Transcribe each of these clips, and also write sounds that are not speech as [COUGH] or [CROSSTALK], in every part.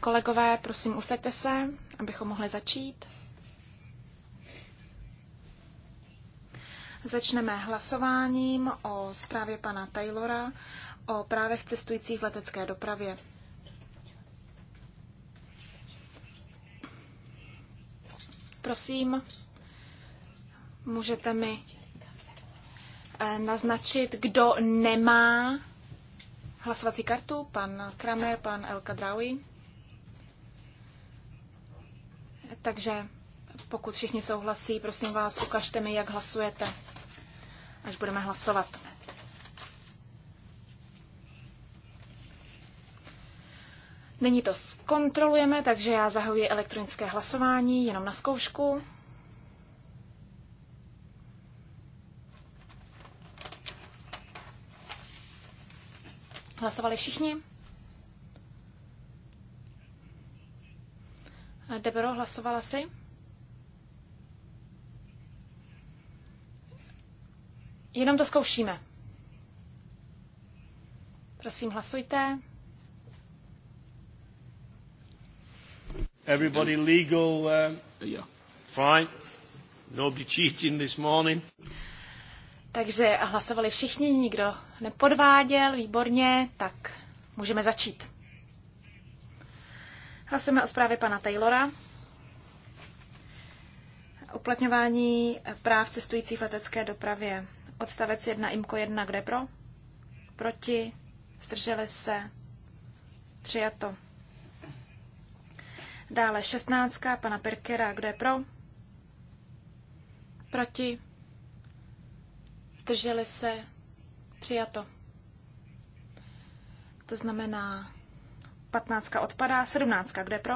Kolegové, prosím, usaďte se, abychom mohli začít. Začneme hlasováním o zprávě pana Taylora o právech cestujících v letecké dopravě. Prosím, můžete mi eh, naznačit, kdo nemá hlasovací kartu, pan Kramer, pan El Kadraoui. Takže pokud všichni souhlasí, prosím vás, ukažte mi, jak hlasujete, až budeme hlasovat. Nyní to zkontrolujeme, takže já zahajuji elektronické hlasování jenom na zkoušku. Hlasovali všichni? Deboro, hlasovala jsi? Jenom to zkoušíme. Prosím, hlasujte. Everybody legal. Uh, yeah. Fine. Nobody cheating this morning. Takže a hlasovali všichni, nikdo nepodváděl, výborně, tak můžeme začít. Hlasujeme o zprávě pana Taylora. Uplatňování práv cestující v letecké dopravě. Odstavec 1, IMKO 1, kde pro? Proti, zdrželi se, přijato. Dále 16, pana Perkera kde pro? Proti, Zdrželi se? Přijato. To znamená 15 odpadá, 17 kde pro?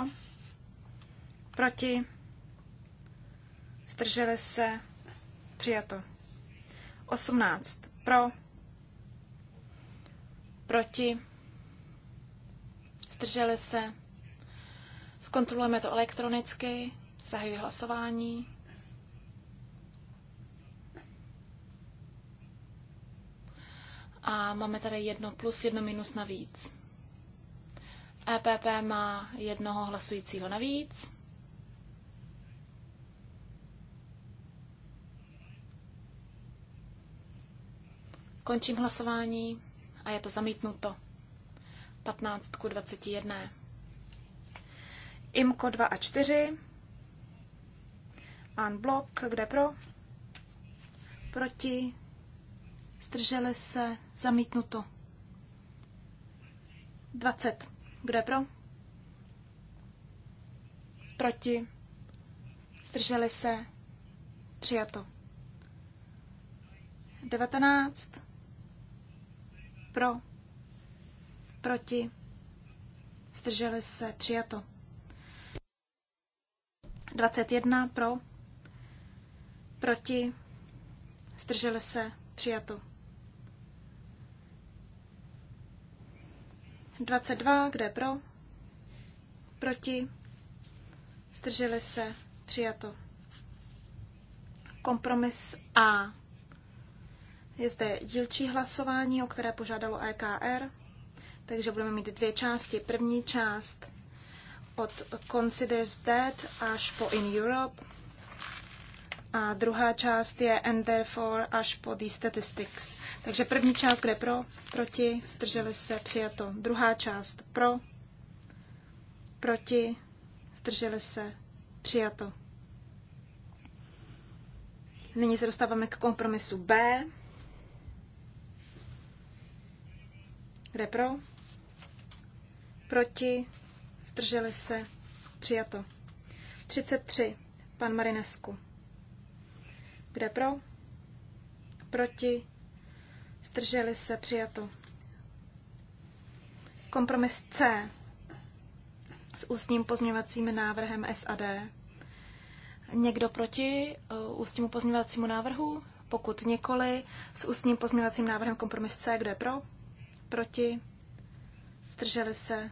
Proti? Zdrželi se? Přijato. 18 pro? Proti? Zdrželi se? Zkontrolujeme to elektronicky. Zahajuji hlasování. a máme tady jedno plus, jedno minus navíc. EPP má jednoho hlasujícího navíc. Končím hlasování a je to zamítnuto. 15 k 21. IMKO 2 a 4. An blok, kde pro? Proti. Zdrželi se Zamítnuto. 20. Kdo je pro? Proti? Zdrželi se? Přijato. 19. Pro? Proti? Zdrželi se? Přijato. 21. Pro? Proti? Zdrželi se? Přijato. 22, kde pro? Proti? Zdrželi se? Přijato. Kompromis A. Je zde dílčí hlasování, o které požádalo EKR, takže budeme mít dvě části. První část od Considers Dead až po In Europe a druhá část je and therefore až po the statistics. Takže první část, kde pro, proti, zdrželi se, přijato. Druhá část pro, proti, zdrželi se, přijato. Nyní se dostáváme k kompromisu B. Kde pro? Proti, zdrželi se, přijato. 33. Pan Marinesku. Kde pro? Proti? Zdrželi se přijato. Kompromis C s ústním pozměňovacím návrhem SAD. Někdo proti uh, ústnímu pozměňovacímu návrhu? Pokud nikoli, s ústním pozměňovacím návrhem kompromis C, kdo je pro? Proti? Zdrželi se?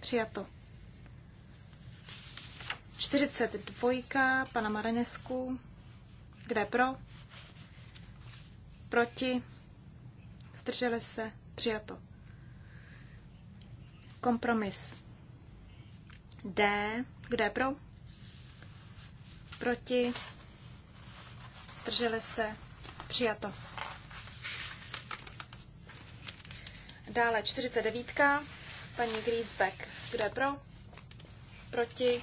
Přijato. 42. pana Maranesku je pro? Proti? Zdrželi se? Přijato. Kompromis. D. je pro? Proti? Zdrželi se? Přijato. Dále 49. Paní Griesbeck. je pro? Proti?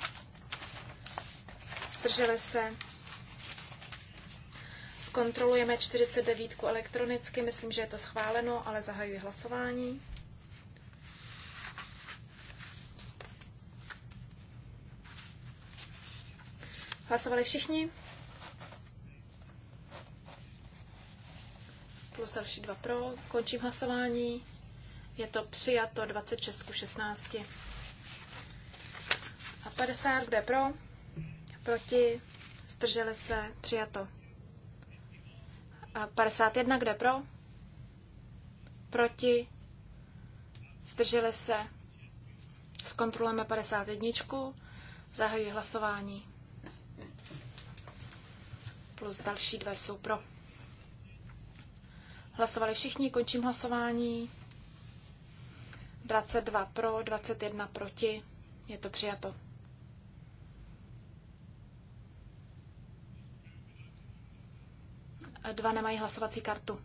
Zdrželi se? Zkontrolujeme 49 elektronicky, myslím, že je to schváleno, ale zahajuji hlasování. Hlasovali všichni? Plus další dva pro. Končím hlasování. Je to přijato 26 ku 16. A 50, kde pro? Proti? Zdrželi se? Přijato. 51, kde pro? Proti? Zdrželi se? Zkontrolujeme 51. Zahajuji hlasování. Plus další dva jsou pro. Hlasovali všichni, končím hlasování. 22 pro, 21 proti. Je to přijato. dva nemají hlasovací kartu.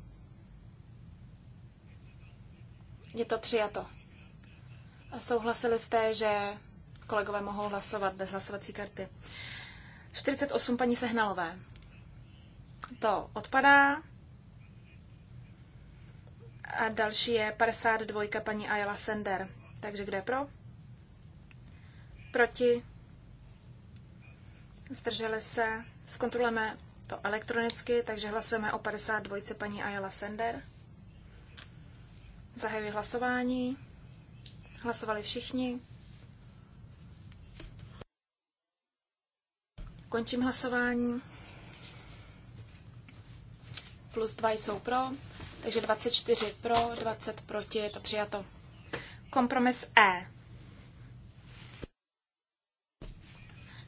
Je to přijato. Souhlasili jste, že kolegové mohou hlasovat bez hlasovací karty. 48 paní Sehnalové. To odpadá. A další je 52 paní Ayala Sender. Takže kde pro? Proti. Zdrželi se. Zkontrolujeme to elektronicky, takže hlasujeme o 52. paní Ayala Sender. Zahajuji hlasování. Hlasovali všichni. Končím hlasování. Plus 2 jsou pro, takže 24 pro, 20 proti, je to přijato. Kompromis E.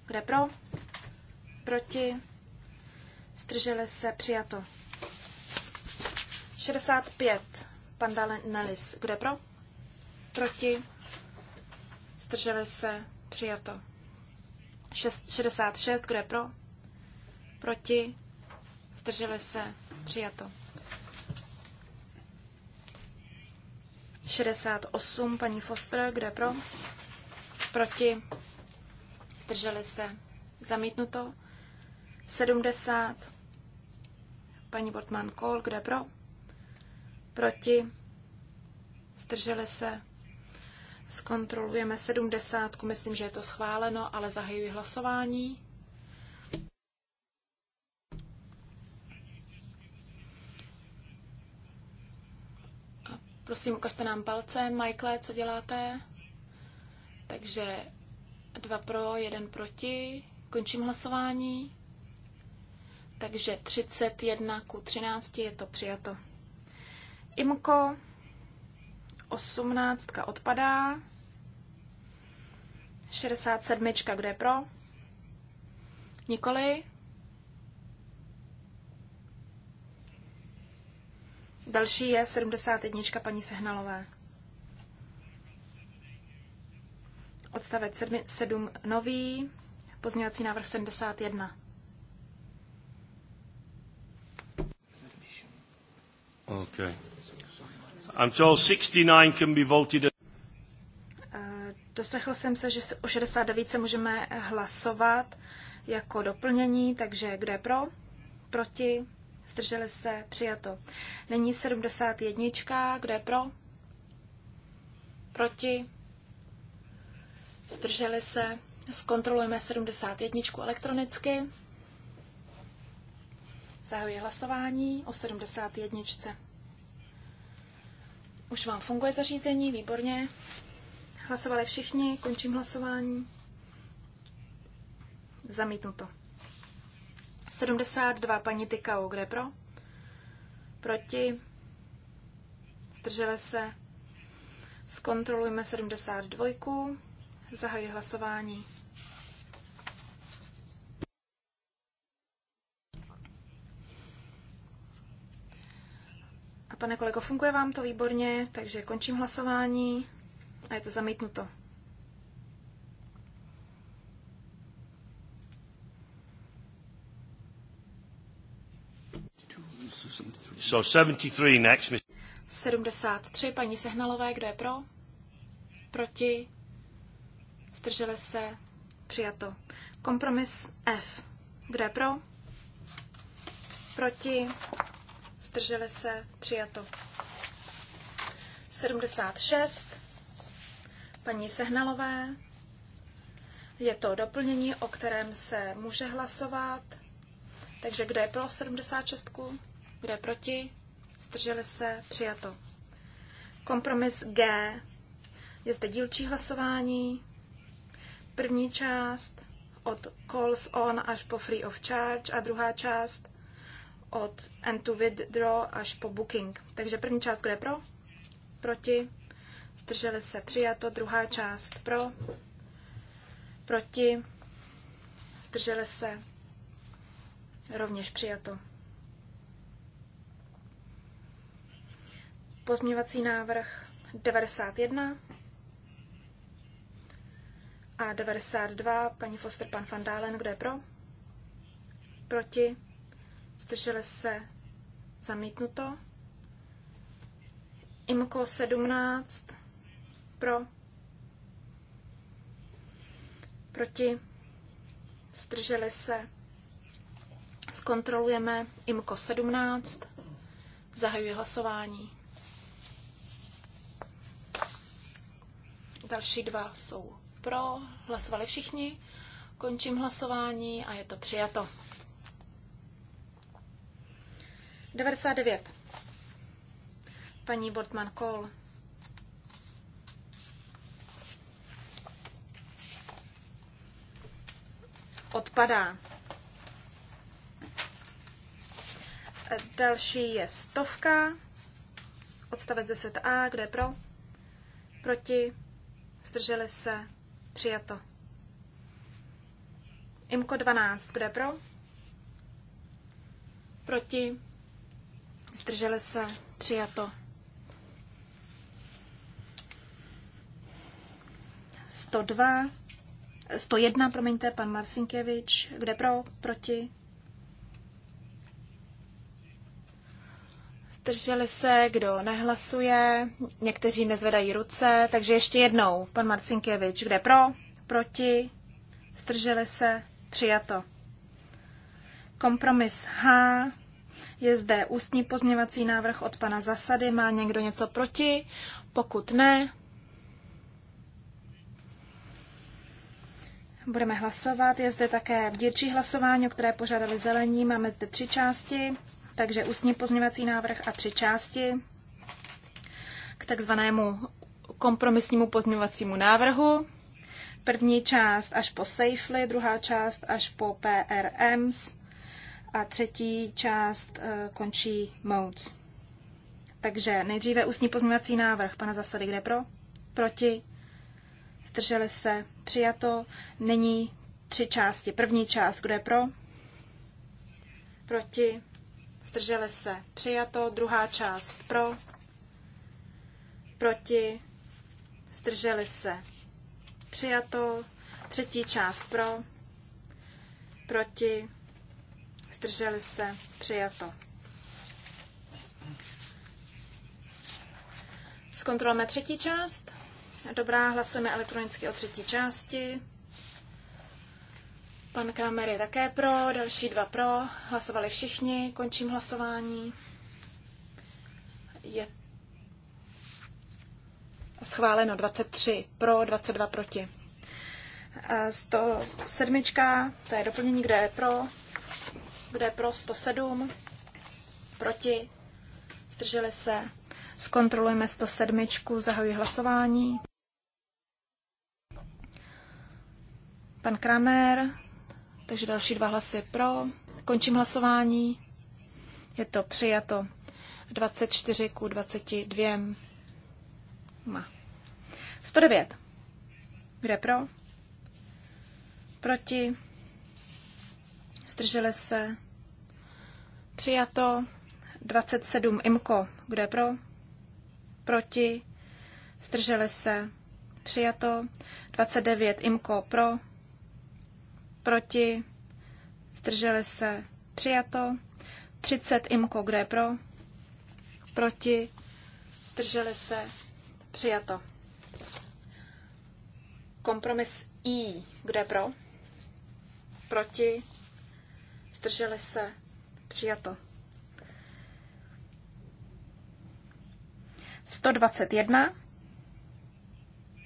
Kde pro? Proti? Zdrželi se přijato. 65. pan Nelis. je pro? Proti. Zdrželi se přijato. 66. 66. je pro? Proti. Zdrželi se přijato. 68. Paní Foster. Kde pro? Proti. Zdrželi se zamítnuto. 70. Paní Bortman Kohl, kde pro? Proti? Zdrželi se? Zkontrolujeme 70. Myslím, že je to schváleno, ale zahajuji hlasování. Prosím, ukažte nám palce. Michael, co děláte? Takže dva pro, jeden proti. Končím hlasování takže 31 ku 13 je to přijato. Imko 18 odpadá, 67, kde je pro? Nikoli. Další je 71 paní Sehnalové. Odstavec 7 nový, pozměňovací návrh 71. Okay. I'm told 69 can be voted. Doslechl jsem se, že o 69 se můžeme hlasovat jako doplnění, takže kdo je pro? Proti? Zdrželi se? Přijato. Není 71, kdo je pro? Proti? Zdrželi se? Zkontrolujeme 71 elektronicky. Zahajuji hlasování o 71. Už vám funguje zařízení, výborně. Hlasovali všichni, končím hlasování. Zamítnuto. 72 paní Tykau, kde pro? Proti? Zdržele se? Zkontrolujme 72. Zahajuji hlasování. pane kolego, funguje vám to výborně, takže končím hlasování a je to zamítnuto. So 73 next. 73, paní Sehnalové, kdo je pro? Proti? Zdrželi se? Přijato. Kompromis F. Kdo je pro? Proti? zdrželi se, přijato. 76, paní Sehnalové, je to doplnění, o kterém se může hlasovat. Takže kdo je pro 76, kdo je proti, zdrželi se, přijato. Kompromis G. Je zde dílčí hlasování. První část od calls on až po free of charge a druhá část od end to withdraw až po booking. Takže první část, kde pro, proti, zdrželi se přijato, druhá část pro, proti, zdrželi se rovněž přijato. Pozměvací návrh 91 a 92, paní Foster, pan Van Dalen, kdo je pro? Proti? zdrželi se zamítnuto. IMKO 17 pro, proti, zdrželi se. Zkontrolujeme IMKO 17, zahajuji hlasování. Další dva jsou pro, hlasovali všichni, končím hlasování a je to přijato. 99. Paní Bortman Kohl. Odpadá. Další je stovka. Odstavec 10a. Kdo je pro? Proti? Zdrželi se? Přijato. Imko 12. Kdo je pro? Proti? zdrželi se, přijato. 102, 101, promiňte, pan Marsinkevič, kde pro, proti. Zdrželi se, kdo nehlasuje, někteří nezvedají ruce, takže ještě jednou, pan Marcinkevič, kde pro, proti, zdrželi se, přijato. Kompromis H, je zde ústní pozměvací návrh od pana Zasady. Má někdo něco proti? Pokud ne, budeme hlasovat. Je zde také dílčí hlasování, které požádali zelení. Máme zde tři části, takže ústní pozměvací návrh a tři části k takzvanému kompromisnímu pozměvacímu návrhu. První část až po Safely, druhá část až po PRMs a třetí část e, končí modes. Takže nejdříve ústní pozměňovací návrh pana zasady, kde pro, proti, zdrželi se, přijato, není tři části. První část, kde pro, proti, zdrželi se, přijato, druhá část pro, proti, zdrželi se, přijato, třetí část pro, proti, zdrželi se, přijato. Zkontrolujeme třetí část. Dobrá, hlasujeme elektronicky o třetí části. Pan Kramer je také pro, další dva pro, hlasovali všichni, končím hlasování. Je schváleno 23 pro, 22 proti. 107, to je doplnění, kde je pro, kdo je pro 107? Proti? Zdrželi se? Zkontrolujeme 107. Zahajuji hlasování. Pan Kramer, takže další dva hlasy pro. Končím hlasování. Je to přijato 24 ku 22. Ma. 109. Kde pro? Proti? zdrželi se, přijato 27 imko, kdo je pro, proti, zdrželi se, přijato 29 imko pro, proti, zdrželi se, přijato 30 imko, kdo je pro, proti, zdrželi se, přijato. Kompromis I, kdo je pro, proti, Zdrželi se? Přijato. 121.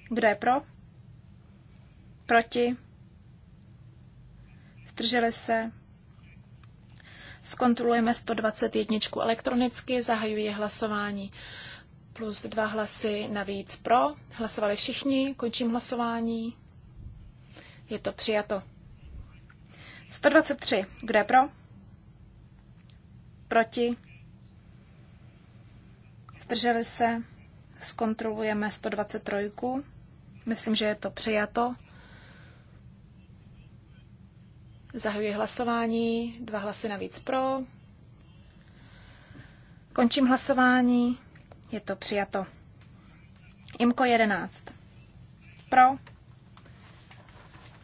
Kdo je pro? Proti? Zdrželi se? Zkontrolujeme 121 elektronicky, zahajuji hlasování. Plus dva hlasy navíc pro. Hlasovali všichni, končím hlasování. Je to přijato. 123. Kdo je pro? Proti? Zdrželi se? Zkontrolujeme 123. Myslím, že je to přijato. Zahajuji hlasování. Dva hlasy navíc pro. Končím hlasování. Je to přijato. IMKO 11. Pro.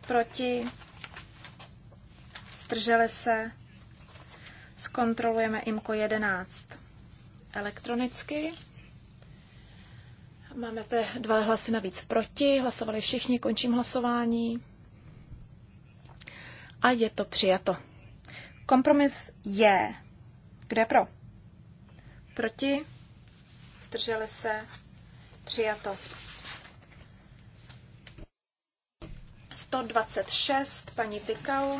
Proti zdrželi se, zkontrolujeme IMKO 11 elektronicky. Máme zde dva hlasy navíc proti, hlasovali všichni, končím hlasování. A je to přijato. Kompromis je. Kde pro? Proti? Zdrželi se? Přijato. 126, paní Pikau.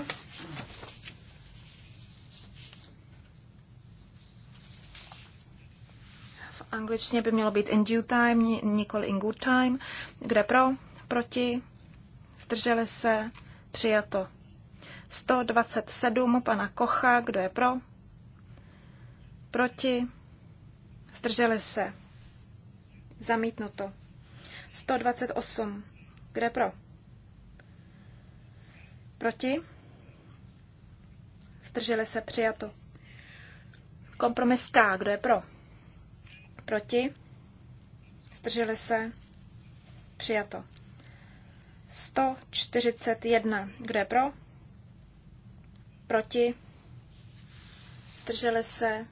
angličtině by mělo být in due time, nikoli in good time. Kde pro? Proti? Zdrželi se? Přijato. 127 pana Kocha, kdo je pro? Proti? Zdrželi se? Zamítnuto. 128, kde pro? Proti? Zdrželi se? Přijato. Kompromis K, kdo je pro? Proti? Zdrželi se? Přijato. 141. Kdo je pro? Proti? Zdrželi se?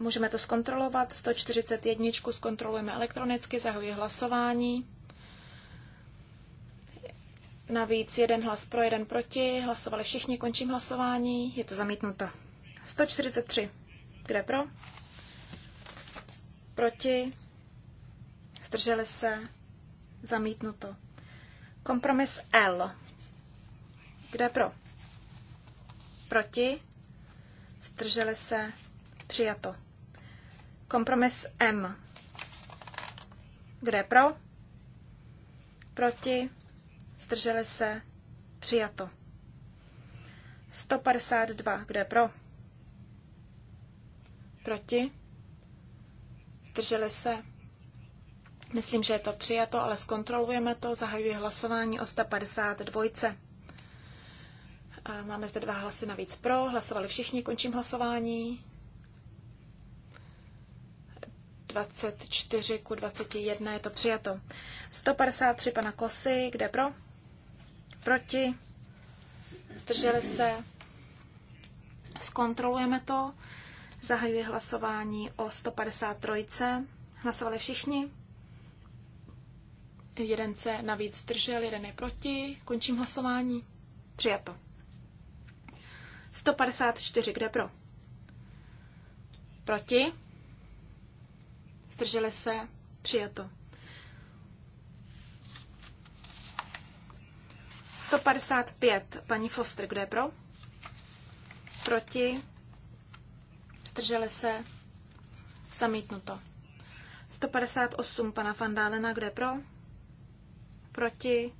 Můžeme to zkontrolovat. 141 zkontrolujeme elektronicky, Zahuji hlasování. Navíc jeden hlas pro, jeden proti. Hlasovali všichni, končím hlasování. Je to zamítnuto. 143. Kde pro? Proti? Zdrželi se? Zamítnuto. Kompromis L. Kde pro? Proti? Zdrželi se? Přijato. Kompromis M. Kde pro? Proti? Zdrželi se? Přijato. 152. Kde pro? Proti? zdrželi se. Myslím, že je to přijato, ale zkontrolujeme to. Zahajuji hlasování o 152. E, máme zde dva hlasy navíc pro. Hlasovali všichni, končím hlasování. 24 ku 21 je to přijato. 153 pana Kosy, kde pro? Proti? Zdrželi se? Zkontrolujeme to. Zahajuji hlasování o 153. Hlasovali všichni. Jeden se navíc držel, jeden je proti. Končím hlasování. Přijato. 154. Kde pro? Proti. Zdrželi se. Přijato. 155. Paní Foster, kdo je pro? Proti zdrželi se, zamítnuto. 158 pana Fandálena, kde pro, proti,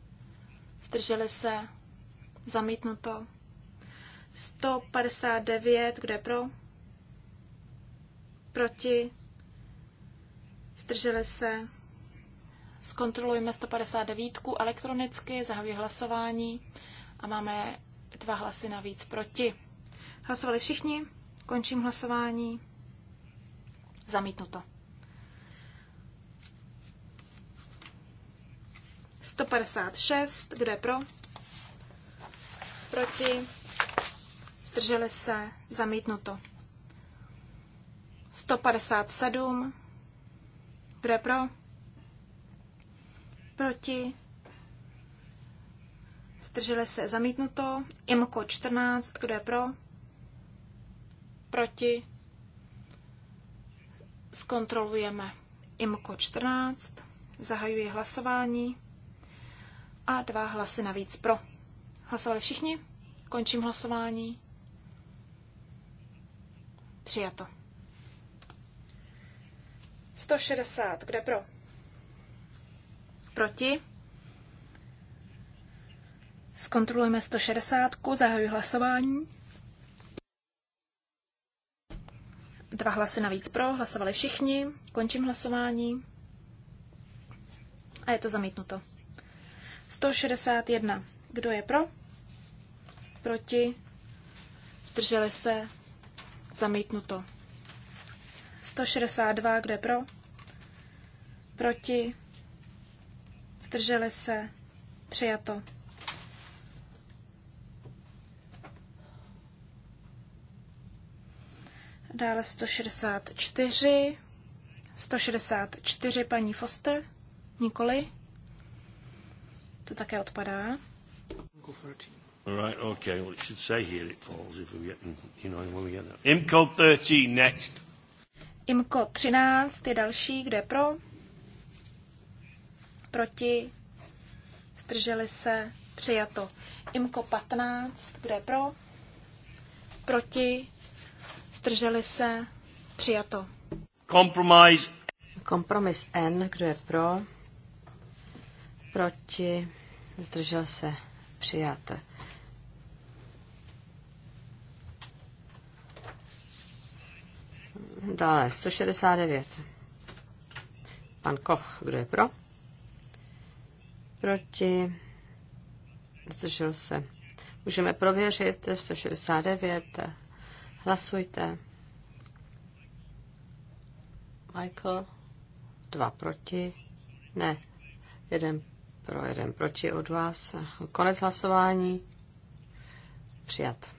zdrželi se, zamítnuto. 159, kde pro, proti, zdrželi se, zkontrolujeme 159 elektronicky, zahajuji hlasování a máme dva hlasy navíc proti. Hlasovali všichni? Končím hlasování. Zamítnuto. 156. Kdo je pro? Proti? Zdrželi se? Zamítnuto. 157. Kdo je pro? Proti? Zdrželi se? Zamítnuto. Imko 14. Kdo je pro? proti, zkontrolujeme IMKO 14, zahajuji hlasování a dva hlasy navíc pro. Hlasovali všichni? Končím hlasování. Přijato. 160. Kde pro? Proti? Zkontrolujeme 160. Zahajuji hlasování. Dva hlasy navíc pro, hlasovali všichni. Končím hlasování. A je to zamítnuto. 161. Kdo je pro? Proti? Zdrželi se? Zamítnuto. 162. Kdo je pro? Proti? Zdrželi se? Přijato. Dále 164. 164 paní Foster. Nikoli. To také odpadá. Right, okay. Well, it should say here it falls if we get, you know, when we get that. IMCO 13 next. IMCO 13 je další, kde pro? Proti? Zdrželi se? Přijato. IMCO 15, kde pro? Proti? Zdrželi se? Přijato. Kompromis. Kompromis N. Kdo je pro? Proti? Zdržel se? Přijat. Dále 169. Pan Koch, kdo je pro? Proti? Zdržel se. Můžeme prověřit 169. Hlasujte. Michael, dva proti, ne, jeden pro, jeden proti od vás. Konec hlasování. Přijat.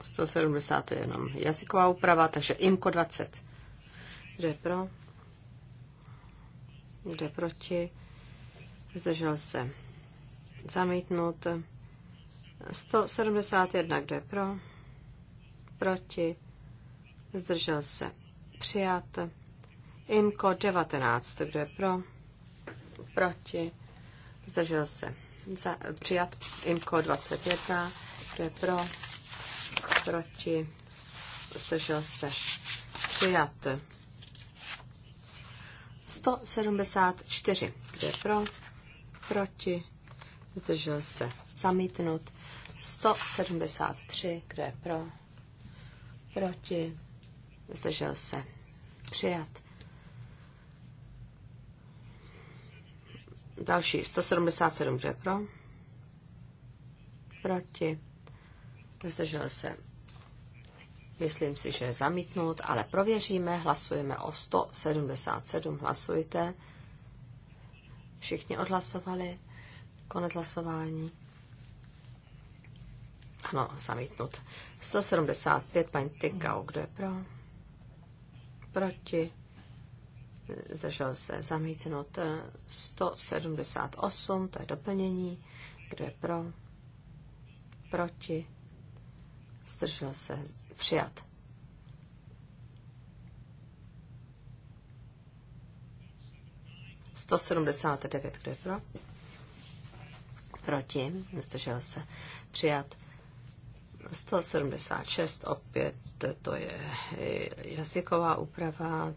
170 je jenom jazyková úprava, takže IMKO 20. Kdo je pro? Kdo je proti? Zdržel se. Zamítnout. 171, kdo je pro? Proti? Zdržel se. Přijat. Imko 19, kdo je pro? Proti? Zdržel se. Za, přijat. Imko 21, kdo je pro? Proti? Zdržel se. Přijat. 174, kdo je pro? Proti? Zdržel se. Zamítnut. 173, kdo je pro, proti, zdržel se, přijat. Další 177, kdo je pro, proti, zdržel se. Myslím si, že je zamítnut, ale prověříme, hlasujeme o 177, hlasujte. Všichni odhlasovali, konec hlasování. Ano, zamítnut. 175, paní Tykau, kdo je pro? Proti? Zdržel se zamítnut. 178, to je doplnění. Kdo je pro? Proti? Zdržel se přijat. Sto sedmdesát devět, kdo je pro? Proti, zdržel se přijat. 176, opět to je jazyková úprava,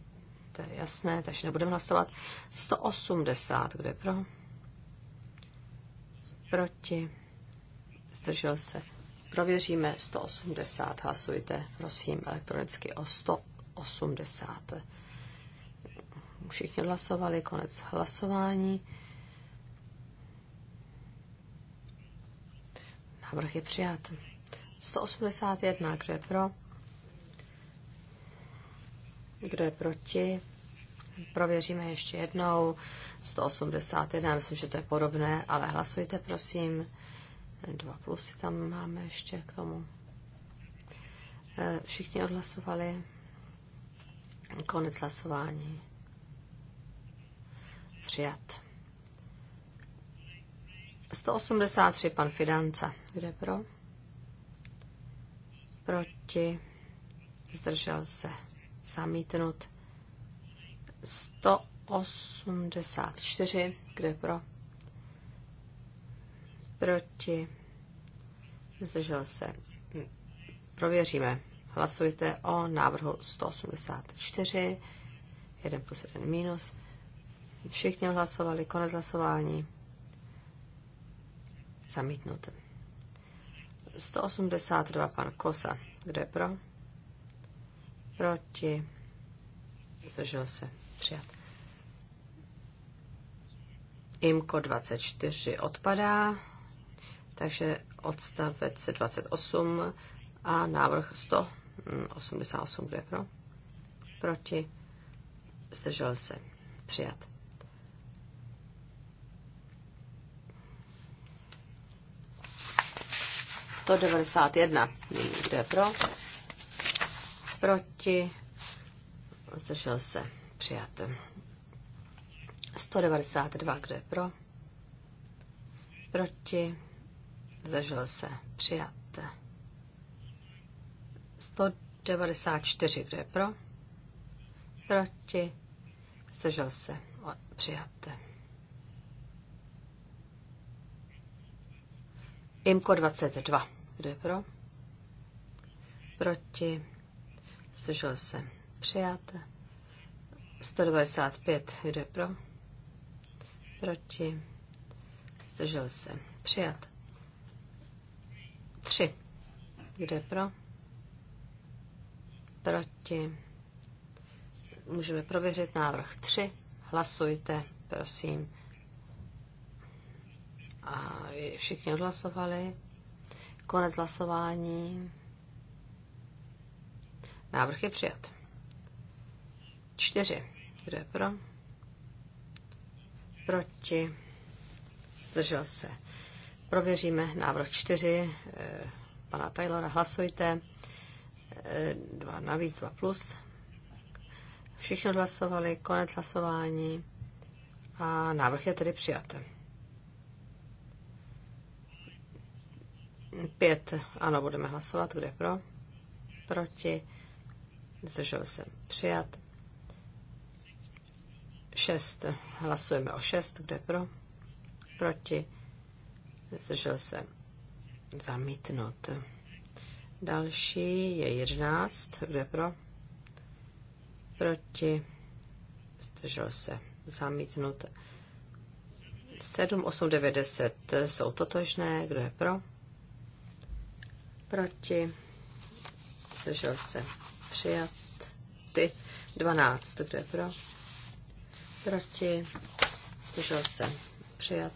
to je jasné, takže nebudeme hlasovat. 180, kde pro? Proti? Zdržel se. Prověříme 180, hlasujte, prosím, elektronicky o 180. Všichni hlasovali, konec hlasování. Návrh je přijat. 181, kdo je pro? Kdo je proti? Prověříme ještě jednou. 181, myslím, že to je podobné, ale hlasujte, prosím. Dva plusy tam máme ještě k tomu. E, všichni odhlasovali. Konec hlasování. Přijat. 183 pan Fidanca. Kde pro? proti, zdržel se, zamítnut. 184, kde pro, proti, zdržel se. Hm, prověříme. Hlasujte o návrhu 184, 1 plus 1 minus. Všichni hlasovali, konec hlasování. Zamítnuté. 182 pan Kosa. Kdo je pro? Proti. Zdržel se. Přijat. IMKO 24 odpadá, takže odstavec 28 a návrh 188, Kdo je pro? Proti. Zdržel se. Přijat. 191. Kdo je pro? Proti? Zdržel se. Přijat. 192. Kdo je pro? Proti? Zdržel se. Přijat. 194. Kdo je pro? Proti? Zdržel se. Přijat. IMKO 22. Kdo je pro? Proti? Slyšel se. Přijat. 195. Kdo je pro? Proti? Zdržel se. Přijat. 3. Kdo je pro? Proti? Můžeme prověřit návrh 3. Hlasujte, prosím. A všichni odhlasovali. Konec hlasování. Návrh je přijat. Čtyři. Kdo je pro? Proti. Zdržel se. Prověříme návrh čtyři. Eh, pana Taylora hlasujte. Eh, dva navíc, dva plus. Všichni odhlasovali, konec hlasování a návrh je tedy přijat. Pět. Ano, budeme hlasovat. Kdo je pro? Proti. Zdržel se. Přijat. Šest. Hlasujeme o šest. Kdo je pro? Proti. Zdržel se. Zamítnut. Další je jedenáct. Kdo je pro? Proti. Zdržel se. Zamítnut. 7, 8, 9, 10 jsou totožné. Kdo je pro? proti, zdržel se přijat, ty 12, kdo je pro, proti, zdržel se přijat,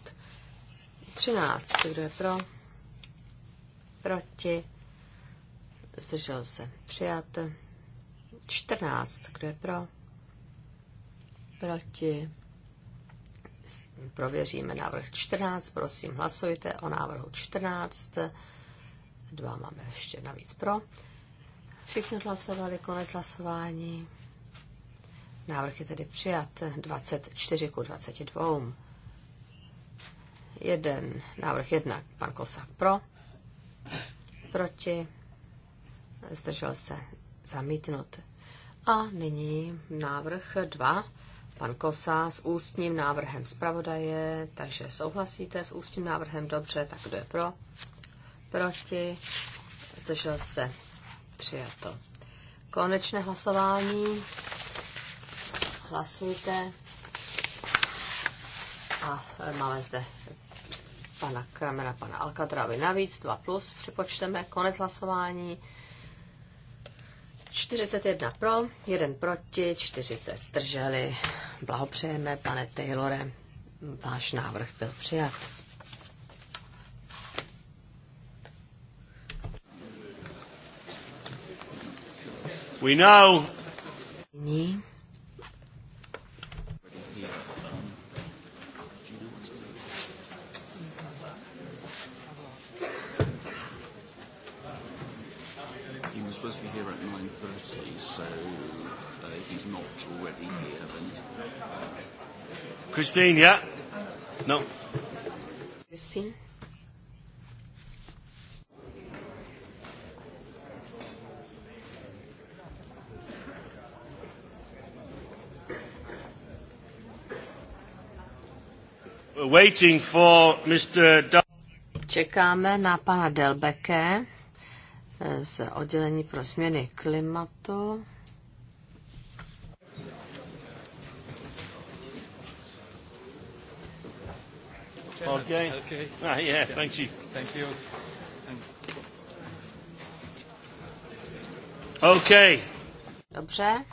13, kdo je pro, proti, zdržel se přijat, 14, kdo je pro, proti, prověříme návrh 14, prosím, hlasujte o návrhu 14, Dva máme ještě navíc pro. Všichni hlasovali, konec hlasování. Návrh je tedy přijat 24 ku 22. Jeden, návrh jedna, pan Kosák pro, proti, zdržel se zamítnut. A nyní návrh 2, pan Kosa s ústním návrhem zpravodaje, takže souhlasíte s ústním návrhem, dobře, tak kdo je pro, proti, zdržel se, přijato. Konečné hlasování, hlasujte a e, máme zde pana Kramena, pana Alcatravy navíc, 2 plus, připočteme, konec hlasování. 41 pro, 1 proti, 4 se zdrželi. Blahopřejeme, pane Taylore, váš návrh byl přijat. We know. He was supposed to be here at 9.30, so uh, if he's not already here, then... Christine, yeah? No. Christine? waiting for Mr. Dal- Čekáme na pana Delbeke eh, z oddělení pro změny klimatu. Okay. Okay. Ah, yeah, thank you. Thank you. Okay. Dobře.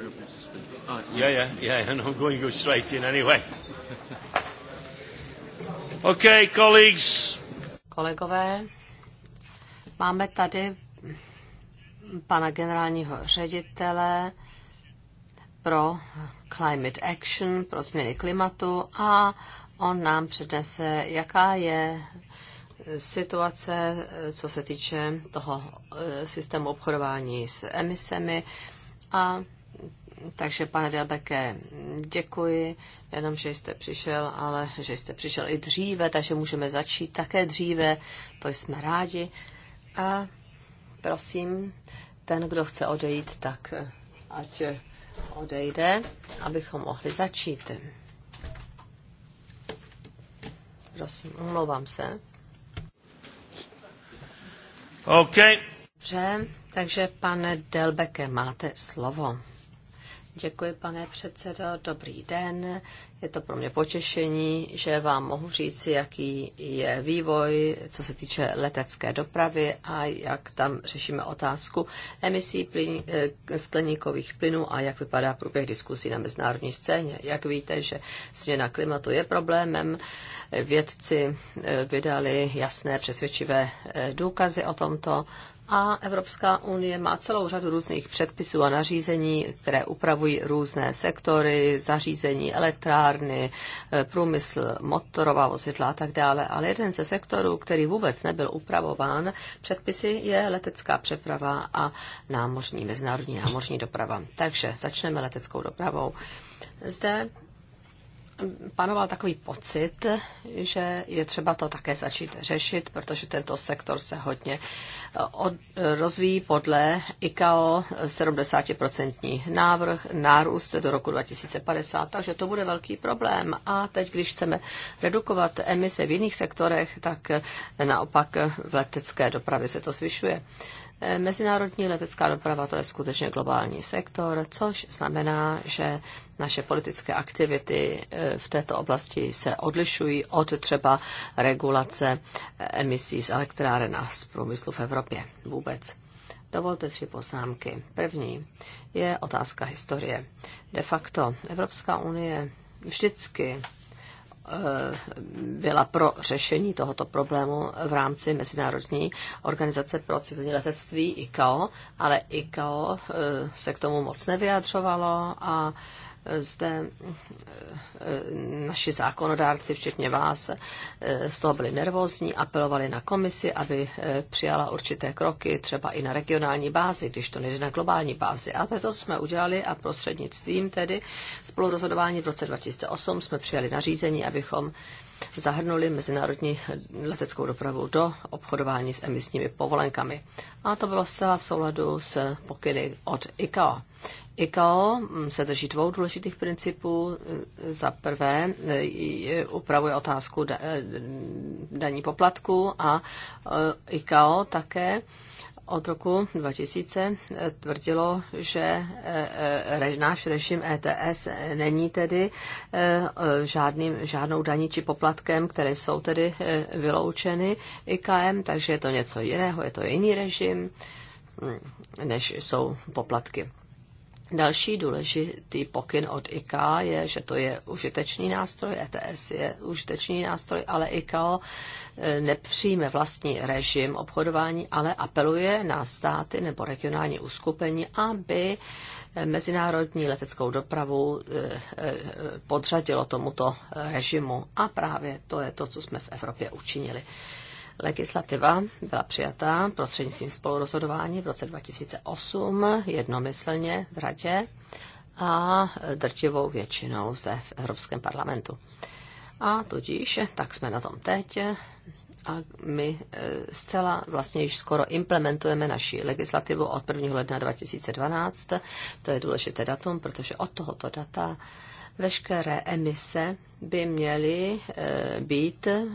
very pleased to speak. Uh, yeah, yeah, yeah, and I'm going to go straight in anyway. okay, colleagues. Kolegové, máme tady pana generálního ředitele pro Climate Action, pro změny klimatu a on nám přednese, jaká je situace, co se týče toho eh, systému obchodování s emisemi a takže, pane Delbeke, děkuji, jenom, že jste přišel, ale že jste přišel i dříve, takže můžeme začít také dříve, to jsme rádi. A prosím, ten, kdo chce odejít, tak ať odejde, abychom mohli začít. Prosím, omlouvám se. OK. Dobře, takže pane Delbeke, máte slovo. Děkuji, pane předsedo. Dobrý den. Je to pro mě potěšení, že vám mohu říci, jaký je vývoj, co se týče letecké dopravy a jak tam řešíme otázku emisí plín, eh, skleníkových plynů a jak vypadá průběh diskusí na mezinárodní scéně. Jak víte, že změna klimatu je problémem. Vědci eh, vydali jasné přesvědčivé eh, důkazy o tomto a Evropská unie má celou řadu různých předpisů a nařízení, které upravují různé sektory, zařízení, elektrárny, e, průmysl, motorová vozidla a tak dále. Ale jeden ze sektorů, který vůbec nebyl upravován předpisy, je letecká přeprava a námořní, mezinárodní námořní doprava. Takže začneme leteckou dopravou. Zde panoval takový pocit, že je třeba to také začít řešit, protože tento sektor se hodně eh, od, rozvíjí podle ICAO 70% návrh, nárůst do roku 2050, takže to bude velký problém. A teď, když chceme redukovat emise v jiných sektorech, tak naopak v letecké dopravě se to zvyšuje. Uh, Eh, mezinárodní letecká doprava to je skutečně globální sektor, což znamená, že naše politické aktivity eh, v této oblasti se odlišují od třeba regulace eh, emisí z elektráren a z průmyslu v Evropě vůbec. Dovolte tři poznámky. První je otázka historie. De facto Evropská unie vždycky Eh, byla pro řešení tohoto problému v rámci Mezinárodní organizace pro civilní letectví ICAO, ale ICAO eh, se k tomu moc nevyjadřovalo a zde eh, eh, naši zákonodárci, včetně vás, eh, z toho byli nervózní, apelovali na komisi, aby přijala určité kroky, třeba i na regionální bázi, když to nejde na globální bázi. A to jsme udělali a prostřednictvím tedy spolurozhodování v roce 2008 jsme přijali nařízení, abychom zahrnuli mezinárodní leteckou dopravu do obchodování s emisními povolenkami. A to bylo zcela v souladu s pokyny od ICAO. ICAO se drží dvou důležitých principů. Za prvé upravuje otázku daní poplatku a e, ICAO také od roku 2000 tvrdilo, že e, e, náš režim ETS není tedy žádným, žádnou daní či poplatkem, které jsou tedy vyloučeny IKM, takže je to něco jiného, je to jiný režim, než jsou poplatky. Další důležitý pokyn od ICA je, že to je užitečný nástroj, ETS je užitečný nástroj, ale ICAO eh, nepřijme vlastní režim obchodování, ale apeluje na státy nebo regionální uskupení, aby eh, mezinárodní leteckou dopravu eh, podřadilo tomuto režimu. A právě to je to, co jsme v Evropě učinili. Legislativa byla přijatá prostřednictvím spolurozhodování v roce 2008 jednomyslně v Radě a drtivou většinou zde v Evropském parlamentu. A tudíž, tak jsme na tom teď, a my e, zcela vlastně již skoro implementujeme naši legislativu od 1. ledna 2012. To je důležité datum, protože od tohoto data veškeré emise by měly e, být e,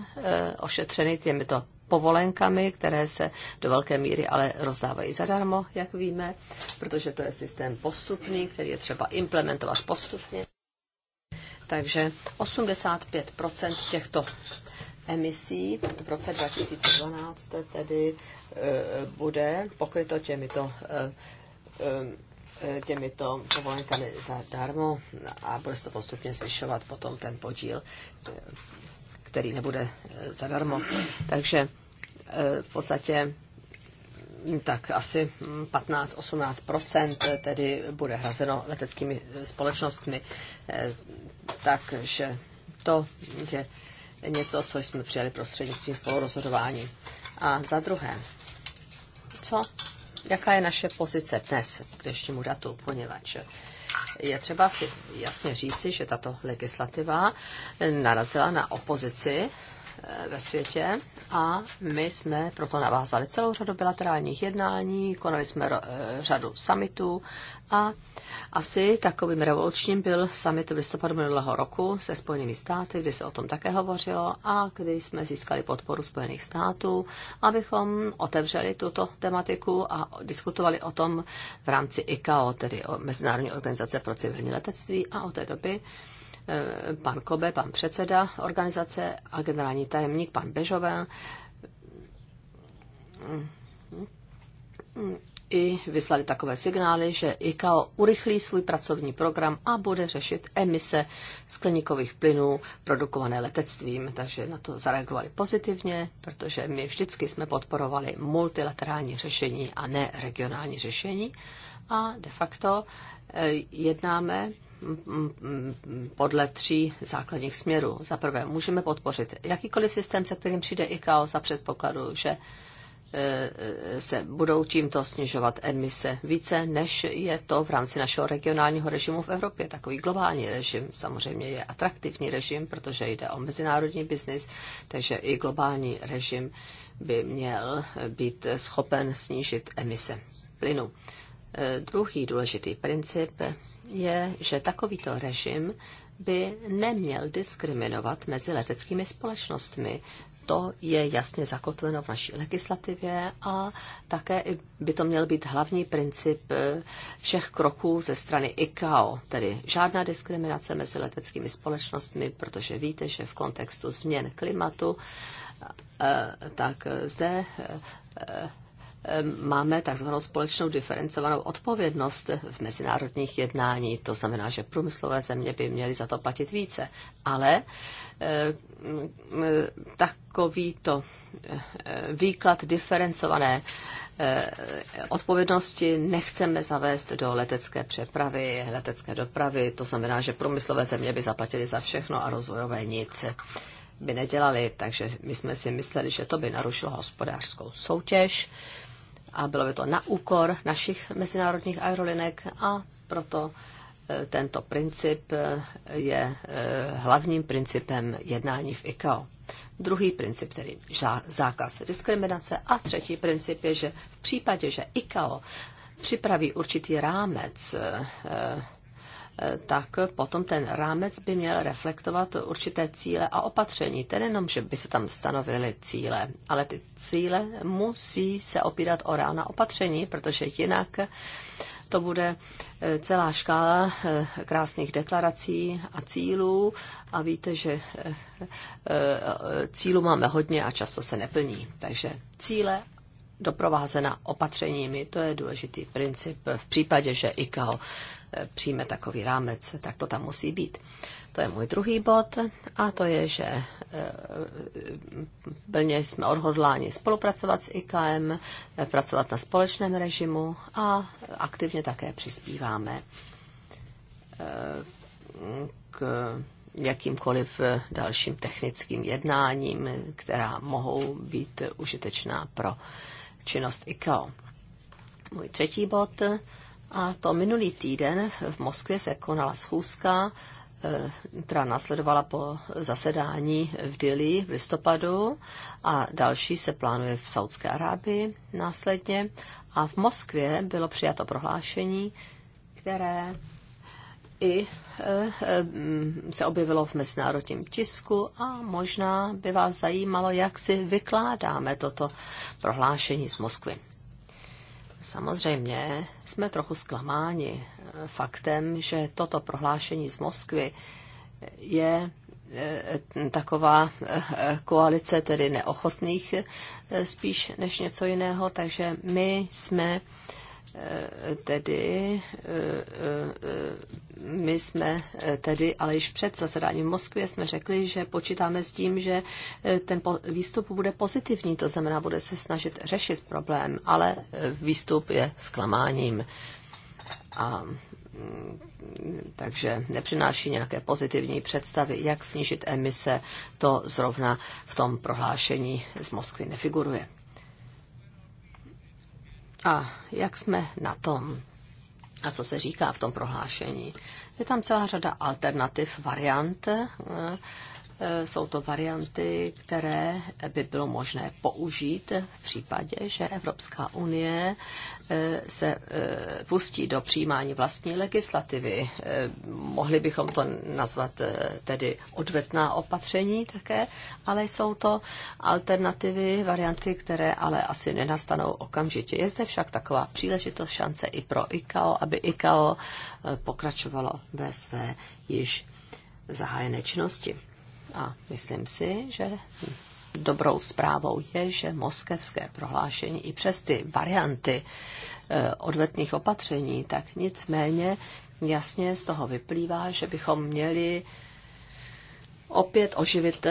ošetřeny těmito povolenkami, které se do velké míry ale rozdávají zadarmo, jak víme, protože to je systém postupný, který je třeba implementovat postupně. Takže 85 těchto emisí v roce 2012 tedy eh, bude pokryto těmito eh, eh, těmito povolenkami zadarmo a bude se to postupně zvyšovat potom ten podíl který nebude eh, zadarmo. Takže eh, v podstatě hm, tak asi 15-18 hm, eh, tedy bude hrazeno leteckými společnostmi. Takže to je něco, co jsme přijali prostřednictvím spolurozhodování. A za druhé, co, jaká je naše pozice dnes k dnešnímu datu, poněvadž je třeba si jasně říci, že tato legislativa narazila na opozici ve světě a my jsme proto navázali celou řadu bilaterálních jednání, konali jsme eh, řadu summitů a asi takovým revolučním byl summit v listopadu minulého roku se Spojenými státy, kdy se o tom také hovořilo a kdy jsme získali podporu Spojených států, abychom otevřeli tuto tematiku a diskutovali o tom v rámci ICAO, tedy o Mezinárodní organizace pro civilní letectví a od té doby Eh, pan Kobe, pan předseda organizace a generální tajemník pan Bežové i vyslali takové signály, že IKAO urychlí svůj pracovní program a bude řešit emise skleníkových plynů produkované letectvím. Takže na to zareagovali pozitivně, protože my vždycky jsme podporovali multilaterální řešení a ne regionální řešení. A de facto eh, jednáme podle tří základních směrů. Za prvé, můžeme podpořit jakýkoliv systém, se kterým přijde ICAO za předpokladu, že e, e, se budou tímto snižovat emise více, než je to v rámci našeho regionálního režimu v Evropě. Takový globální režim samozřejmě je atraktivní režim, protože jde o mezinárodní biznis, takže i globální režim by měl být schopen snížit emise plynu. E, druhý důležitý princip je, že takovýto režim by neměl diskriminovat mezi leteckými společnostmi. To je jasně zakotveno v naší legislativě a také by to měl být hlavní princip eh, všech kroků ze strany ICAO, tedy žádná diskriminace mezi leteckými společnostmi, protože víte, že v kontextu změn klimatu eh, tak eh, zde Ehm, máme takzvanou společnou diferencovanou odpovědnost v mezinárodních jednání. To znamená, že průmyslové země by měly za to platit více. Ale ehm, ehm, takovýto výklad diferencované odpovědnosti nechceme zavést do letecké přepravy, letecké dopravy. To znamená, že průmyslové země by zaplatili za všechno a rozvojové nic by nedělali, takže my jsme si mysleli, že to by narušilo hospodářskou soutěž a bylo by to na úkor našich mezinárodních aerolinek a proto eh, tento princip eh, je eh, hlavním principem jednání v ICAO. Druhý princip, tedy zákaz diskriminace. A třetí princip je, že v případě, že ICAO připraví určitý rámec tak potom ten rámec by měl reflektovat určité cíle a opatření. Ten jenom, že by se tam stanovily cíle, ale ty cíle musí se opírat o reálná opatření, protože jinak to bude eh, celá škála eh, krásných deklarací a cílů a víte, že eh, cílů máme hodně a často se neplní. Takže cíle doprovázena opatřeními, to je důležitý princip v případě, že IKO Eh, přijme takový rámec, tak to tam musí být. To je můj druhý bod a to je, že eh, plně jsme odhodláni spolupracovat s IKM, eh, pracovat na společném režimu a aktivně také přispíváme k jakýmkoliv dalším technickým jednáním, která mohou být užitečná pro činnost IKO. Můj třetí bod a to minulý týden v Moskvě se konala schůzka, eh, která následovala po zasedání v Dili v listopadu a další se plánuje v Saudské Arábii následně. A v Moskvě bylo přijato prohlášení, které i eh, eh, se objevilo v mezinárodním tisku a možná by vás zajímalo, jak si vykládáme toto prohlášení z Moskvy. Samozřejmě jsme trochu zklamáni eh, faktem, že toto prohlášení z Moskvy je eh, taková eh, koalice tedy neochotných spíš než něco jiného, takže my jsme tedy eh, eh, my jsme eh, tedy, ale již před zasedáním v Moskvě jsme řekli, že počítáme s tím, že ten výstup bude pozitivní, to znamená, bude se snažit řešit problém, ale výstup je zklamáním. A mm, takže nepřináší nějaké pozitivní představy, jak snížit emise, to zrovna v tom prohlášení z Moskvy nefiguruje. A jak jsme na tom? A co se říká v tom prohlášení? Je tam celá řada alternativ, variant, eh, Eh, jsou to varianty, které by bylo možné použít v případě, že Evropská unie eh, se eh, pustí do přijímání vlastní legislativy. Mohli bychom to nazvat tedy odvetná opatření také, ale jsou to alternativy, varianty, které ale asi nenastanou okamžitě. Je zde však taková příležitost, šance i pro ICAO, aby ICAO pokračovalo ve své již zahájené činnosti. A myslím si, že dobrou zprávou je, že moskevské prohlášení i přes ty varianty e, odvetných opatření, tak nicméně jasně z toho vyplývá, že bychom měli opět oživit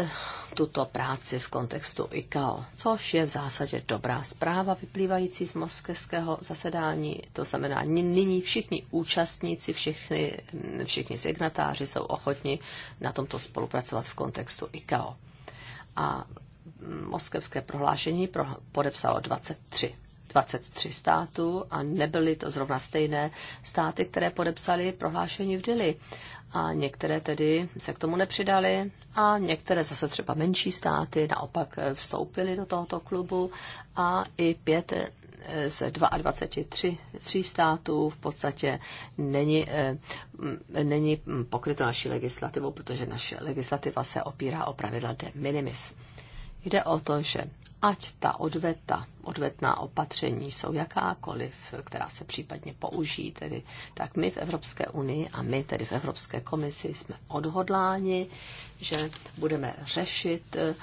tuto práci v kontextu ICAO, což je v zásadě dobrá zpráva vyplývající z moskevského zasedání. To znamená, nyní všichni účastníci, všichni, všichni signatáři jsou ochotni na tomto spolupracovat v kontextu ICAO. A moskevské prohlášení podepsalo 23 23 států a nebyly to zrovna stejné státy, které podepsali prohlášení v Dili a některé tedy se k tomu nepřidali a některé zase třeba menší státy naopak vstoupily do tohoto klubu a i pět eh, z 22 tří států v podstatě není, eh, není pokryto naší legislativou, protože naše legislativa se opírá o pravidla de minimis. Jde o to, že ať ta odveta, odvetná opatření jsou jakákoliv, která se případně použijí, tedy, tak my v Evropské unii a my tedy v Evropské komisi jsme odhodláni, že budeme řešit eh,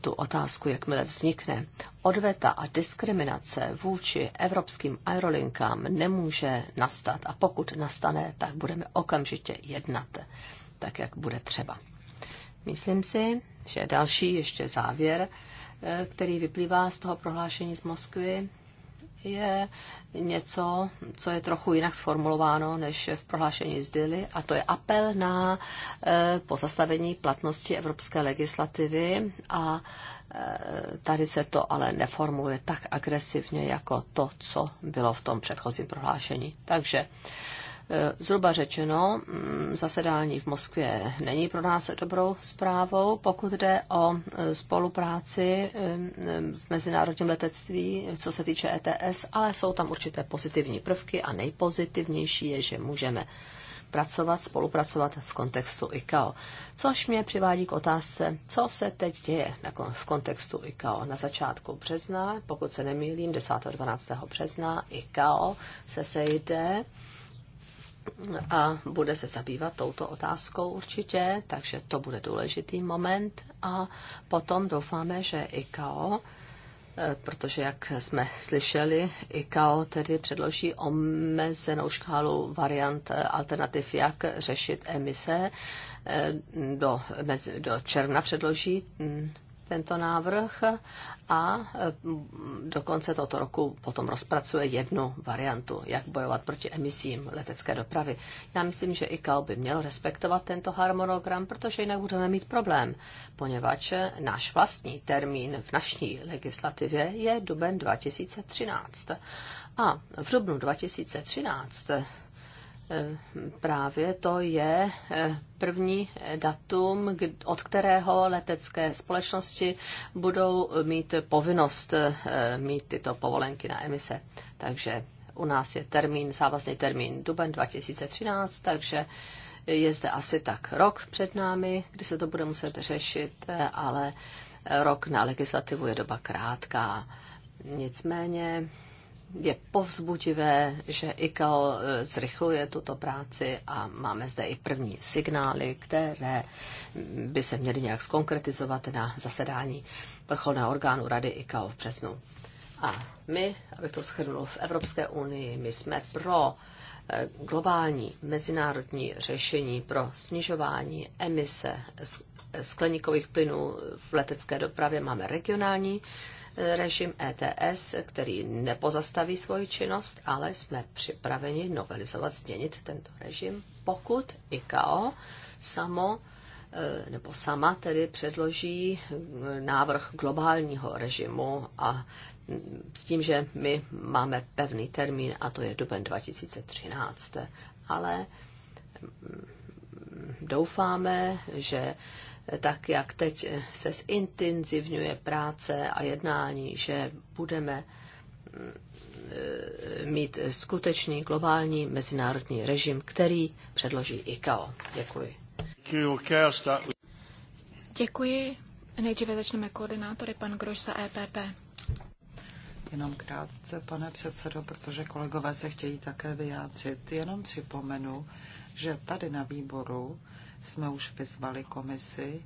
tu otázku, jakmile vznikne. Odveta a diskriminace vůči evropským aerolinkám nemůže nastat a pokud nastane, tak budeme okamžitě jednat tak, jak bude třeba. Myslím si, že další ještě závěr, eh, který vyplývá z toho prohlášení z Moskvy, je něco, co je trochu jinak sformulováno než v prohlášení z Dily, a to je apel na eh, pozastavení platnosti evropské legislativy a eh, tady se to ale neformuluje tak agresivně jako to, co bylo v tom předchozím prohlášení. Takže Eh, zhruba řečeno, mm, zasedání v Moskvě není pro nás dobrou zprávou, pokud jde o eh, spolupráci eh, v mezinárodním letectví, co se týče ETS, ale jsou tam určité pozitivní prvky a nejpozitivnější je, že můžeme pracovat, spolupracovat v kontextu ICAO. Což mě přivádí k otázce, co se teď děje v kontextu ICAO. Na začátku března, pokud se nemýlím, 10. 12. března ICAO se sejde a bude se zabývat touto otázkou určitě, takže to bude důležitý moment a potom doufáme, že ICAO, eh, protože jak jsme slyšeli, ICAO tedy předloží omezenou škálu variant eh, alternativ, jak řešit emise, eh, do, do června předloží mm, tento návrh a e, do konce tohoto roku potom rozpracuje jednu variantu, jak bojovat proti emisím letecké dopravy. Já myslím, že ICAO by měl respektovat tento harmonogram, protože jinak budeme mít problém, poněvadž náš vlastní termín v naší legislativě je duben 2013. A v dubnu 2013 právě to je eh, první datum, od kterého letecké společnosti budou mít povinnost eh, mít tyto povolenky na emise. Takže u nás je termín, závazný termín duben 2013, takže je zde asi tak rok před námi, kdy se to bude muset řešit, eh, ale rok na legislativu je doba krátká. Nicméně je povzbudivé, že ICAO eh, zrychluje tuto práci a máme zde i první signály, které by se měly nějak skonkretizovat na zasedání vrcholného orgánu Rady ICAO v březnu. A my, abych to shrnul, v Evropské unii, my jsme pro eh, globální mezinárodní řešení pro snižování emise skleníkových plynů v letecké dopravě. Máme regionální režim ETS, který nepozastaví svoji činnost, ale jsme připraveni novelizovat, změnit tento režim, pokud ICAO samo e, nebo sama tedy předloží e, návrh globálního režimu a mm, s tím, že my máme pevný termín a to je duben 2013. Ale mm, doufáme, že tak jak teď se zintenzivňuje práce a jednání, že budeme mm, e, mít skutečný globální mezinárodní režim, který předloží ICAO. Děkuji. Děkuji. Nejdříve začneme koordinátory, pan Groš za EPP. Jenom krátce, pane předsedo, protože kolegové se chtějí také vyjádřit. Jenom připomenu, že tady na výboru jsme už vyzvali komisi,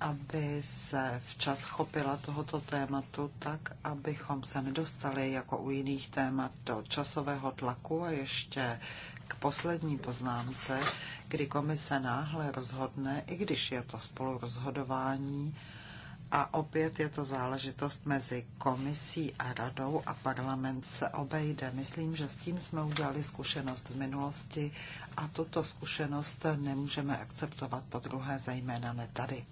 aby se včas chopila tohoto tématu tak, abychom se nedostali jako u jiných témat do časového tlaku a ještě k poslední poznámce, kdy komise náhle rozhodne, i když je to spolurozhodování, rozhodování, a opět je to záležitost mezi komisí a radou a parlament se obejde. Myslím, že s tím jsme udělali zkušenost v minulosti a tuto zkušenost nemůžeme akceptovat po druhé, zejména ne tady.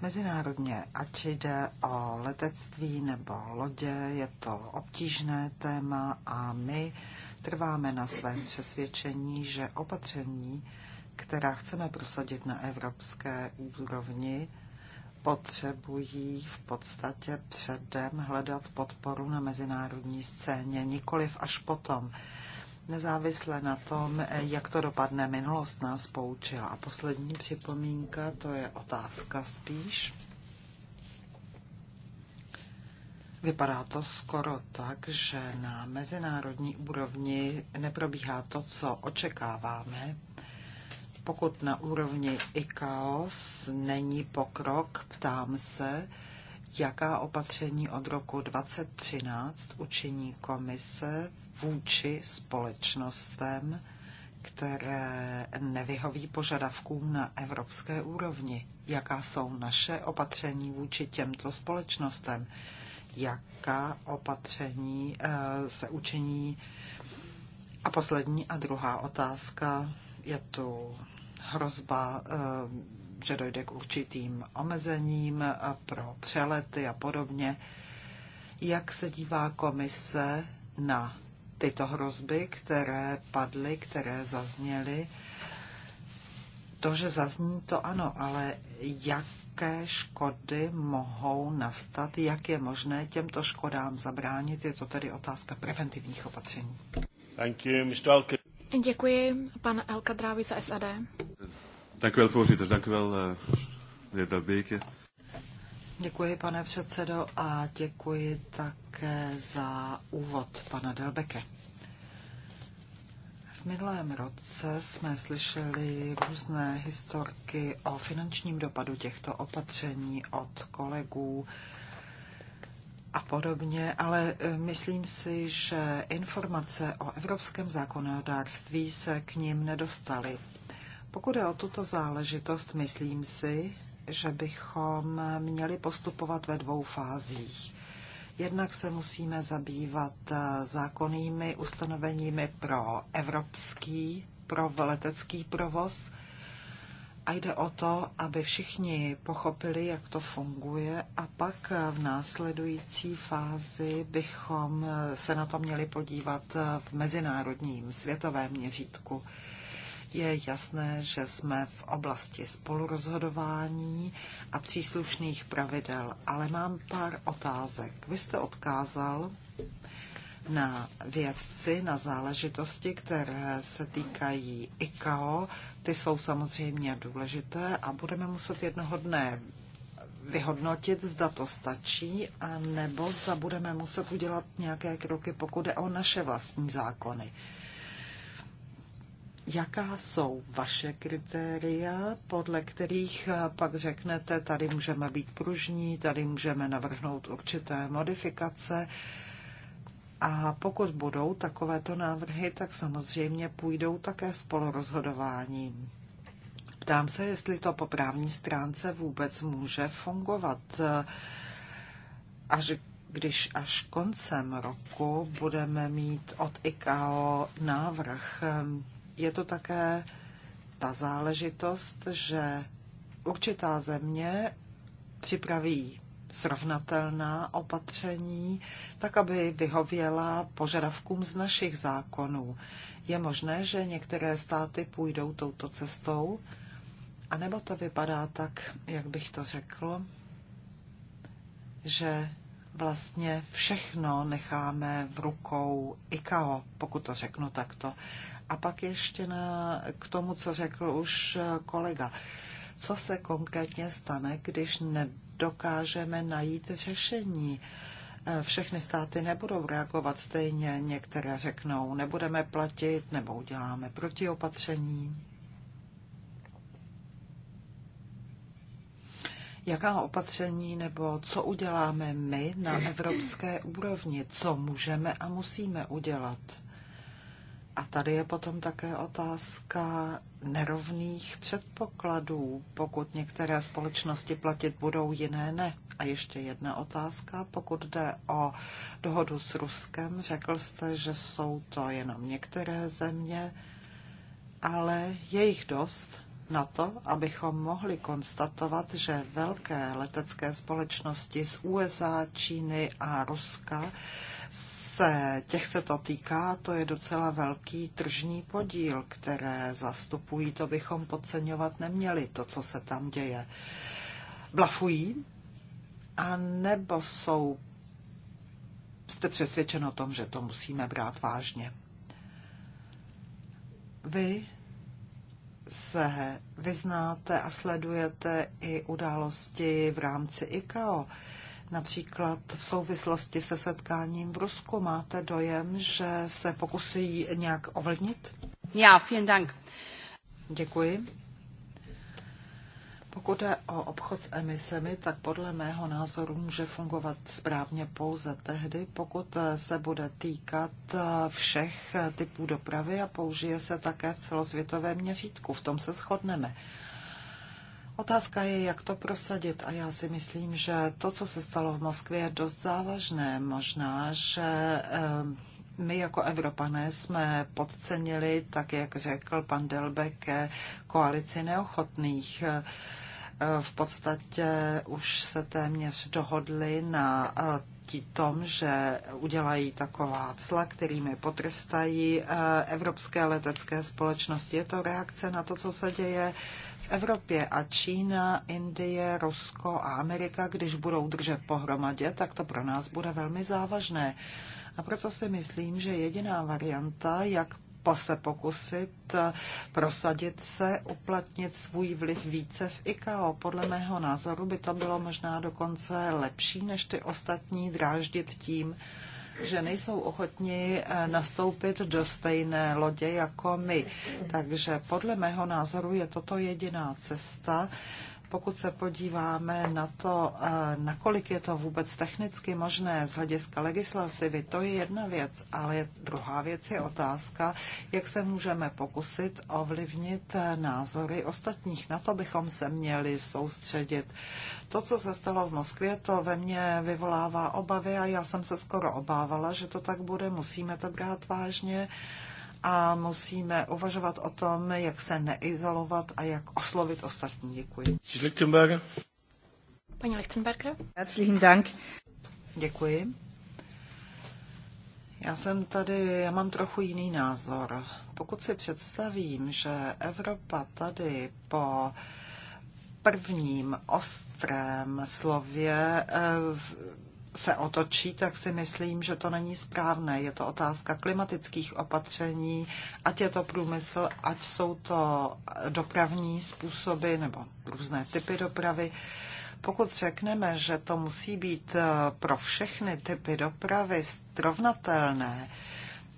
Mezinárodně, ať jde o letectví nebo lodě, je to obtížné téma a my trváme na svém přesvědčení, že opatření, která chceme prosadit na evropské úrovni, potřebují v podstatě předem hledat podporu na mezinárodní scéně, nikoliv až potom. Nezávisle na tom, jak to dopadne, minulost nás poučila. A poslední připomínka, to je otázka spíš. Vypadá to skoro tak, že na mezinárodní úrovni neprobíhá to, co očekáváme, pokud na úrovni ICAOS není pokrok, ptám se, jaká opatření od roku 2013 učiní komise vůči společnostem, které nevyhoví požadavkům na evropské úrovni. Jaká jsou naše opatření vůči těmto společnostem? Jaká opatření eh, se učiní? A poslední a druhá otázka je tu hrozba, eh, že dojde k určitým omezením pro přelety a podobně. Jak se dívá komise na tyto hrozby, které padly, které zazněly? To, že zazní, to ano, ale jaké škody mohou nastat, jak je možné těmto škodám zabránit, je to tedy otázka preventivních opatření. Thank you, Mr. Děkuji, pan Elka Drávi za SAD. Děkuji u wel, voorzitter. Děkuji, u eh, Beke. Děkuji, pane předsedo, a děkuji také za úvod pana Delbeke. V minulém roce jsme slyšeli různé historky o finančním dopadu těchto opatření od kolegů a podobně, ale eh, myslím si, že informace o evropském zákonodárství se k ním nedostaly. Pokud je o tuto záležitost, myslím si, že bychom měli postupovat ve dvou fázích. Jednak se musíme zabývat eh, zákonnými ustanoveními pro evropský pro letecký provoz a jde o to, aby všichni pochopili, jak to funguje a pak v následující fázi bychom se na to měli podívat v mezinárodním světovém měřítku. Je jasné, že jsme v oblasti spolurozhodování a příslušných pravidel, ale mám pár otázek. Vy jste odkázal na věci, na záležitosti, které se týkají ICAO. Ty jsou samozřejmě důležité a budeme muset jednoho dne vyhodnotit, zda to stačí, a nebo zda budeme muset udělat nějaké kroky, pokud jde o naše vlastní zákony. Jaká jsou vaše kritéria, podle kterých eh, pak řeknete, tady můžeme být pružní, tady můžeme navrhnout určité modifikace? A pokud budou takovéto návrhy, tak samozřejmě půjdou také spolorozhodování. Ptám se, jestli to po právní stránce vůbec může fungovat. Až když až koncem roku budeme mít od ICAO návrh, je to také ta záležitost, že určitá země připraví srovnatelná opatření, tak aby vyhověla požadavkům z našich zákonů. Je možné, že některé státy půjdou touto cestou, anebo to vypadá tak, jak bych to řekl, že vlastně všechno necháme v rukou IKAO, pokud to řeknu takto. A pak ještě na, k tomu, co řekl už kolega. Co se konkrétně stane, když ne, dokážeme najít řešení. E, všechny státy nebudou reagovat stejně, některé řeknou, nebudeme platit nebo uděláme protiopatření. jaká opatření nebo co uděláme my na evropské úrovni, co můžeme a musíme udělat. A tady je potom také otázka nerovných předpokladů, pokud některé společnosti platit budou, jiné ne. A ještě jedna otázka, pokud jde o dohodu s Ruskem, řekl jste, že jsou to jenom některé země, ale je jich dost na to, abychom mohli konstatovat, že velké letecké společnosti z USA, Číny a Ruska se, těch se to týká, to je docela velký tržní podíl, které zastupují, to bychom podceňovat neměli, to, co se tam děje. Blafují? A nebo jsou, jste přesvědčen o tom, že to musíme brát vážně? Vy se vyznáte a sledujete i události v rámci ICAO. Například v souvislosti se setkáním v Rusku máte dojem, že se pokusí nějak ovlnit? Já, vielen Dank. Děkuji. Pokud je o obchod s emisemi, tak podle mého názoru může fungovat správně pouze tehdy, pokud se bude týkat všech typů dopravy a použije se také v celosvětovém měřítku. V tom se shodneme. Otázka je, jak to prosadit a já si myslím, že to, co se stalo v Moskvě, je dost závažné. Možná, že ehm, my jako Evropané jsme podcenili, tak jak řekl pan Delbeke, koalici neochotných. Ehm, v podstatě už se téměř dohodli na eh, tom, že udělají taková cla, kterými potrestají eh, evropské letecké společnosti. Je to reakce na to, co se děje Evropě a Čína, Indie, Rusko a Amerika, když budou držet pohromadě, tak to pro nás bude velmi závažné. A proto si myslím, že jediná varianta, jak se pokusit eh, prosadit se, uplatnit svůj vliv více v IKO. Podle mého názoru by to bylo možná dokonce lepší, než ty ostatní dráždit tím, že nejsou ochotni eh, nastoupit do stejné lodě jako my. Takže podle mého názoru je toto jediná cesta, pokud se podíváme na to, eh, nakolik je to vůbec technicky možné z hlediska legislativy, to je jedna věc, ale druhá věc je otázka, jak se můžeme pokusit ovlivnit eh, názory ostatních. Na to bychom se měli soustředit. To, co se stalo v Moskvě, to ve mně vyvolává obavy a já jsem se skoro obávala, že to tak bude, musíme to brát vážně a musíme uvažovat o tom, jak se neizolovat a jak oslovit ostatní. Děkuji. Paní Lichtenberger. Herzlichen Dank. Děkuji. Já jsem tady, já mám trochu jiný názor. Pokud si představím, že Evropa tady po prvním ostrém slově eh, se otočí, tak si myslím, že to není správné. Je to otázka klimatických opatření, ať je to průmysl, ať jsou to dopravní způsoby nebo různé typy dopravy. Pokud řekneme, že to musí být eh, pro všechny typy dopravy srovnatelné,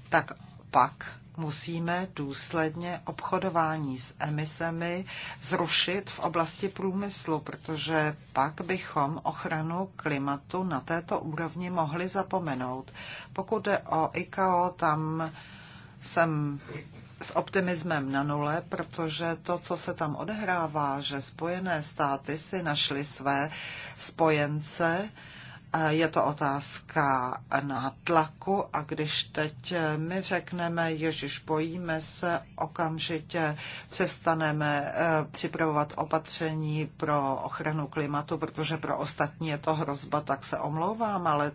tak pak musíme důsledně obchodování s emisemi zrušit v oblasti průmyslu, protože pak bychom ochranu klimatu na této úrovni mohli zapomenout. Pokud jde o ICAO, tam jsem s optimismem na nule, protože to, co se tam odehrává, že Spojené státy si našly své spojence, je to otázka nátlaku a když teď my řekneme, Ježíš, bojíme se, okamžitě přestaneme eh, připravovat opatření pro ochranu klimatu, protože pro ostatní je to hrozba, tak se omlouvám, ale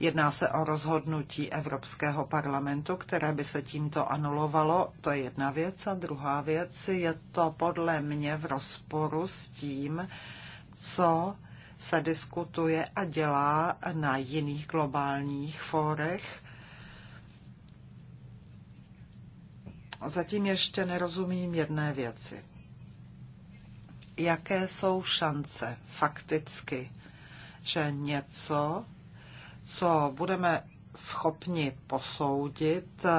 Jedná se o rozhodnutí Evropského parlamentu, které by se tímto anulovalo. To je jedna věc. A druhá věc je to podle mě v rozporu s tím, co se diskutuje a dělá na jiných globálních fórech. Zatím ještě nerozumím jedné věci. Jaké jsou šance fakticky, že něco, co budeme schopni posoudit, eh,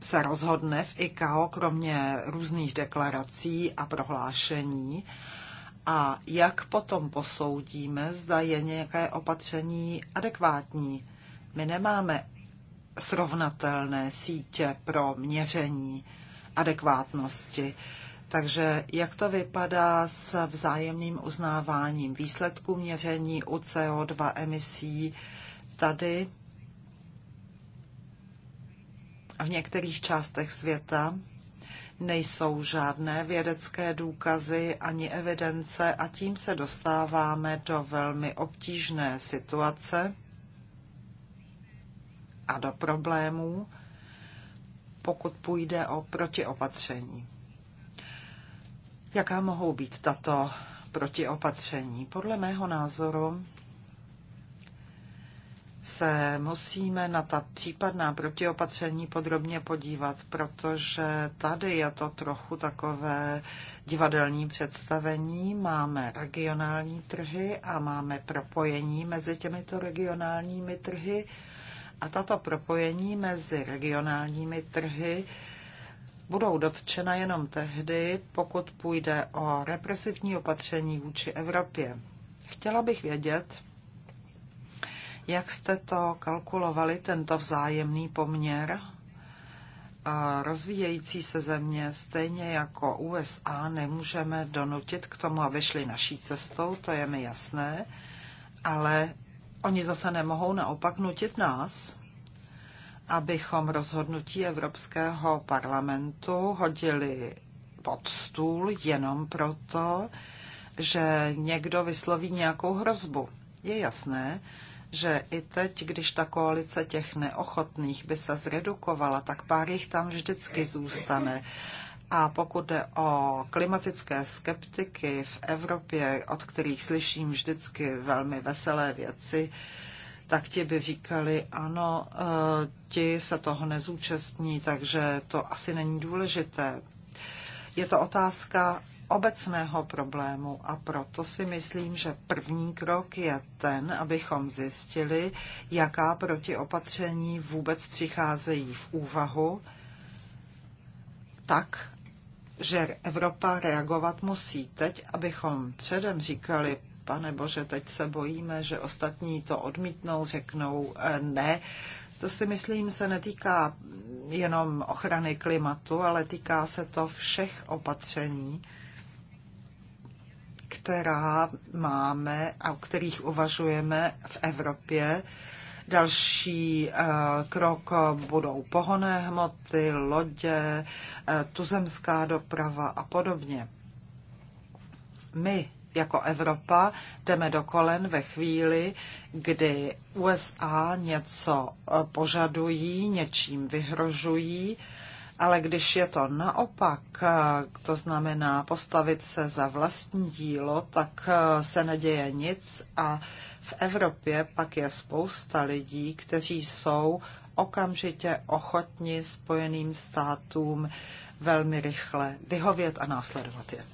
se rozhodne v ICAO, kromě různých deklarací a prohlášení, a jak potom posoudíme, zda je nějaké opatření adekvátní. My nemáme srovnatelné sítě pro měření adekvátnosti. Takže jak to vypadá s vzájemným uznáváním výsledků měření u CO2 emisí tady v některých částech světa nejsou žádné vědecké důkazy ani evidence a tím se dostáváme do velmi obtížné situace a do problémů, pokud půjde o protiopatření. Jaká mohou být tato protiopatření? Podle mého názoru se musíme na ta případná protiopatření podrobně podívat, protože tady je to trochu takové divadelní představení. Máme regionální trhy a máme propojení mezi těmito regionálními trhy. A tato propojení mezi regionálními trhy budou dotčena jenom tehdy, pokud půjde o represivní opatření vůči Evropě. Chtěla bych vědět, jak jste to kalkulovali, tento vzájemný poměr? Rozvíjející se země, stejně jako USA, nemůžeme donutit k tomu, aby šli naší cestou, to je mi jasné, ale oni zase nemohou naopak nutit nás, abychom rozhodnutí Evropského parlamentu hodili pod stůl jenom proto, že někdo vysloví nějakou hrozbu. Je jasné, že i teď, když ta koalice těch neochotných by se zredukovala, tak pár jich tam vždycky zůstane. A pokud jde o klimatické skeptiky v Evropě, od kterých slyším vždycky velmi veselé věci, tak ti by říkali, ano, eh, ti se toho nezúčastní, takže to asi není důležité. Je to otázka obecného problému a proto si myslím, že první krok je ten, abychom zjistili, jaká protiopatření vůbec přicházejí v úvahu, tak, že Evropa reagovat musí teď, abychom předem říkali, pane bože, teď se bojíme, že ostatní to odmítnou, řeknou eh, ne. To si myslím se netýká jenom ochrany klimatu, ale týká se to všech opatření, která máme a o kterých uvažujeme v Evropě. Další eh, krok budou pohonné hmoty, lodě, eh, tuzemská doprava a podobně. My jako Evropa jdeme do kolen ve chvíli, kdy USA něco eh, požadují, něčím vyhrožují ale když je to naopak, eh, to znamená postavit se za vlastní dílo, tak eh, se neděje nic a v Evropě pak je spousta lidí, kteří jsou okamžitě ochotni spojeným státům velmi rychle vyhovět a následovat je.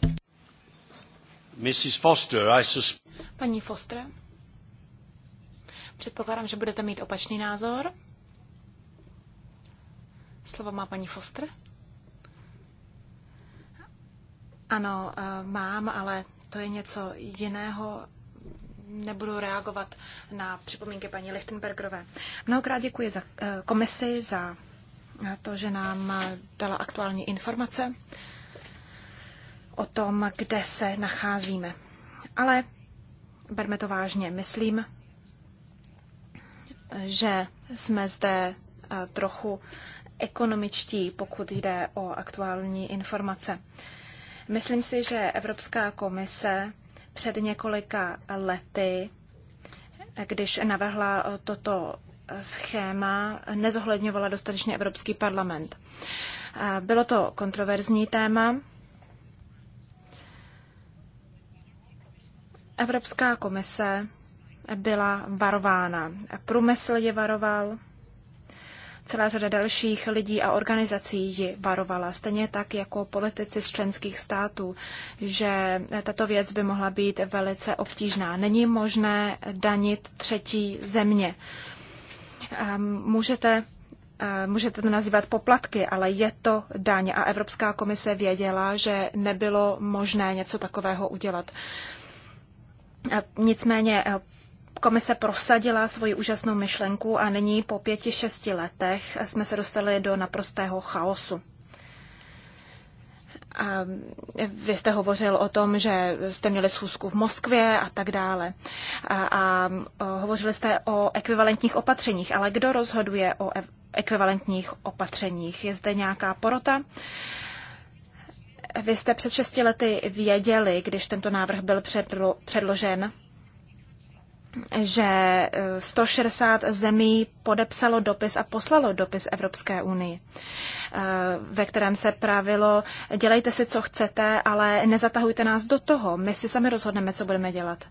Mrs. Foster, I sus- Paní Foster, předpokládám, že budete mít opačný názor. Slovo má paní Foster. Ano, eh, mám, ale to je něco jiného. Nebudu reagovat na připomínky paní Lichtenbergerové. Mnohokrát děkuji za eh, komisi, za to, že nám dala aktuální informace o tom, kde se nacházíme. Ale berme to vážně. Myslím, že jsme zde eh, trochu ekonomičtí, pokud jde o aktuální informace. Myslím si, že Evropská komise před několika lety, když navrhla toto schéma, nezohledňovala dostatečně Evropský parlament. Bylo to kontroverzní téma. Evropská komise byla varována. Průmysl je varoval, Celá řada dalších lidí a organizací ji varovala, stejně tak jako politici z členských států, že tato věc by mohla být velice obtížná. Není možné danit třetí země. Ehm, můžete ehm, Můžete to nazývat poplatky, ale je to daň a Evropská komise věděla, že nebylo možné něco takového udělat. Ehm, nicméně komise prosadila svoji úžasnou myšlenku a nyní po pěti, šesti letech jsme se dostali do naprostého chaosu. A vy jste hovořil o tom, že jste měli schůzku v Moskvě a tak dále. A, a hovořili jste o ekvivalentních opatřeních, ale kdo rozhoduje o ekvivalentních opatřeních? Je zde nějaká porota? Vy jste před šesti lety věděli, když tento návrh byl předlo, předložen, že 160 eh, zemí podepsalo dopis a poslalo dopis Evropské unii, eh, ve kterém se právilo: dělejte si, co chcete, ale nezatahujte nás do toho, my si sami rozhodneme, co budeme dělat.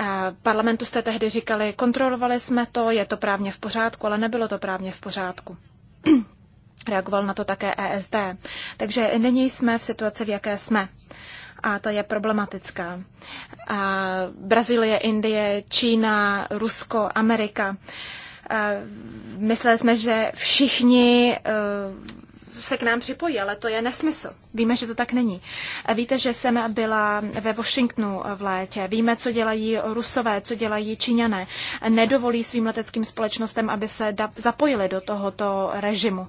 Eh, parlamentu jste tehdy říkali, kontrolovali jsme to, je to právně v pořádku, ale nebylo to právně v pořádku. [CLEARS THROAT] Reagoval na to také ESD. Takže nyní jsme v situaci, v jaké jsme a ta je problematická. A Brazílie, Indie, Čína, Rusko, Amerika. A mysleli jsme, že všichni eh, se k nám připojí, ale to je nesmysl. Víme, že to tak není. Víte, že jsem byla ve Washingtonu v létě. Víme, co dělají Rusové, co dělají Číňané. Nedovolí svým leteckým společnostem, aby se zapojili do tohoto režimu.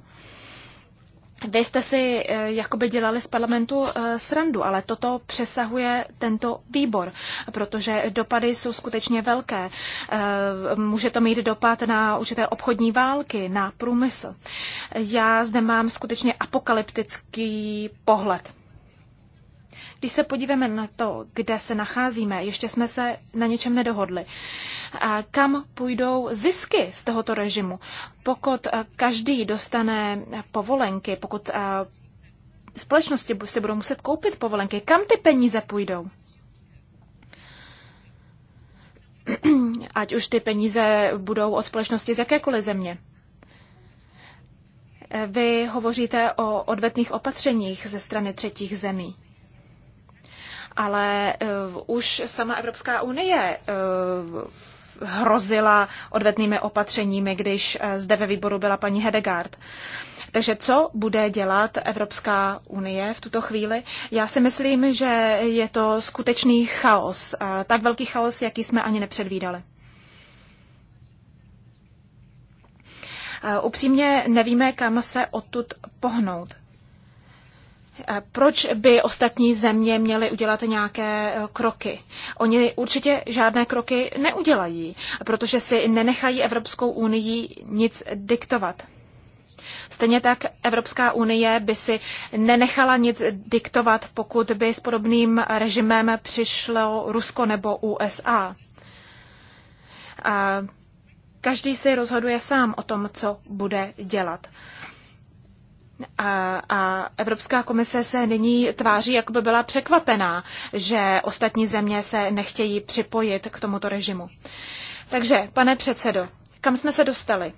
Vy jste si eh, jakoby dělali z parlamentu eh, srandu, ale toto přesahuje tento výbor, protože dopady jsou skutečně velké. Eh, může to mít dopad na určité obchodní války, na průmysl. Já zde mám skutečně apokalyptický pohled. Když se podíváme na to, kde se nacházíme, ještě jsme se na něčem nedohodli. A kam půjdou zisky z tohoto režimu? Pokud eh, každý dostane eh, povolenky, pokud eh, společnosti si budou muset koupit povolenky, kam ty peníze půjdou? [CLEARS THROAT] Ať už ty peníze budou od společnosti z jakékoliv země. Vy hovoříte o odvetných opatřeních ze strany třetích zemí ale uh, už sama Evropská unie uh, hrozila odvetnými opatřeními, když uh, zde ve výboru byla paní Hedegaard. Takže co bude dělat Evropská unie v tuto chvíli? Já si myslím, že je to skutečný chaos. Uh, tak velký chaos, jaký jsme ani nepředvídali. Uh, upřímně nevíme, kam se odtud pohnout. Eh, proč by ostatní země měly udělat nějaké eh, kroky? Oni určitě žádné kroky neudělají, protože si nenechají Evropskou unii nic diktovat. Stejně tak Evropská unie by si nenechala nic diktovat, pokud by s podobným režimem přišlo Rusko nebo USA. A eh, každý si rozhoduje sám o tom, co bude dělat. A, a Evropská komise se nyní tváří, jak by byla překvapená, že ostatní země se nechtějí připojit k tomuto režimu. Takže, pane předsedo, kam jsme se dostali?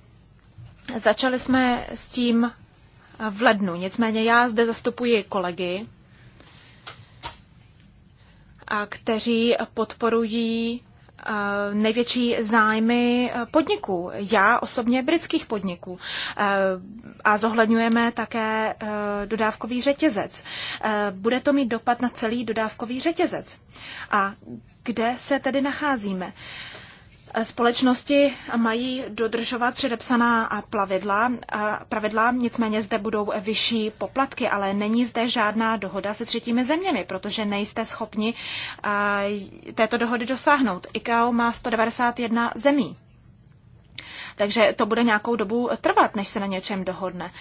Začali jsme s tím v lednu, nicméně já zde zastupuji kolegy, a kteří podporují Eh, největší zájmy eh, podniků, já osobně britských podniků. Eh, a zohledňujeme také dodávkový řetězec. Bude to mít dopad na celý dodávkový řetězec. A kde se tedy nacházíme? Společnosti mají dodržovat předepsaná plavidla, pravidla, nicméně zde budou vyšší poplatky, ale není zde žádná dohoda se třetími zeměmi, protože nejste schopni této dohody dosáhnout. ICAO má 191 zemí. Takže to bude nějakou dobu trvat, než se na něčem dohodne.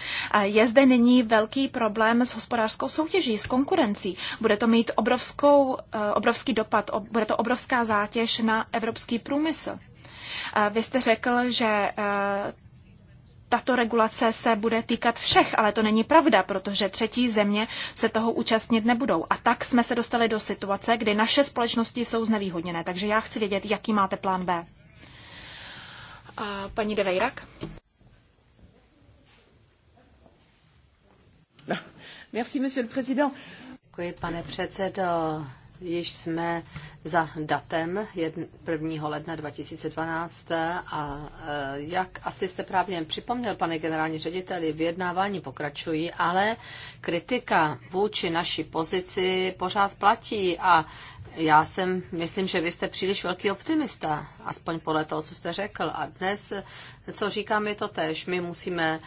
Je zde nyní velký problém s hospodářskou soutěží, s konkurencí. Bude to mít obrovskou, e, obrovský dopad, bude to obrovská zátěž na evropský průmysl. Vy jste řekl, že eh, tato regulace se bude týkat všech, ale to není pravda, protože třetí země se toho účastnit nebudou. A tak jsme se dostali do situace, kdy naše společnosti jsou znevýhodněné. Takže já chci vědět, jaký máte plán B. A paní Devejrak? Merci, monsieur le président. Děkuji, pane předsedo již jsme za datem 1. ledna 2012 a e, jak asi jste právě připomněl, pane generální řediteli, vyjednávání pokračují, ale kritika vůči naší pozici pořád platí a já jsem, myslím, že vy jste příliš velký optimista, aspoň podle toho, co jste řekl. A dnes, co říkám, je to tež. My musíme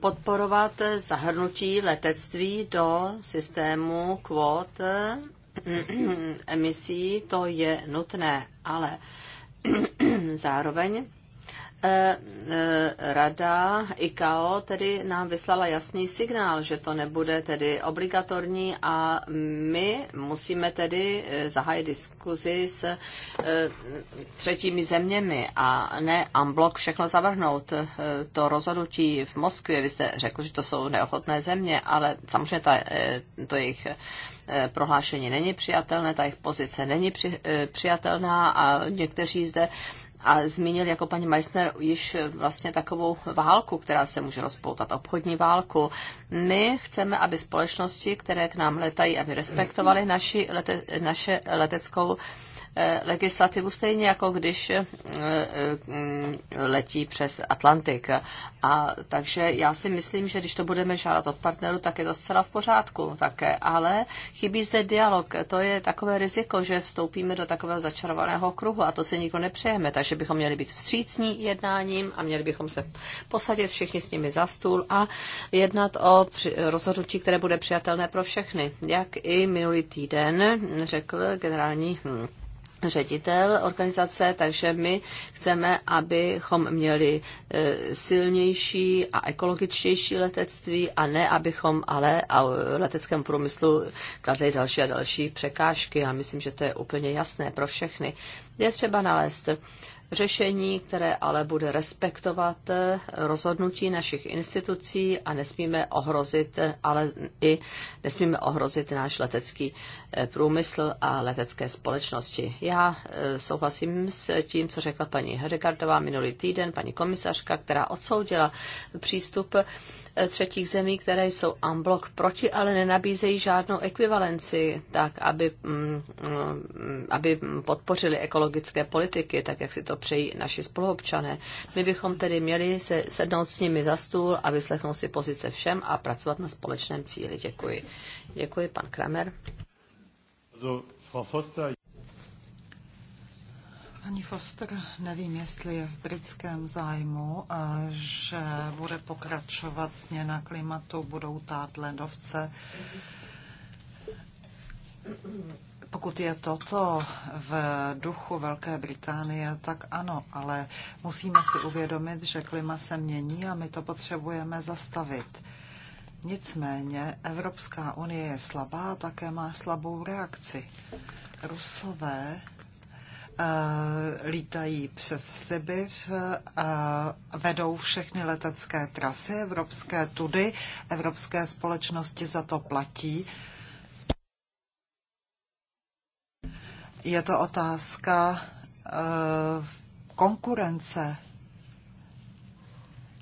podporovat zahrnutí letectví do systému kvót [CLEARS THROAT] emisí, to je nutné, ale [CLEARS THROAT] zároveň eh, eh, Rada ICAO tedy nám vyslala jasný signál, že to nebude tedy obligatorní a my musíme tedy eh, zahájit diskuzi s třetími zeměmi a ne unblock všechno zavrhnout. To rozhodnutí v Moskvě, vy jste řekl, že to jsou neochotné země, ale samozřejmě ta, to jejich Eh, prohlášení není přijatelné, ta jejich pozice není při, eh, přijatelná a někteří zde a zmínil jako paní Meissner již vlastně takovou válku, která se může rozpoutat, obchodní válku. My chceme, aby společnosti, které k nám letají, aby respektovaly naši lete, naše leteckou Eh, legislativu, stejně jako když eh, eh, letí přes Atlantik. A takže já si myslím, že když to budeme žádat od partnerů, tak je to zcela v pořádku také. Ale chybí zde dialog. To je takové riziko, že vstoupíme do takového začarovaného kruhu a to se nikdo nepřejeme. Takže bychom měli být vstřícní jednáním a měli bychom se posadit všichni s nimi za stůl a jednat o rozhodnutí, které bude přijatelné pro všechny. Jak i minulý týden řekl generální hm, ředitel organizace, takže my chceme, abychom měli e, silnější a ekologičtější letectví a ne, abychom ale a leteckému průmyslu kladli další a další překážky. A myslím, že to je úplně jasné pro všechny. Je třeba nalézt řešení, které ale bude respektovat eh, rozhodnutí našich institucí a nesmíme ohrozit, eh, ale i nesmíme ohrozit náš letecký eh, průmysl a letecké společnosti. Já souhlasím s tím, co řekla paní Hedegardová minulý týden, paní komisařka, která odsoudila přístup třetích zemí, které jsou unblock proti, ale nenabízejí žádnou ekvivalenci, tak aby, mm, mm, aby podpořili ekologické politiky, tak jak si to přejí naši spoluobčané. My bychom tedy měli se sednout s nimi za stůl a vyslechnout si pozice všem a pracovat na společném cíli. Děkuji. Děkuji, pan Kramer. Pani Foster, nevím, jestli je v britském zájmu, eh, že bude pokračovat změna klimatu, budou tát ledovce. Mm-hmm pokud je toto v duchu Velké Británie, tak ano, ale musíme si uvědomit, že klima se mění a my to potřebujeme zastavit. Nicméně Evropská unie je slabá a také má slabou reakci. Rusové eh, lítají přes Sibiř, eh, vedou všechny letecké trasy, evropské tudy, evropské společnosti za to platí. Je to otázka eh, konkurence.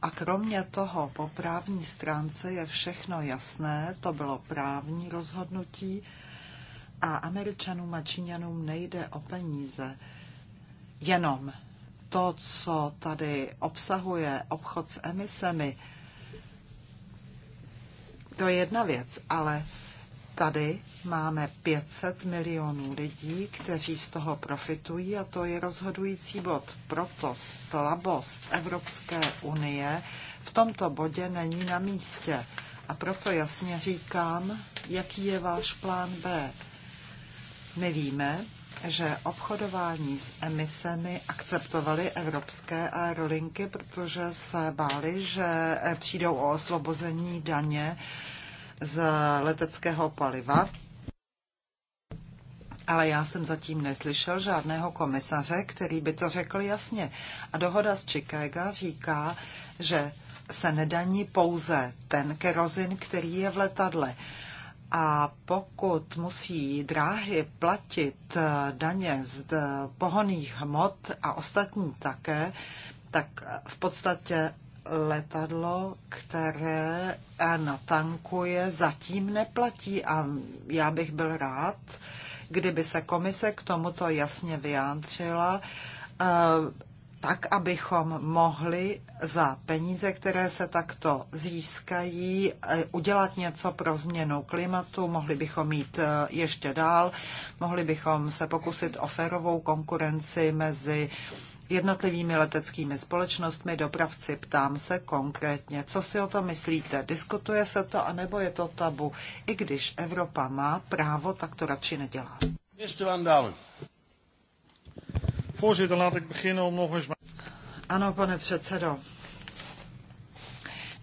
A kromě toho, po právní stránce je všechno jasné, to bylo právní rozhodnutí a američanům a číňanům nejde o peníze. Jenom to, co tady obsahuje obchod s emisemi, to je jedna věc, ale Tady máme 500 milionů lidí, kteří z toho profitují a to je rozhodující bod. Proto slabost Evropské unie v tomto bodě není na místě. A proto jasně říkám, jaký je váš plán B. My víme, že obchodování s emisemi akceptovaly evropské aerolinky, protože se báli, že přijdou o osvobození daně z leteckého paliva, ale já jsem zatím neslyšel žádného komisaře, který by to řekl jasně. A dohoda z Chicago říká, že se nedaní pouze ten kerozin, který je v letadle. A pokud musí dráhy platit eh, daně z pohoných hmot a ostatní také, tak eh, v podstatě letadlo, které natankuje, zatím neplatí a já bych byl rád, kdyby se komise k tomuto jasně vyjádřila, eh, tak, abychom mohli za peníze, které se takto získají, eh, udělat něco pro změnu klimatu, mohli bychom jít eh, ještě dál, mohli bychom se pokusit o férovou konkurenci mezi uh, jednotlivými leteckými společnostmi, dopravci. Ptám se konkrétně, co si o to myslíte? Diskutuje se to, anebo je to tabu? I když Evropa má právo, tak to radši nedělá. Mr. Voorzitter, laat ik beginnen om nog eens... Ano, pane předsedo.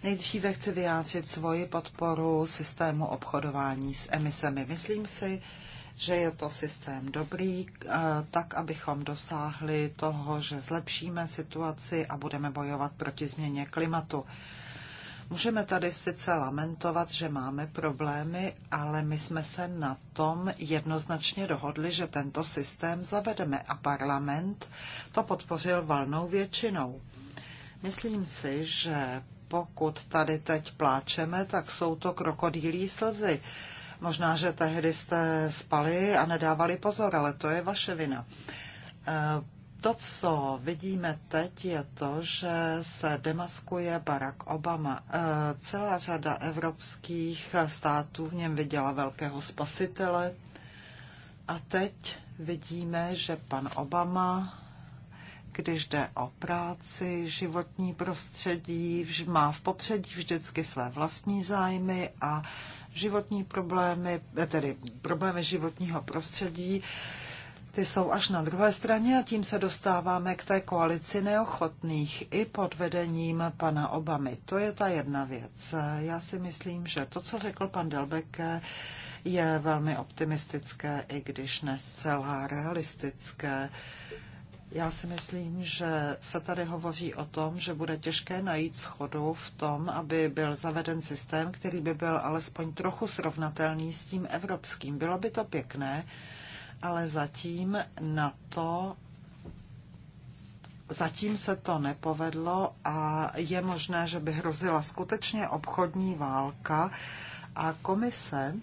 Nejdříve chci vyjádřit svoji podporu systému obchodování s emisemi. Myslím si, že je to systém dobrý, eh, tak abychom dosáhli toho, že zlepšíme situaci a budeme bojovat proti změně klimatu. Můžeme tady sice lamentovat, že máme problémy, ale my jsme se na tom jednoznačně dohodli, že tento systém zavedeme a parlament to podpořil valnou většinou. Myslím si, že pokud tady teď pláčeme, tak jsou to krokodýlí slzy. Možná, že tehdy jste spali a nedávali pozor, ale to je vaše vina. Eh, to, co vidíme teď, je to, že se demaskuje Barack Obama. Eh, celá řada evropských států v něm viděla velkého spasitele. A teď vidíme, že pan Obama, když jde o práci, životní prostředí, má v popředí vždycky své vlastní zájmy a životní problémy, eh, tedy problémy životního prostředí, ty jsou až na druhé straně a tím se dostáváme k té koalici neochotných i pod vedením pana Obamy. To je ta jedna věc. Já si myslím, že to, co řekl pan Delbeke, je velmi optimistické, i když ne zcela realistické. Uh, já si myslím, že se tady hovoří o tom, že bude těžké najít schodu v tom, aby byl zaveden systém, který by byl alespoň trochu srovnatelný s tím evropským. Bylo by to pěkné, ale zatím na to Zatím se to nepovedlo a je možné, že by hrozila skutečně obchodní válka a komise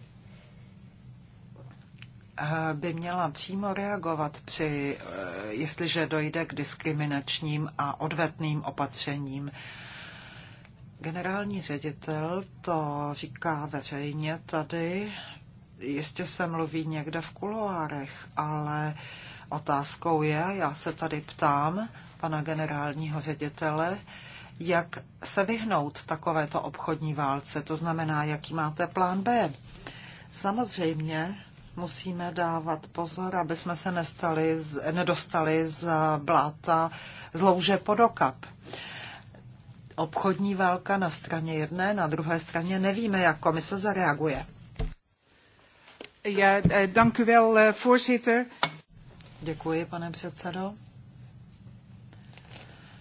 Eh, by měla přímo reagovat při, eh, jestliže dojde k diskriminačním a odvetným opatřením. Generální ředitel to říká veřejně tady. Jistě se mluví někde v kuloárech, ale otázkou je, já se tady ptám pana generálního ředitele, jak se vyhnout takovéto obchodní válce, to znamená, jaký máte plán B. Samozřejmě musíme dávat pozor, aby jsme se nestali, nedostali z bláta z louže pod okap. Obchodní válka na straně jedné, na druhé straně nevíme, jak komise zareaguje. Ja, eh, dank u wel, eh, voorzitter. Děkuji, pane předsedo.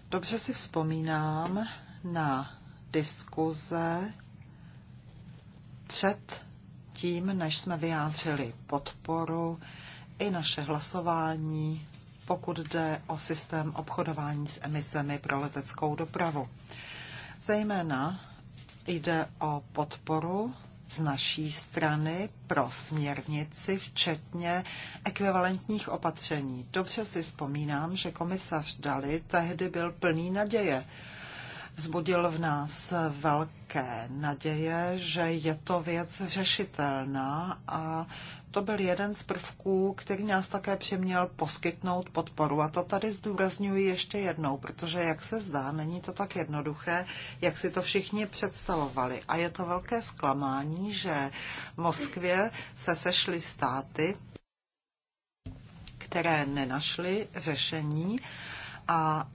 Dobře si vzpomínám na diskuze před tím, než jsme vyjádřili podporu i naše hlasování, pokud jde o systém obchodování s emisemi pro leteckou dopravu. Zejména jde o podporu z naší strany pro směrnici, včetně ekvivalentních opatření. Dobře si vzpomínám, že komisař Dali tehdy byl plný naděje vzbudil v nás velké naděje, že je to věc řešitelná a to byl jeden z prvků, který nás také přiměl poskytnout podporu. A to tady zdůrazňuji ještě jednou, protože jak se zdá, není to tak jednoduché, jak si to všichni představovali. A je to velké zklamání, že v Moskvě se sešly státy, které nenašly řešení a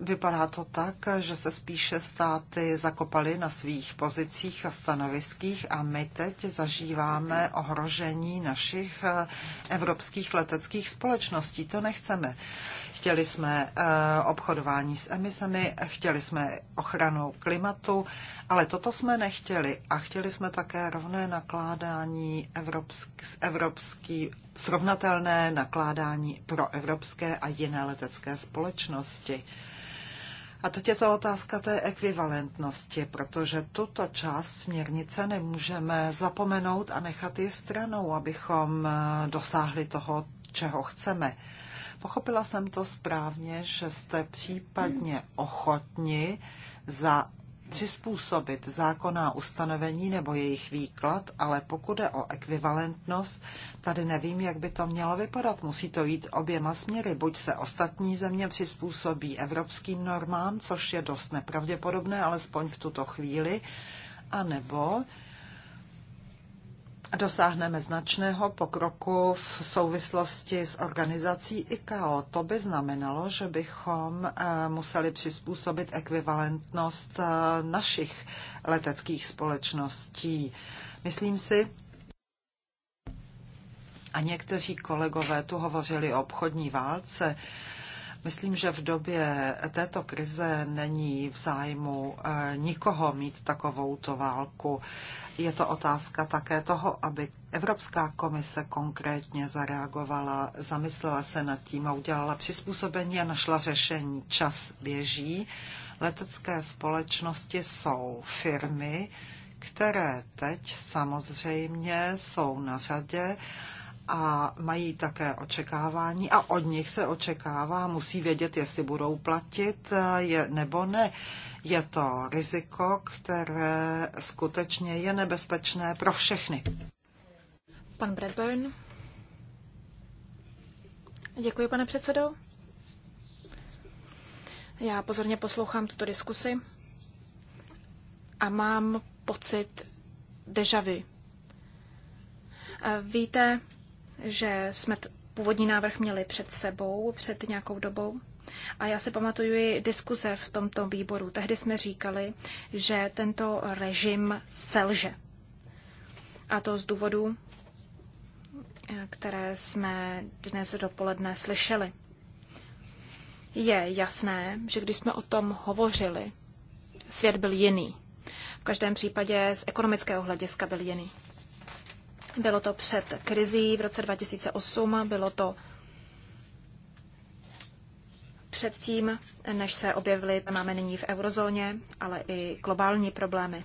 Vypadá to tak, že se spíše státy zakopaly na svých pozicích a stanoviských a my teď zažíváme ohrožení našich eh, evropských leteckých společností. To nechceme. Chtěli jsme eh, obchodování s emisemi, chtěli jsme ochranu klimatu, ale toto jsme nechtěli a chtěli jsme také rovné nakládání evropský, evropský srovnatelné nakládání pro evropské a jiné letecké společnosti. A teď je to otázka té ekvivalentnosti, protože tuto část směrnice nemůžeme zapomenout a nechat ji stranou, abychom eh, dosáhli toho, čeho chceme. Pochopila jsem to správně, že jste případně ochotni za přizpůsobit zákonná ustanovení nebo jejich výklad, ale pokud je o ekvivalentnost, tady nevím, jak by to mělo vypadat. Musí to jít oběma směry. Buď se ostatní země přizpůsobí evropským normám, což je dost nepravděpodobné, alespoň v tuto chvíli, anebo nebo dosáhneme značného pokroku v souvislosti s organizací ICAO. To by znamenalo, že bychom eh, museli přizpůsobit ekvivalentnost eh, našich leteckých společností. Myslím si, a někteří kolegové tu hovořili o obchodní válce, Myslím, že v době této krize není v zájmu eh, nikoho mít takovouto válku. Je to otázka také toho, aby Evropská komise konkrétně zareagovala, zamyslela se nad tím a udělala přizpůsobení a našla řešení. Čas běží. Letecké společnosti jsou firmy, které teď samozřejmě jsou na řadě a mají také očekávání a od nich se očekává, musí vědět, jestli budou platit je, nebo ne. Je to riziko, které skutečně je nebezpečné pro všechny. Pan Bradburn. Děkuji, pane předsedo. Já pozorně poslouchám tuto diskusi a mám pocit deja vu. Víte, že jsme původní návrh měli před sebou před nějakou dobou. A já si pamatuju diskuze v tomto výboru. Tehdy jsme říkali, že tento režim selže. A to z důvodu, které jsme dnes dopoledne slyšeli. Je jasné, že když jsme o tom hovořili, svět byl jiný. V každém případě z ekonomického hlediska byl jiný. Bylo to před krizí v roce 2008, bylo to předtím, než se objevily, máme nyní v eurozóně, ale i globální problémy.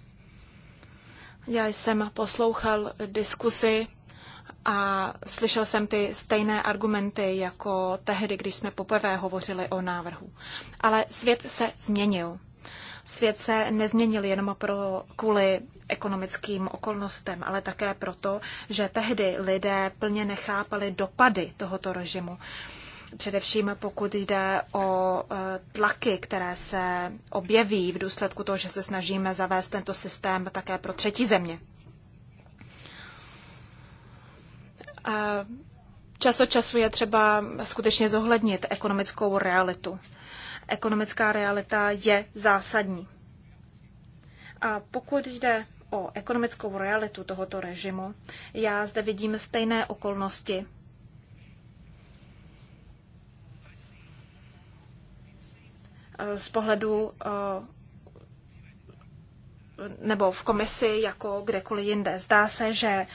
Já jsem poslouchal diskusy a slyšel jsem ty stejné argumenty jako tehdy, když jsme poprvé hovořili o návrhu. Ale svět se změnil. Svět se nezměnil jenom pro, kvůli ekonomickým okolnostem, ale také proto, že tehdy lidé plně nechápali dopady tohoto režimu. Především pokud jde o e, tlaky, které se objeví v důsledku toho, že se snažíme zavést tento systém také pro třetí země. E, čas od času je třeba skutečně zohlednit ekonomickou realitu. Ekonomická realita je zásadní. A pokud jde o ekonomickou realitu tohoto režimu, já zde vidím stejné okolnosti. Z pohledu eh, nebo v komisi jako kdekoliv jinde. Zdá se, že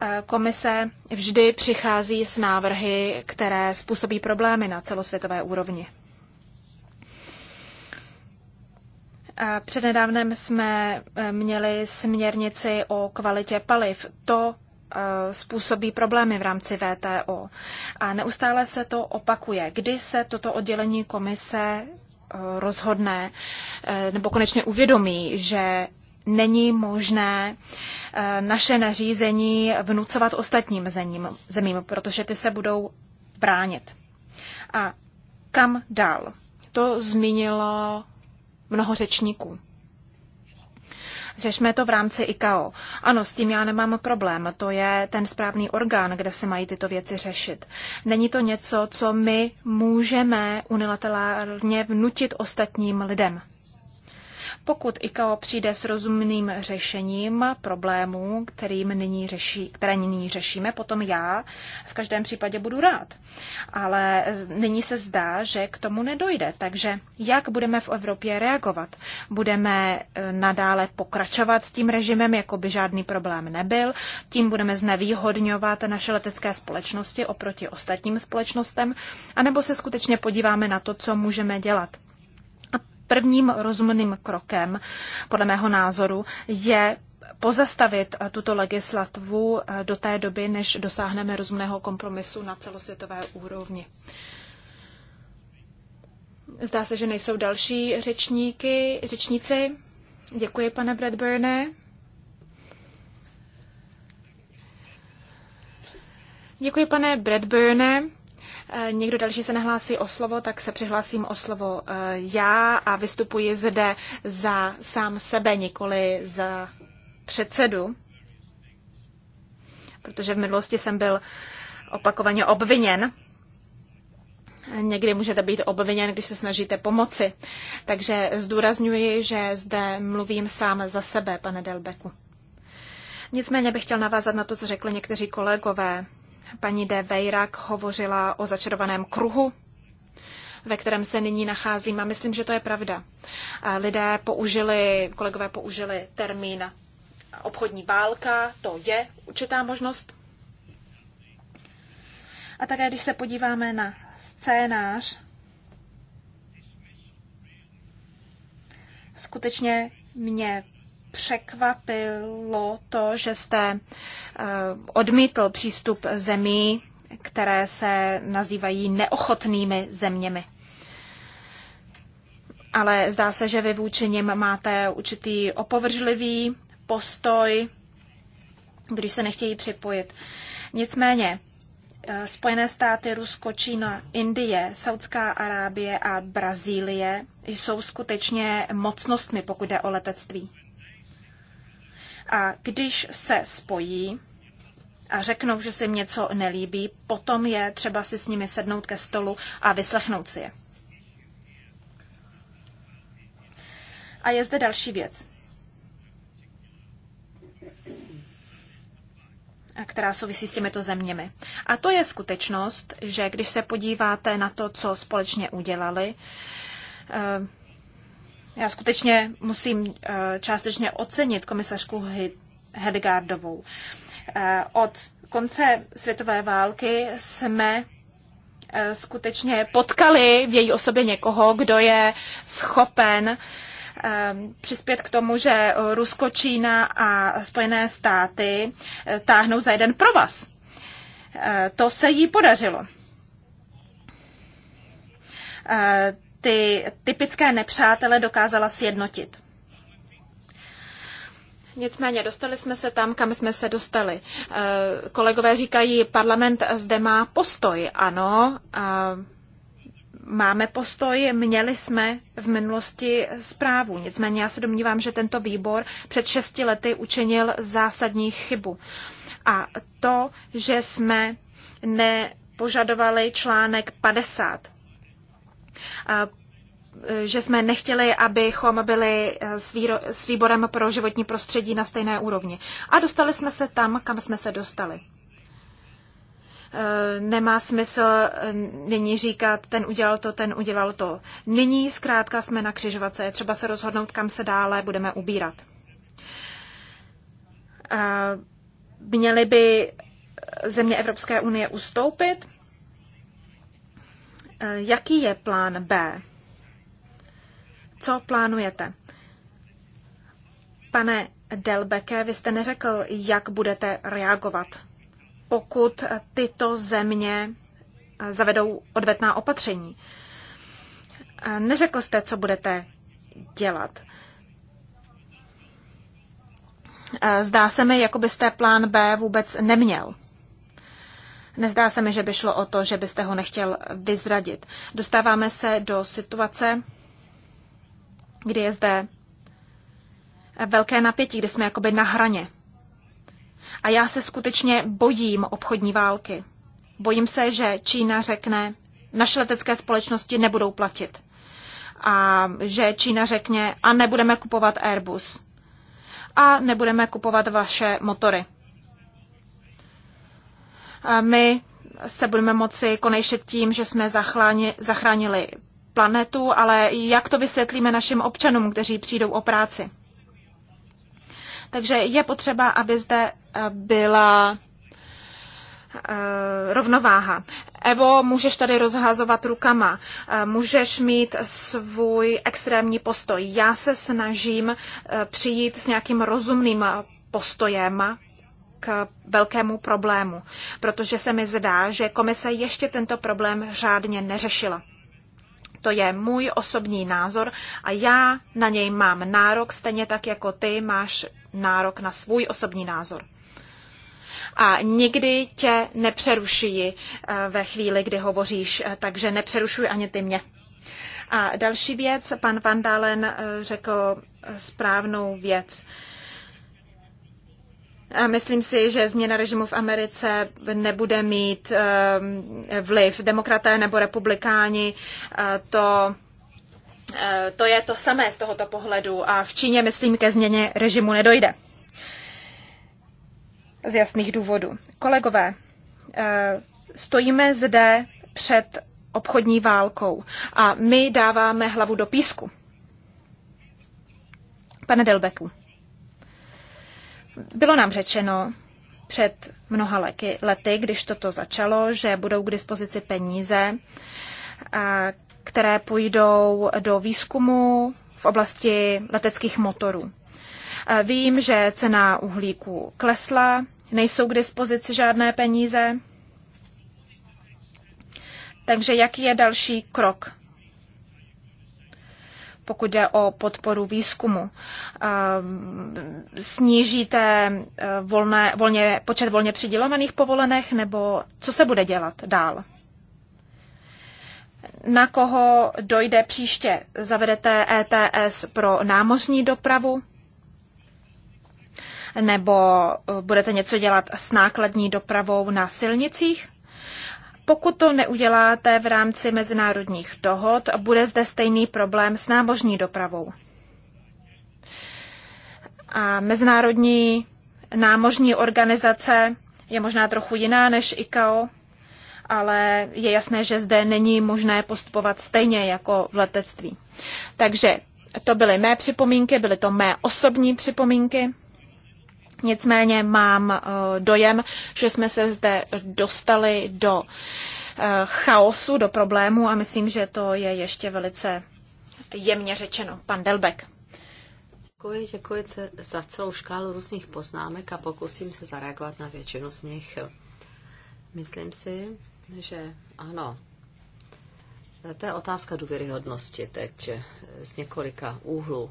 eh, komise vždy přichází s návrhy, které způsobí problémy na celosvětové úrovni. Přednedávnem jsme e, měli směrnici o kvalitě paliv. To e, způsobí problémy v rámci VTO. A neustále se to opakuje. Kdy se toto oddělení komise e, rozhodne nebo konečně uvědomí, že není možné naše nařízení vnucovat ostatním zemím, zemím protože ty se budou bránit. A kam dál? To zmínilo mnoho řečníků. Řešme to v rámci ICAO. Ano, s tím já nemám problém. To je ten správný orgán, kde se mají tyto věci řešit. Není to něco, co my můžeme unilaterálně vnutit ostatním lidem. Pokud ICAO přijde s rozumným řešením problémů, kterým nyní řeší, které nyní řešíme, potom já v každém případě budu rád. Ale nyní se zdá, že k tomu nedojde. Takže jak budeme v Evropě reagovat? Budeme e, nadále pokračovat s tím režimem, jako by žádný problém nebyl. Tím budeme znevýhodňovat naše letecké společnosti oproti ostatním společnostem, a nebo se skutečně podíváme na to, co můžeme dělat prvním rozumným krokem, podle mého názoru, je pozastavit eh, tuto legislativu eh, do té doby, než dosáhneme rozumného kompromisu na celosvětové úrovni. Zdá se, že nejsou další řečníky, řečníci. Děkuji, pane Bradburne. Děkuji, pane Bradburne. Eh, někdo další se nehlásí o slovo, tak se přihlásím o slovo eh, já a vystupuji zde za sám sebe, nikoli za předsedu, protože v minulosti jsem byl opakovaně obviněn. Někdy můžete být obviněn, když se snažíte pomoci. Takže zdůrazňuji, že zde mluvím sám za sebe, pane Delbeku. Nicméně bych chtěl navázat na to, co řekli někteří kolegové Paní de Vejrak hovořila o začarovaném kruhu, ve kterém se nyní nacházím a myslím, že to je pravda. Lidé použili, kolegové použili termín obchodní válka, to je určitá možnost. A také, když se podíváme na scénář, skutečně mě překvapilo to, že jste eh, odmítl přístup zemí, které se nazývají neochotnými zeměmi. Ale zdá se, že vy vůči nim máte určitý opovržlivý postoj, když se nechtějí připojit. Nicméně, eh, Spojené státy, Rusko, Čína, Indie, Saudská Arábie a Brazílie jsou skutečně mocnostmi, pokud jde o letectví. A když se spojí a řeknou, že se jim něco nelíbí, potom je třeba si s nimi sednout ke stolu a vyslechnout si je. A je zde další věc, která souvisí s těmito zeměmi. A to je skutečnost, že když se podíváte na to, co společně udělali, eh, já skutečně musím eh, částečně ocenit komisařku Hedegardovou. Eh, od konce světové války jsme eh, skutečně potkali v její osobě někoho, kdo je schopen přispět k tomu, že Rusko, Čína a Spojené státy táhnou za jeden provaz. To se jí podařilo ty typické nepřátele dokázala sjednotit. Nicméně dostali jsme se tam, kam jsme se dostali. Eh, kolegové říkají, parlament zde má postoj. Ano, máme postoj, měli jsme v minulosti zprávu. Nicméně já se domnívám, že tento výbor před šesti lety učinil zásadní chybu. A to, že jsme nepožadovali článek 50 E, že jsme nechtěli, abychom byli e, s, výborem pro životní prostředí na stejné úrovni. A dostali jsme se tam, kam jsme se dostali. E, nemá smysl nyní říkat, ten udělal to, ten udělal to. Nyní zkrátka jsme na křižovatce, je třeba se rozhodnout, kam se dále budeme ubírat. Měli by země Evropské unie ustoupit? Eh, jaký je plán B? Co plánujete? Pane Delbeke, vy jste neřekl, jak budete reagovat, pokud tyto země eh, zavedou odvetná opatření. Eh, neřekl jste, co budete dělat. Zdá se mi, jako byste plán B vůbec neměl. Nezdá se mi, že by šlo o to, že byste ho nechtěl vyzradit. Dostáváme se do situace, kdy je zde velké napětí, kde jsme jakoby na hraně. A já se skutečně bojím obchodní války. Bojím se, že Čína řekne, naše letecké společnosti nebudou platit. A že Čína řekne, a nebudeme kupovat Airbus. A nebudeme kupovat vaše motory. My se budeme moci konejšet tím, že jsme zachráni, zachránili planetu, ale jak to vysvětlíme našim občanům, kteří přijdou o práci? Takže je potřeba, aby zde eh, byla eh, rovnováha. Evo, můžeš tady rozhazovat rukama, eh, můžeš mít svůj extrémní postoj. Já se snažím přijít s nějakým rozumným postojem k velkému problému, protože se mi zdá, že komise ještě tento problém řádně neřešila. To je můj osobní názor a já na něj mám nárok, stejně tak jako ty máš nárok na svůj osobní názor. A nikdy tě nepřerušuji eh, ve chvíli, kdy hovoříš, eh, takže nepřerušuj ani ty mě. A další věc, pan Vandalen eh, řekl správnou věc. Myslím si, že změna režimu v Americe nebude mít ehm, vliv. Demokraté nebo republikáni eh, to eh, to je to samé z tohoto pohledu a v Číně, myslím, ke změně režimu nedojde. Z jasných důvodů. Kolegové, eh, stojíme zde před obchodní válkou a my dáváme hlavu do písku. Pane Delbeku. Bylo nám řečeno před mnoha lety, když toto začalo, že budou k dispozici peníze, které půjdou do výzkumu v oblasti leteckých motorů. Vím, že cena uhlíku klesla, nejsou k dispozici žádné peníze. Takže jaký je další krok pokud jde o podporu výzkumu. Snížíte e, volné, volně, počet volně přidělovaných povolených, nebo co se bude dělat dál? Na koho dojde příště? Zavedete ETS pro námořní dopravu? Nebo e, budete něco dělat s nákladní dopravou na silnicích? Pokud to neuděláte v rámci mezinárodních dohod, bude zde stejný problém s námořní dopravou. A mezinárodní námořní organizace je možná trochu jiná než ICAO, ale je jasné, že zde není možné postupovat stejně jako v letectví. Takže to byly mé připomínky, byly to mé osobní připomínky. Nicméně mám eh, dojem, že jsme se zde dostali do eh, chaosu, do problému a myslím, že to je ještě velice jemně řečeno. Pan Delbek. Děkuji, děkuji za celou škálu různých poznámek a pokusím se zareagovat na většinu z nich. Myslím si, že ano. To je otázka důvěryhodnosti teď z několika úhlů.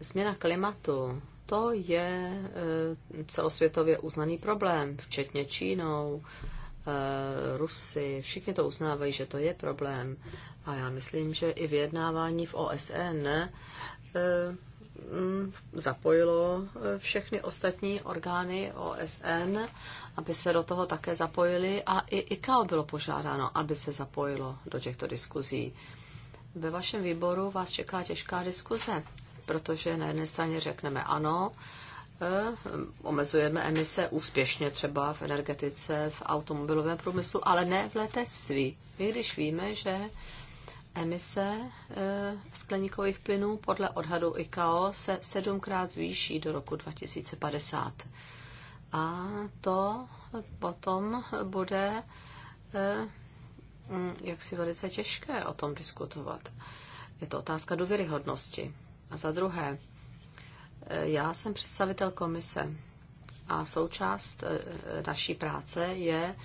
Změna klimatu to je eh, celosvětově uznaný problém, včetně Čínou, eh, Rusy, všichni to uznávají, že to je problém. A já myslím, že i vyjednávání v OSN eh, mm, zapojilo všechny ostatní orgány OSN, aby se do toho také zapojili a i ICAO bylo požádáno, aby se zapojilo do těchto diskuzí. Ve vašem výboru vás čeká těžká diskuze protože na jedné straně řekneme ano, eh, omezujeme emise úspěšně třeba v energetice, v automobilovém průmyslu, ale ne v letectví. My když víme, že emise eh, skleníkových plynů podle odhadu ICAO se sedmkrát zvýší do roku 2050. A to potom bude eh, mm, jaksi velice těžké o tom diskutovat. Je to otázka důvěryhodnosti. A za druhé, eh, já jsem představitel komise a součást eh, eh, naší práce je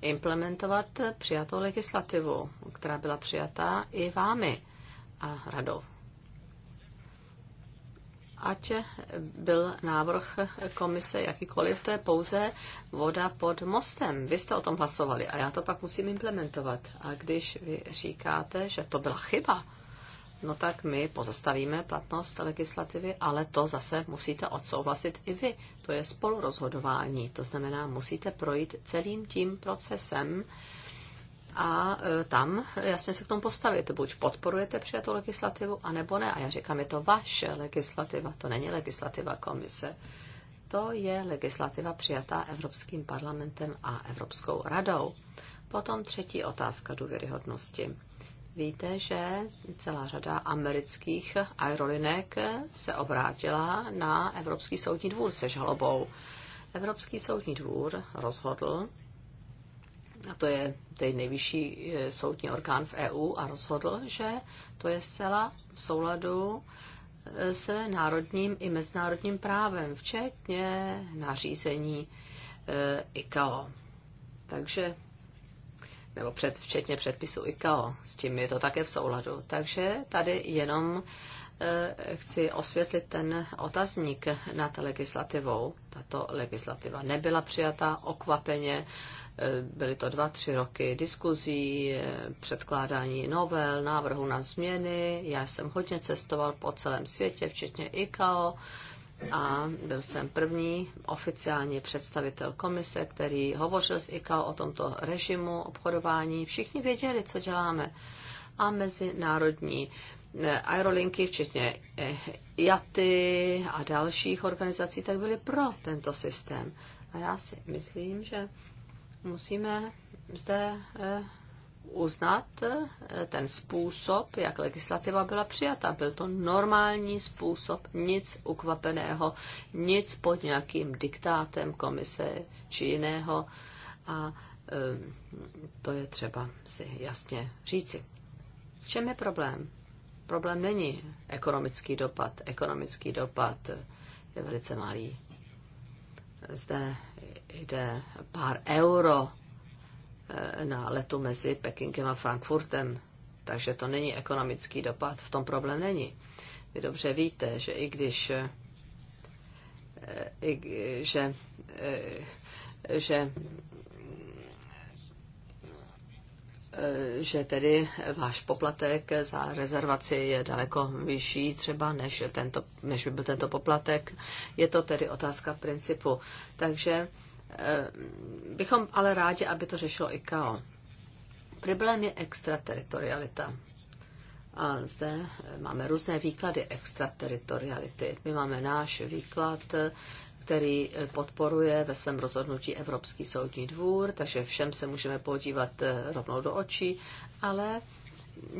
implementovat přijatou legislativu, která byla přijata i vámi a radou. Ať byl návrh komise jakýkoliv, to je pouze voda pod mostem. Vy jste o tom hlasovali a já to pak musím implementovat. A když vy říkáte, že to byla chyba, no tak my pozastavíme platnost legislativy, ale to zase musíte odsouhlasit i vy. To je spolurozhodování, to znamená, musíte projít celým tím procesem a e, tam jasně se k tomu postavit. Buď podporujete přijatou legislativu, anebo ne. A já říkám, je to vaše legislativa, to není legislativa komise. To je legislativa přijatá Evropským parlamentem a Evropskou radou. Potom třetí otázka důvěryhodnosti. Víte, že celá řada amerických aerolinek se obrátila na Evropský soudní dvůr se žalobou. Evropský soudní dvůr rozhodl, a to je ten nejvyšší eh, soudní orgán v EU, a rozhodl, že to je zcela v souladu eh, s národním i mezinárodním právem, včetně nařízení eh, ICAO. Takže nebo před, včetně předpisu ICAO, s tím je to také v souladu. Takže tady jenom eh, chci osvětlit ten otazník nad legislativou. Tato legislativa nebyla přijata okvapeně, eh, byly to dva, tři roky diskuzí, eh, předkládání novel, návrhu na změny. Já jsem hodně cestoval po celém světě, včetně ICAO a byl jsem první oficiální představitel komise, který hovořil s IKAO o tomto režimu obchodování. Všichni věděli, co děláme. A mezinárodní eh, aerolinky, včetně eh, JATy a dalších organizací, tak byly pro tento systém. A já si myslím, že musíme zde eh, uznat eh, ten způsob, jak legislativa byla přijata. Byl to normální způsob, nic ukvapeného, nic pod nějakým diktátem komise či jiného. A eh, to je třeba si jasně říci. V čem je problém? Problém není ekonomický dopad. Ekonomický dopad je velice malý. Zde jde pár euro Eh, na letu mezi Pekingem a Frankfurtem. Takže to není ekonomický dopad, v tom problém není. Vy dobře víte, že i když eh, i, že, eh, že že tedy váš poplatek za rezervaci je daleko vyšší třeba, než, tento, než by byl tento poplatek. Je to tedy otázka principu. Takže Eh, bychom ale rádi, aby to řešilo ICAO. Problém je extrateritorialita. A zde eh, máme různé výklady extrateritoriality. My máme náš výklad, eh, který podporuje ve svém rozhodnutí Evropský soudní dvůr, takže všem se můžeme podívat rovnou do očí, ale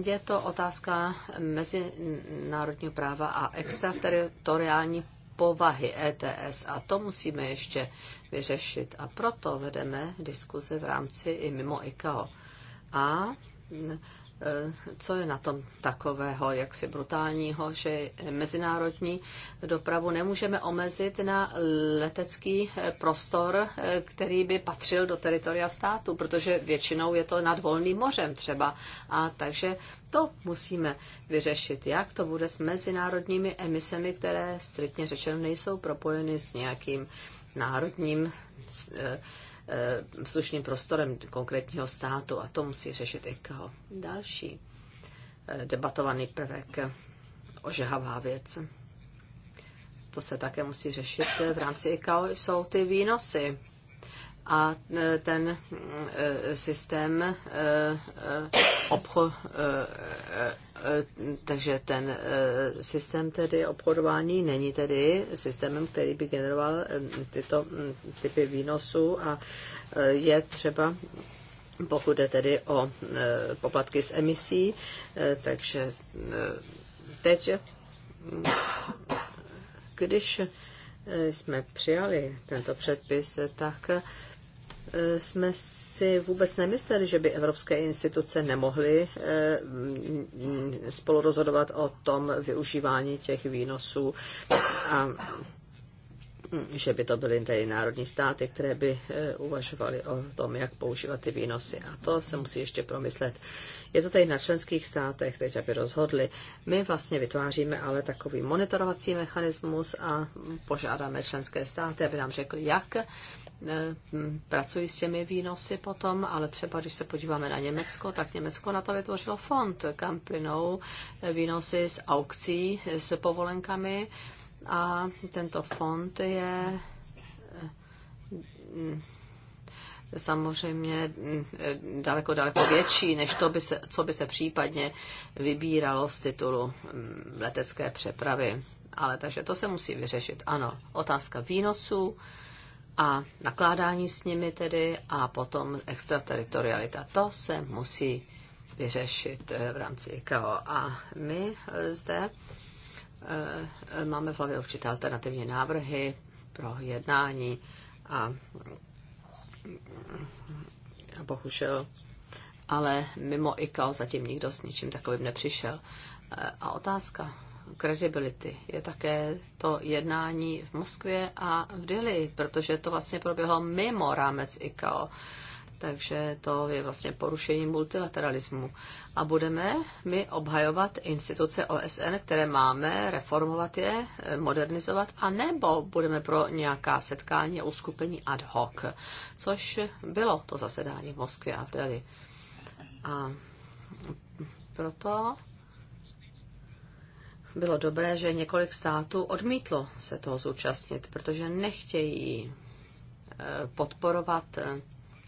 je to otázka mezinárodního práva a extrateritoriální povahy ETS a to musíme ještě vyřešit. A proto vedeme diskuzi v rámci i mimo ICAO. A Eh, co je na tom takového jaksi brutálního, že mezinárodní dopravu nemůžeme omezit na letecký eh, prostor, eh, který by patřil do teritoria státu, protože většinou je to nad volným mořem třeba. A takže to musíme vyřešit, jak to bude s mezinárodními emisemi, které striktně řečeno nejsou propojeny s nějakým národním slušným eh, prostorem konkrétního státu a to musí řešit jako Další eh, debatovaný prvek, eh, ožehavá věc. To se také musí řešit v rámci IKO, jsou ty výnosy a e, ten e, systém e, obchod, takže ten systém tedy obchodování není tedy systémem, který by generoval tyto typy výnosů a je třeba pokud je tedy o poplatky z emisí, takže teď, když jsme přijali tento předpis, tak Eh, jsme si vůbec nemysleli, že by evropské instituce nemohly eh, mm, spolu rozhodovat o tom využívání těch výnosů a mm, že by to byly tedy národní státy, které by eh, uvažovaly o tom, jak používat ty výnosy. A to se musí ještě promyslet. Je to tady na členských státech, teď aby rozhodli. My vlastně vytváříme ale takový monitorovací mechanismus a požádáme členské státy, aby nám řekli, jak Eh, hm, pracují s těmi výnosy potom, ale třeba když se podíváme na Německo, tak Německo na to vytvořilo fond, kam plynou eh, výnosy z aukcí eh, s povolenkami a tento fond je hm, samozřejmě hm, daleko, daleko větší, než to, by se, co by se případně vybíralo z titulu letecké přepravy. Ale takže to se musí vyřešit. Ano, otázka výnosů, a nakládání s nimi tedy a potom extrateritorialita. To se musí vyřešit eh, v rámci IKO. A my eh, zde eh, máme v hlavě určité alternativní návrhy pro jednání a bohužel, ale mimo IKO zatím nikdo s ničím takovým nepřišel. A otázka kredibility je také to jednání v Moskvě a v Dili, protože to vlastně proběhlo mimo rámec ICAO. Takže to je vlastně porušení multilateralismu. A budeme my obhajovat instituce OSN, které máme, reformovat je, modernizovat, a nebo budeme pro nějaká setkání a uskupení ad hoc, což bylo to zasedání v Moskvě a v Deli. A proto bylo dobré, že několik států odmítlo se toho zúčastnit, protože nechtějí eh, podporovat eh,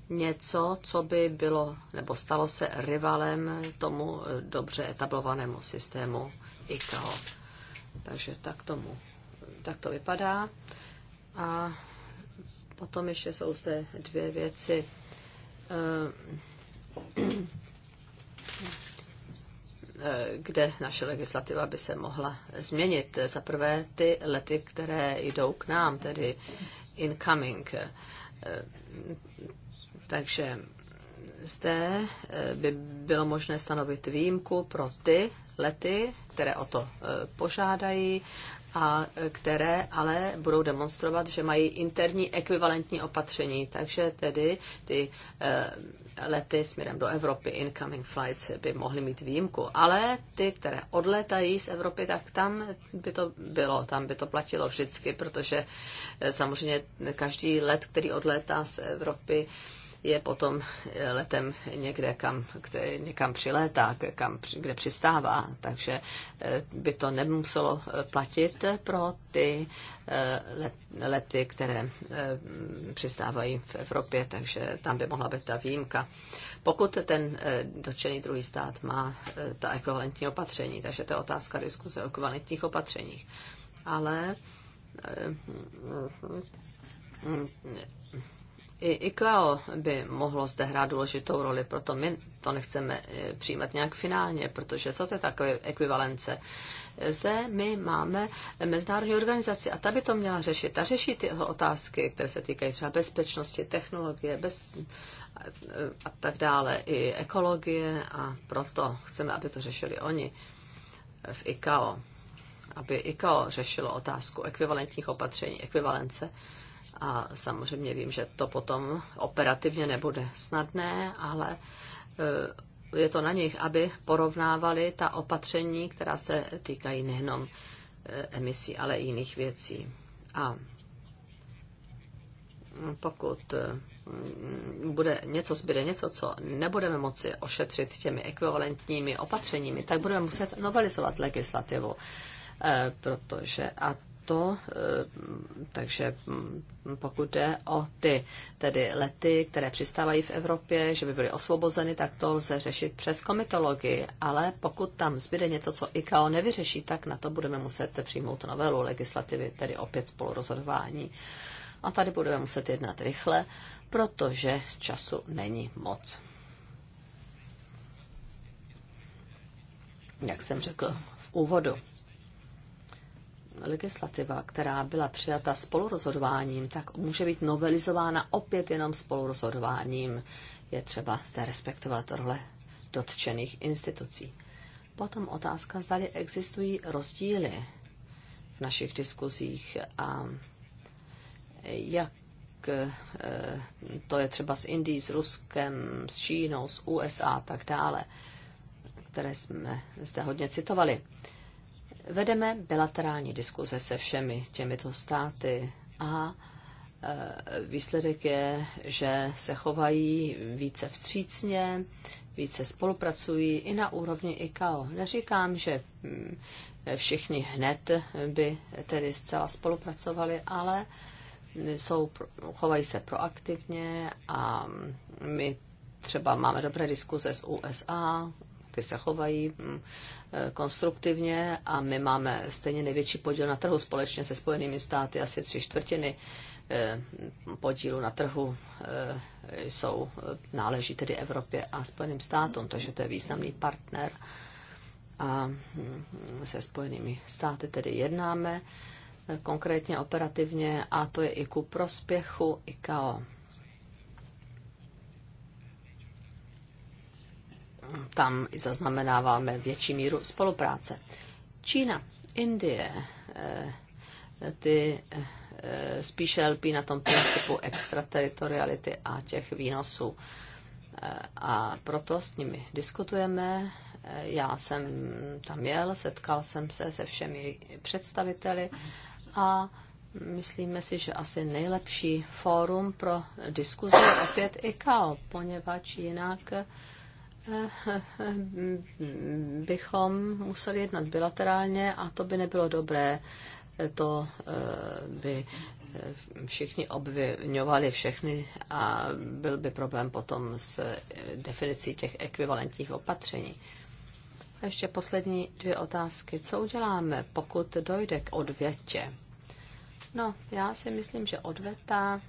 něco, co by bylo nebo stalo se rivalem tomu eh, dobře etablovanému systému ICAO. Takže tak tomu, tak to vypadá. A potom ještě jsou zde dvě věci. Eh, kde naše legislativa by se mohla změnit. Za prvé ty lety, které jdou k nám, tedy incoming. Eh, takže zde eh, by bylo možné stanovit výjimku pro ty lety, které o to požádají a které ale budou demonstrovat, že mají interní ekvivalentní opatření. Takže tedy ty lety směrem do Evropy, incoming flights, by mohly mít výjimku, ale ty, které odletají z Evropy, tak tam by to bylo, tam by to platilo vždycky, protože eh, samozřejmě každý let, který odletá z Evropy, je potom eh, letem někde, kam, kde, někam přilétá, kam, kde přistává. Takže eh, by to nemuselo eh, platit pro ty lety, které přistávají v Evropě, takže tam by mohla být ta výjimka. Pokud ten dotčený druhý stát má ta ekvivalentní opatření, takže to je otázka diskuze o kvalitních opatřeních. Ale i IKEA by mohlo zde hrát důležitou roli, proto my to nechceme eh, přijímat nějak finálně, protože co to je takové ekvivalence? Zde my máme mezinárodní organizaci a ta by to měla řešit. Ta řeší ty otázky, které se týkají třeba bezpečnosti, technologie bez, eh, a tak dále, i ekologie a proto chceme, aby to řešili oni v IKAO, Aby IKAO řešilo otázku ekvivalentních opatření, ekvivalence a samozřejmě vím, že to potom operativně nebude snadné, ale e, je to na nich, aby porovnávali ta opatření, která se týkají nejenom e, emisí, ale i jiných věcí. A pokud e, bude něco, zbyde něco, co nebudeme moci ošetřit těmi ekvivalentními opatřeními, tak budeme muset novelizovat legislativu. Protože, a to, eh, takže mm, pokud jde o ty tedy lety, které přistávají v Evropě, že by byly osvobozeny, tak to lze řešit přes komitologii, ale pokud tam zbyde něco, co IKO nevyřeší, tak na to budeme muset přijmout novelu legislativy, tedy opět spolurozhodování. A tady budeme muset jednat rychle, protože času není moc. Jak jsem řekl v úvodu, legislativa, která byla přijata spolurozhodováním, tak může být novelizována opět jenom spolurozhodováním. Je třeba zde respektovat role dotčených institucí. Potom otázka, zda existují rozdíly v našich diskuzích a jak eh, to je třeba s Indií, s Ruskem, s Čínou, s USA a tak dále, které jsme zde hodně citovali. Vedeme bilaterální diskuze se všemi těmito státy a e, výsledek je, že se chovají více vstřícně, více spolupracují i na úrovni ICAO. Neříkám, že mm, všichni hned by tedy zcela spolupracovali, ale jsou, chovají se proaktivně a mm, my třeba máme dobré diskuze s USA, ty se chovají mm, Eh, konstruktivně a my máme stejně největší podíl na trhu společně se Spojenými státy, asi tři čtvrtiny eh, podílu na trhu eh, jsou, náleží tedy Evropě a Spojeným státům, takže to je významný partner a hm, se Spojenými státy tedy jednáme konkrétně operativně a to je i ku prospěchu ICAO. tam zaznamenáváme větší míru spolupráce. Čína, Indie, eh, ty eh, spíše lpí na tom principu extrateritoriality a těch výnosů. Eh, a proto s nimi diskutujeme. Já jsem tam jel, setkal jsem se se všemi představiteli a myslíme si, že asi nejlepší fórum pro diskuzi je opět ICAO, poněvadž jinak Eh, bychom museli jednat bilaterálně a to by nebylo dobré. To eh, by eh, všichni obvinovali všechny a byl by problém potom s definicí těch ekvivalentních opatření. A ještě poslední dvě otázky. Co uděláme, pokud dojde k odvětě? No, já si myslím, že odveta,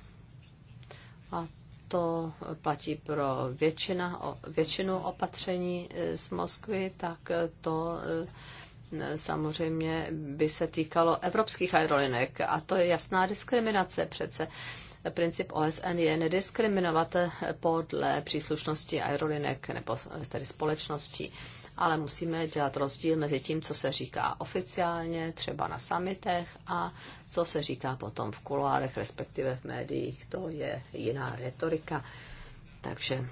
a to platí pro většina, většinu opatření e, z Moskvy, tak e, to e, samozřejmě by se týkalo evropských aerolinek. A to je jasná diskriminace přece. Princip OSN je nediskriminovat podle příslušnosti aerolinek nebo tedy společností ale musíme dělat rozdíl mezi tím, co se říká oficiálně, třeba na samitech, a co se říká potom v kuloárech, respektive v médiích. To je jiná retorika. Takže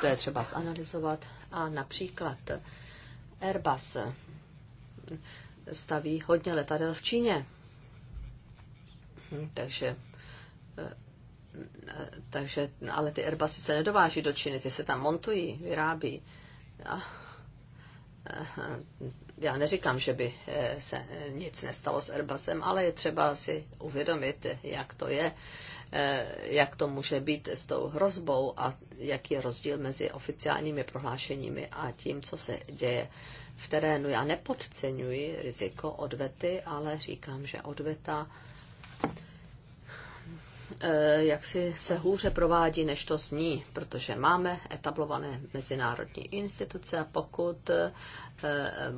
to je třeba zanalizovat. A například Airbus staví hodně letadel v Číně. Hm, takže eh, eh, takže, ale ty Airbusy se nedováží do Číny, ty se tam montují, vyrábí. A, já neříkám, že by eh, se eh, nic nestalo s Airbusem, ale je třeba si uvědomit, jak to je, eh, jak to může být s tou hrozbou a jaký je rozdíl mezi oficiálními prohlášeními a tím, co se děje v terénu. Já nepodceňuji riziko odvety, ale říkám, že odveta Eh, jak si se hůře provádí, než to zní, protože máme etablované mezinárodní instituce a pokud eh,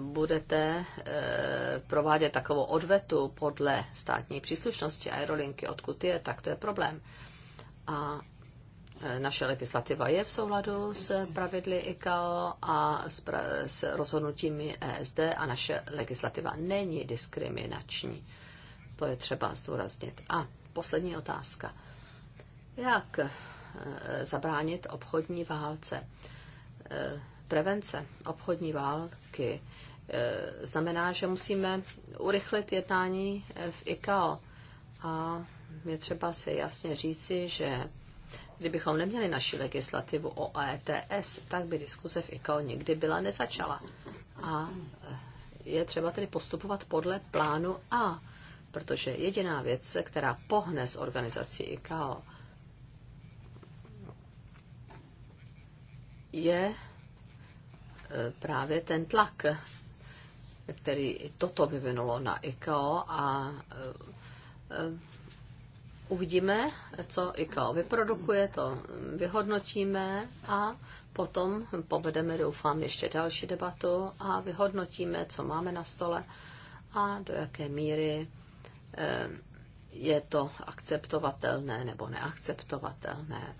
budete eh, provádět takovou odvetu podle státní příslušnosti aerolinky, odkud je, tak to je problém. A naše legislativa je v souladu s pravidly ICAO a s, pra- s rozhodnutími ESD a naše legislativa není diskriminační. To je třeba zdůraznit. A poslední otázka. Jak eh, zabránit obchodní válce? Eh, prevence obchodní války eh, znamená, že musíme urychlit jednání v ICAO a je třeba si jasně říci, že kdybychom neměli naši legislativu o ETS, tak by diskuze v ICAO nikdy byla nezačala. A je třeba tedy postupovat podle plánu A protože jediná věc, která pohne s organizací IKAO, je eh, právě ten tlak, který toto vyvinulo na IKAO a eh, eh, uvidíme, co IKAO vyprodukuje, to vyhodnotíme a potom povedeme, doufám, ještě další debatu a vyhodnotíme, co máme na stole a do jaké míry Eh, je to akceptovatelné nebo neakceptovatelné,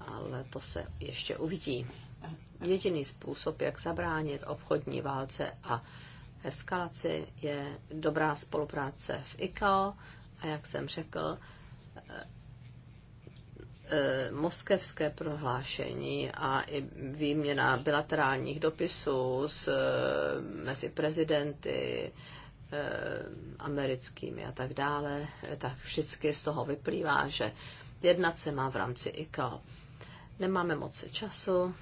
ale to se ještě uvidí. Jediný způsob, jak zabránit obchodní válce a eskalaci, je dobrá spolupráce v ICAO a jak jsem řekl, eh, eh, moskevské prohlášení a i výměna bilaterálních dopisů s, mezi prezidenty Eh, americkými a tak dále, eh, tak vždycky z toho vyplývá, že jednat se má v rámci ICAO. Nemáme moc času,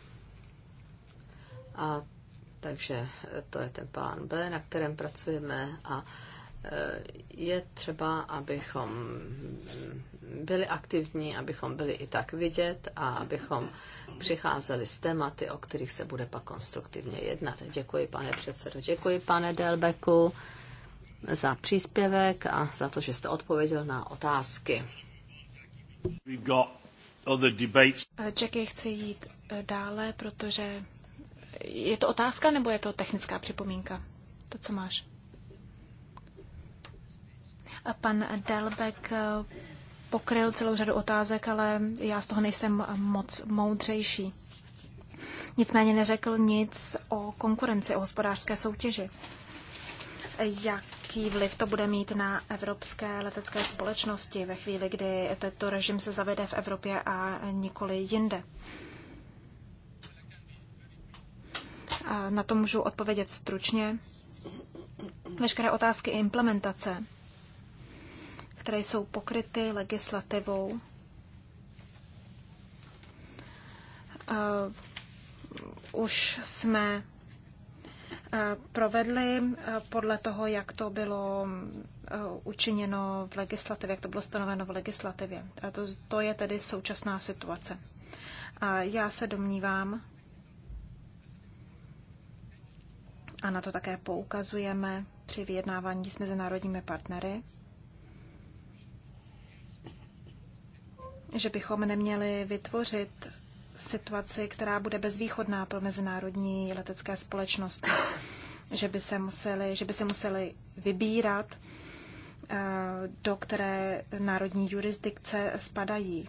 a takže eh, to je ten plán B, na kterém pracujeme a je třeba, abychom byli aktivní, abychom byli i tak vidět a abychom přicházeli s tématy, o kterých se bude pak konstruktivně jednat. Děkuji, pane předsedo, děkuji, pane Delbeku za příspěvek a za to, že jste odpověděl na otázky. Čeky chce jít eh, dále, protože je to otázka nebo je to technická připomínka? To, co máš. A pan Delbek eh, pokryl celou řadu otázek, ale já z toho nejsem moc moudřejší. Nicméně neřekl nic o konkurenci, o hospodářské soutěži. Jak jaký vliv to bude mít na evropské letecké společnosti ve chvíli, kdy tento režim se zavede v Evropě a nikoli jinde. A na to můžu odpovědět stručně. Veškeré otázky implementace, které jsou pokryty legislativou, eh, už jsme Eh, provedli eh, podle toho, jak to bylo eh, učiněno v legislativě, jak to bylo stanoveno v legislativě. A to, to je tedy současná situace. A já se domnívám, a na to také poukazujeme při vyjednávání s mezinárodními partnery, že bychom neměli vytvořit situaci, která bude bezvýchodná pro mezinárodní letecké společnosti, že by se museli, že by se museli vybírat, eh, do které národní jurisdikce spadají.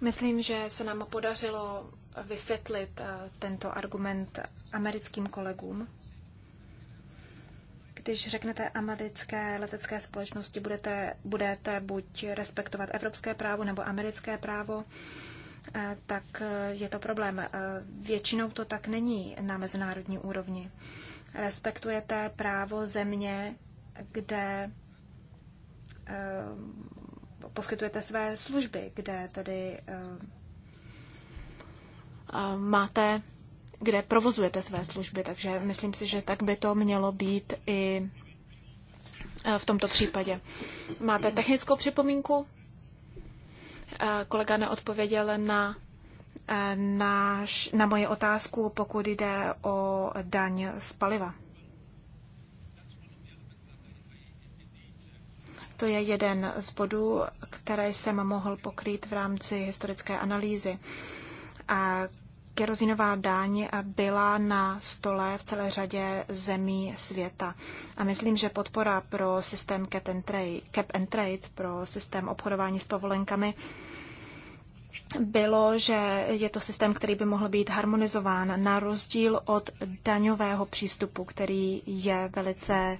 Myslím, že se nám podařilo vysvětlit eh, tento argument americkým kolegům když řeknete americké letecké společnosti, budete, budete buď respektovat evropské právo nebo americké právo, eh, tak eh, je to problém. Eh, většinou to tak není na mezinárodní úrovni. Respektujete právo země, kde poskytujete své služby, kde tedy máte kde provozujete své služby, takže myslím si, že tak by to mělo být i e, v tomto případě. Máte technickou připomínku? E, kolega neodpověděl na, e, na, na moji otázku, pokud jde o daň z paliva. To je jeden z bodů, které jsem mohl pokrýt v rámci historické analýzy, a kerozinová daň byla na stole v celé řadě zemí světa. A myslím, že podpora pro systém cap and trade, cap and trade pro systém obchodování s povolenkami, bylo, že je to systém, který by mohl být harmonizován na rozdíl od daňového přístupu, který je velice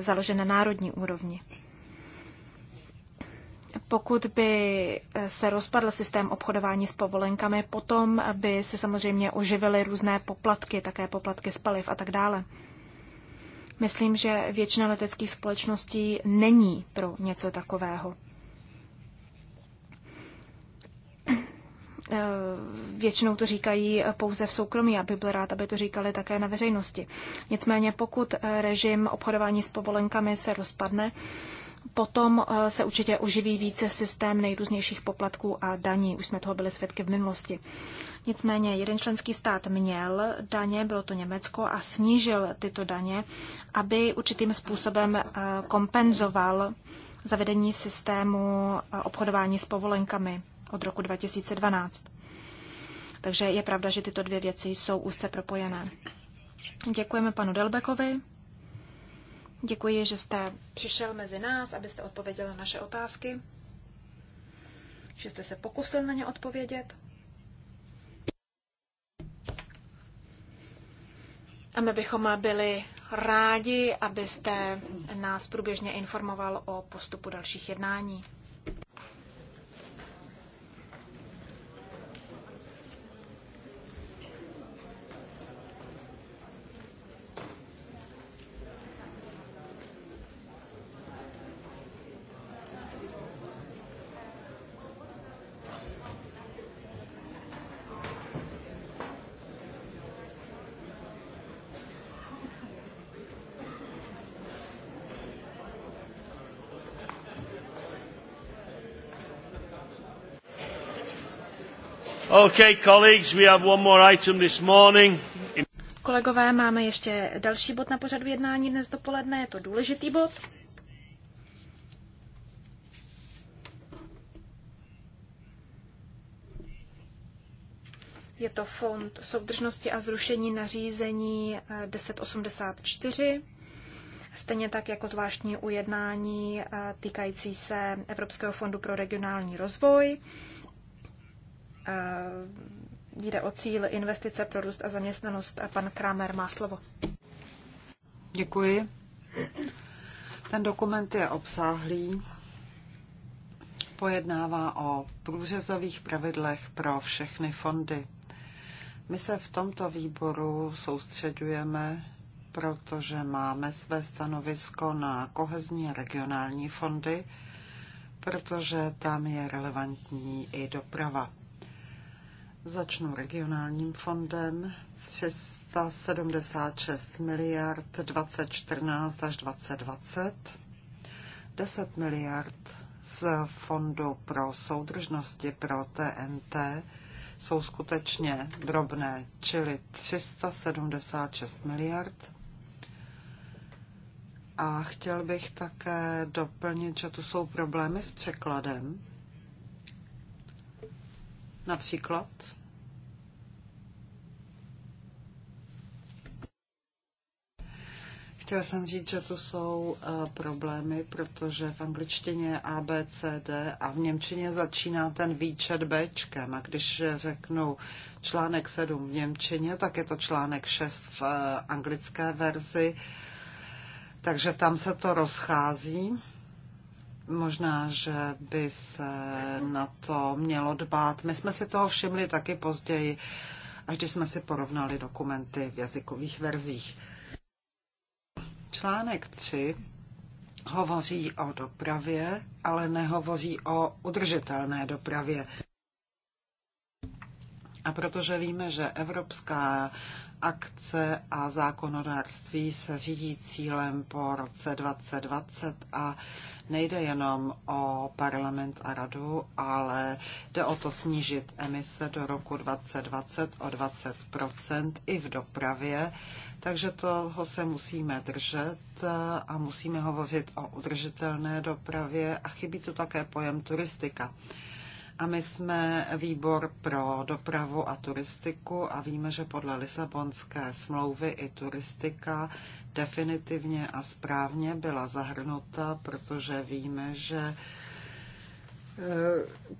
založen na národní úrovni pokud by eh, se rozpadl systém obchodování s povolenkami, potom by se samozřejmě oživily různé poplatky, také poplatky z paliv a tak dále. Myslím, že většina leteckých společností není pro něco takového. Eh, většinou to říkají pouze v soukromí, aby byl rád, aby to říkali také na veřejnosti. Nicméně pokud eh, režim obchodování s povolenkami se rozpadne, potom eh, se určitě oživí více systém nejrůznějších poplatků a daní. Už jsme toho byli svědky v minulosti. Nicméně jeden členský stát měl daně, bylo to Německo, a snížil tyto daně, aby určitým způsobem eh, kompenzoval zavedení systému eh, obchodování s povolenkami od roku 2012. Takže je pravda, že tyto dvě věci jsou úzce propojené. Děkujeme panu Delbekovi. Děkuji, že jste přišel mezi nás, abyste odpověděl na naše otázky, že jste se pokusil na ně odpovědět. A my bychom byli rádi, abyste nás průběžně informoval o postupu dalších jednání. Okay, colleagues, we have one more item this morning. Kolegové, máme ještě další bod na pořadu jednání dnes dopoledne, je to důležitý bod. Je to Fond soudržnosti a zrušení nařízení 1084, eh, stejně tak jako zvláštní ujednání eh, týkající se Evropského fondu pro regionální rozvoj jde o cíl investice pro růst a zaměstnanost. A pan Kramer má slovo. Děkuji. Ten dokument je obsáhlý. Pojednává o průřezových pravidlech pro všechny fondy. My se v tomto výboru soustředujeme, protože máme své stanovisko na kohezní a regionální fondy, protože tam je relevantní i doprava. Začnu regionálním fondem 376 miliard 2014 až 2020, 10 miliard z Fondu pro soudržnosti pro TNT jsou skutečně drobné, čili 376 miliard. A chtěl bych také doplnit, že tu jsou problémy s překladem. Například Chtěla jsem říct, že tu jsou eh, problémy, protože v angličtině je A, B, C, D a v němčině začíná ten výčet Bčkem. A když řeknu článek 7 v němčině, tak je to článek 6 v eh, anglické verzi. Takže tam se to rozchází. Možná, že by se na to mělo dbát. My jsme si toho všimli taky později, až když jsme si porovnali dokumenty v jazykových verzích. Článek 3 hovoří o dopravě, ale nehovoří o udržitelné dopravě. A protože víme, že Evropská akce a zákonodárství se řídí cílem po roce 2020 a nejde jenom o parlament a radu, ale jde o to snížit emise do roku 2020 o 20 i v dopravě takže toho se musíme držet a musíme hovořit o udržitelné dopravě a chybí tu také pojem turistika. A my jsme výbor pro dopravu a turistiku a víme, že podle Lisabonské smlouvy i turistika definitivně a správně byla zahrnuta, protože víme, že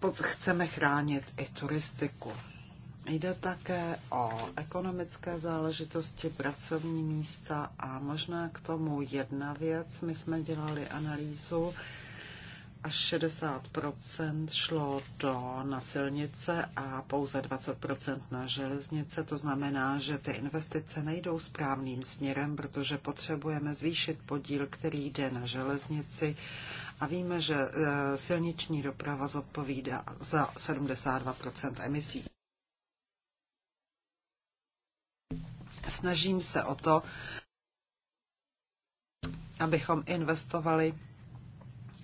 eh, chceme chránit i turistiku. Jde také o ekonomické záležitosti, pracovní místa a možná k tomu jedna věc. My jsme dělali analýzu až 60 šlo do, na silnice a pouze 20 na železnice. To znamená, že ty investice nejdou správným směrem, protože potřebujeme zvýšit podíl, který jde na železnici. A víme, že eh, silniční doprava zodpovídá za 72 emisí. Snažím se o to, abychom investovali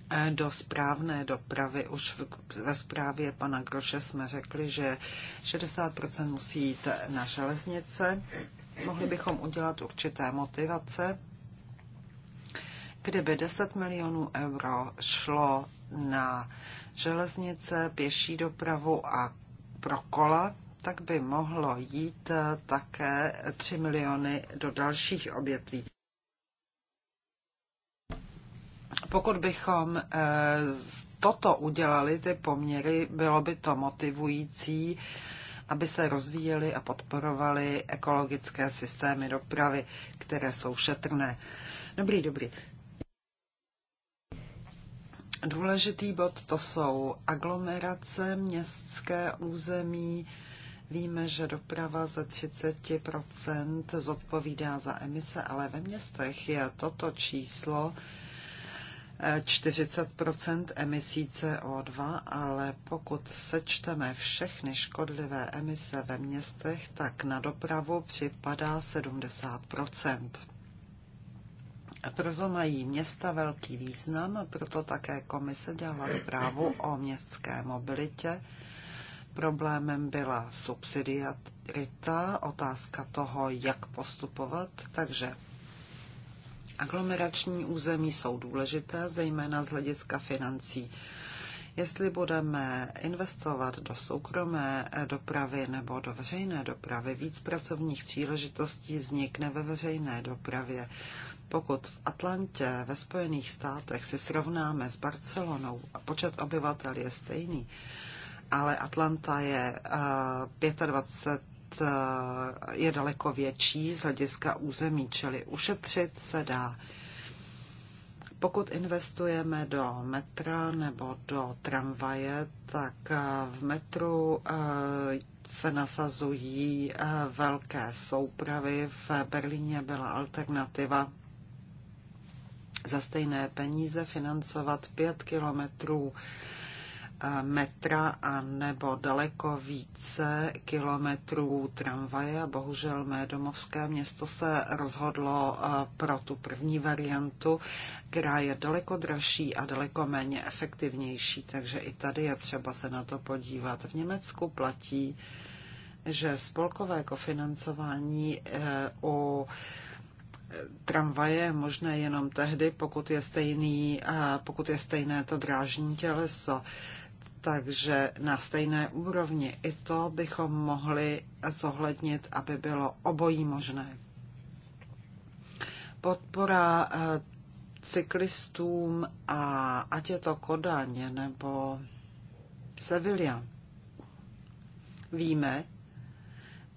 eh, do správné dopravy. Už ve zprávě pana Groše jsme řekli, že 60% musí jít na železnice. Mohli bychom udělat určité motivace, kdyby 10 milionů euro šlo na železnice, pěší dopravu a pro kola, tak by mohlo jít eh, také 3 miliony do dalších obětví. Pokud bychom eh, toto udělali, ty poměry, bylo by to motivující, aby se rozvíjely a podporovaly ekologické systémy dopravy, které jsou šetrné. Dobrý, dobrý. Důležitý bod to jsou aglomerace, městské území, Víme, že doprava ze 30% zodpovídá za emise, ale ve městech je toto číslo 40 eh, emisí CO2, ale pokud sečteme všechny škodlivé emise ve městech, tak na dopravu připadá 70 proto mají města velký význam, proto také komise dělala zprávu o městské mobilitě Problémem byla subsidiarita, otázka toho, jak postupovat. Takže aglomerační území jsou důležité, zejména z hlediska financí. Jestli budeme investovat do soukromé dopravy nebo do veřejné dopravy, víc pracovních příležitostí vznikne ve veřejné dopravě. Pokud v Atlantě ve Spojených státech si srovnáme s Barcelonou a počet obyvatel je stejný, ale Atlanta je 25 eh, eh, je daleko větší z hlediska území, čili ušetřit se dá. Pokud investujeme do metra nebo do tramvaje, tak eh, v metru se nasazují velké soupravy. V Berlíně byla alternativa za stejné peníze financovat pět kilometrů metra a nebo daleko více kilometrů tramvaje a bohužel mé domovské město se rozhodlo eh, pro tu první variantu, která je daleko dražší a daleko méně efektivnější, takže i tady je třeba se na to podívat. V Německu platí, že spolkové kofinancování eh, u eh, tramvaje je možné jenom tehdy, pokud je, stejný, pokud je stejné to drážní těleso takže na stejné úrovni. I to bychom mohli zohlednit, aby bylo obojí možné. Podpora eh, cyklistům a ať je to Kodaň nebo Sevilla. Víme,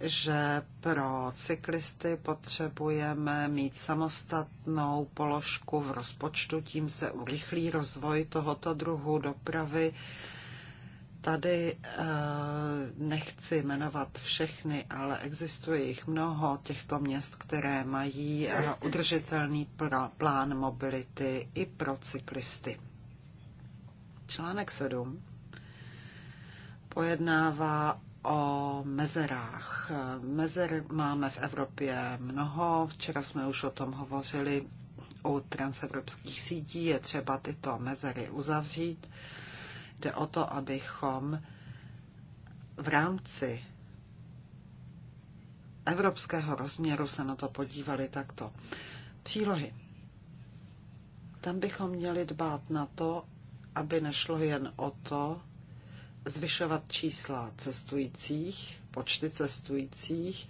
že pro cyklisty potřebujeme mít samostatnou položku v rozpočtu, tím se urychlí rozvoj tohoto druhu dopravy Tady eh, nechci jmenovat všechny, ale existuje jich mnoho těchto měst, které mají eh, udržitelný plán mobility i pro cyklisty. Článek 7 pojednává o mezerách. Mezer máme v Evropě mnoho, včera jsme už o tom hovořili u transevropských sítí, je třeba tyto mezery uzavřít. Uh, Jde o to, abychom v rámci evropského rozměru se na to podívali takto. Přílohy. Tam bychom měli dbát na to, aby nešlo jen o to zvyšovat čísla cestujících, počty cestujících.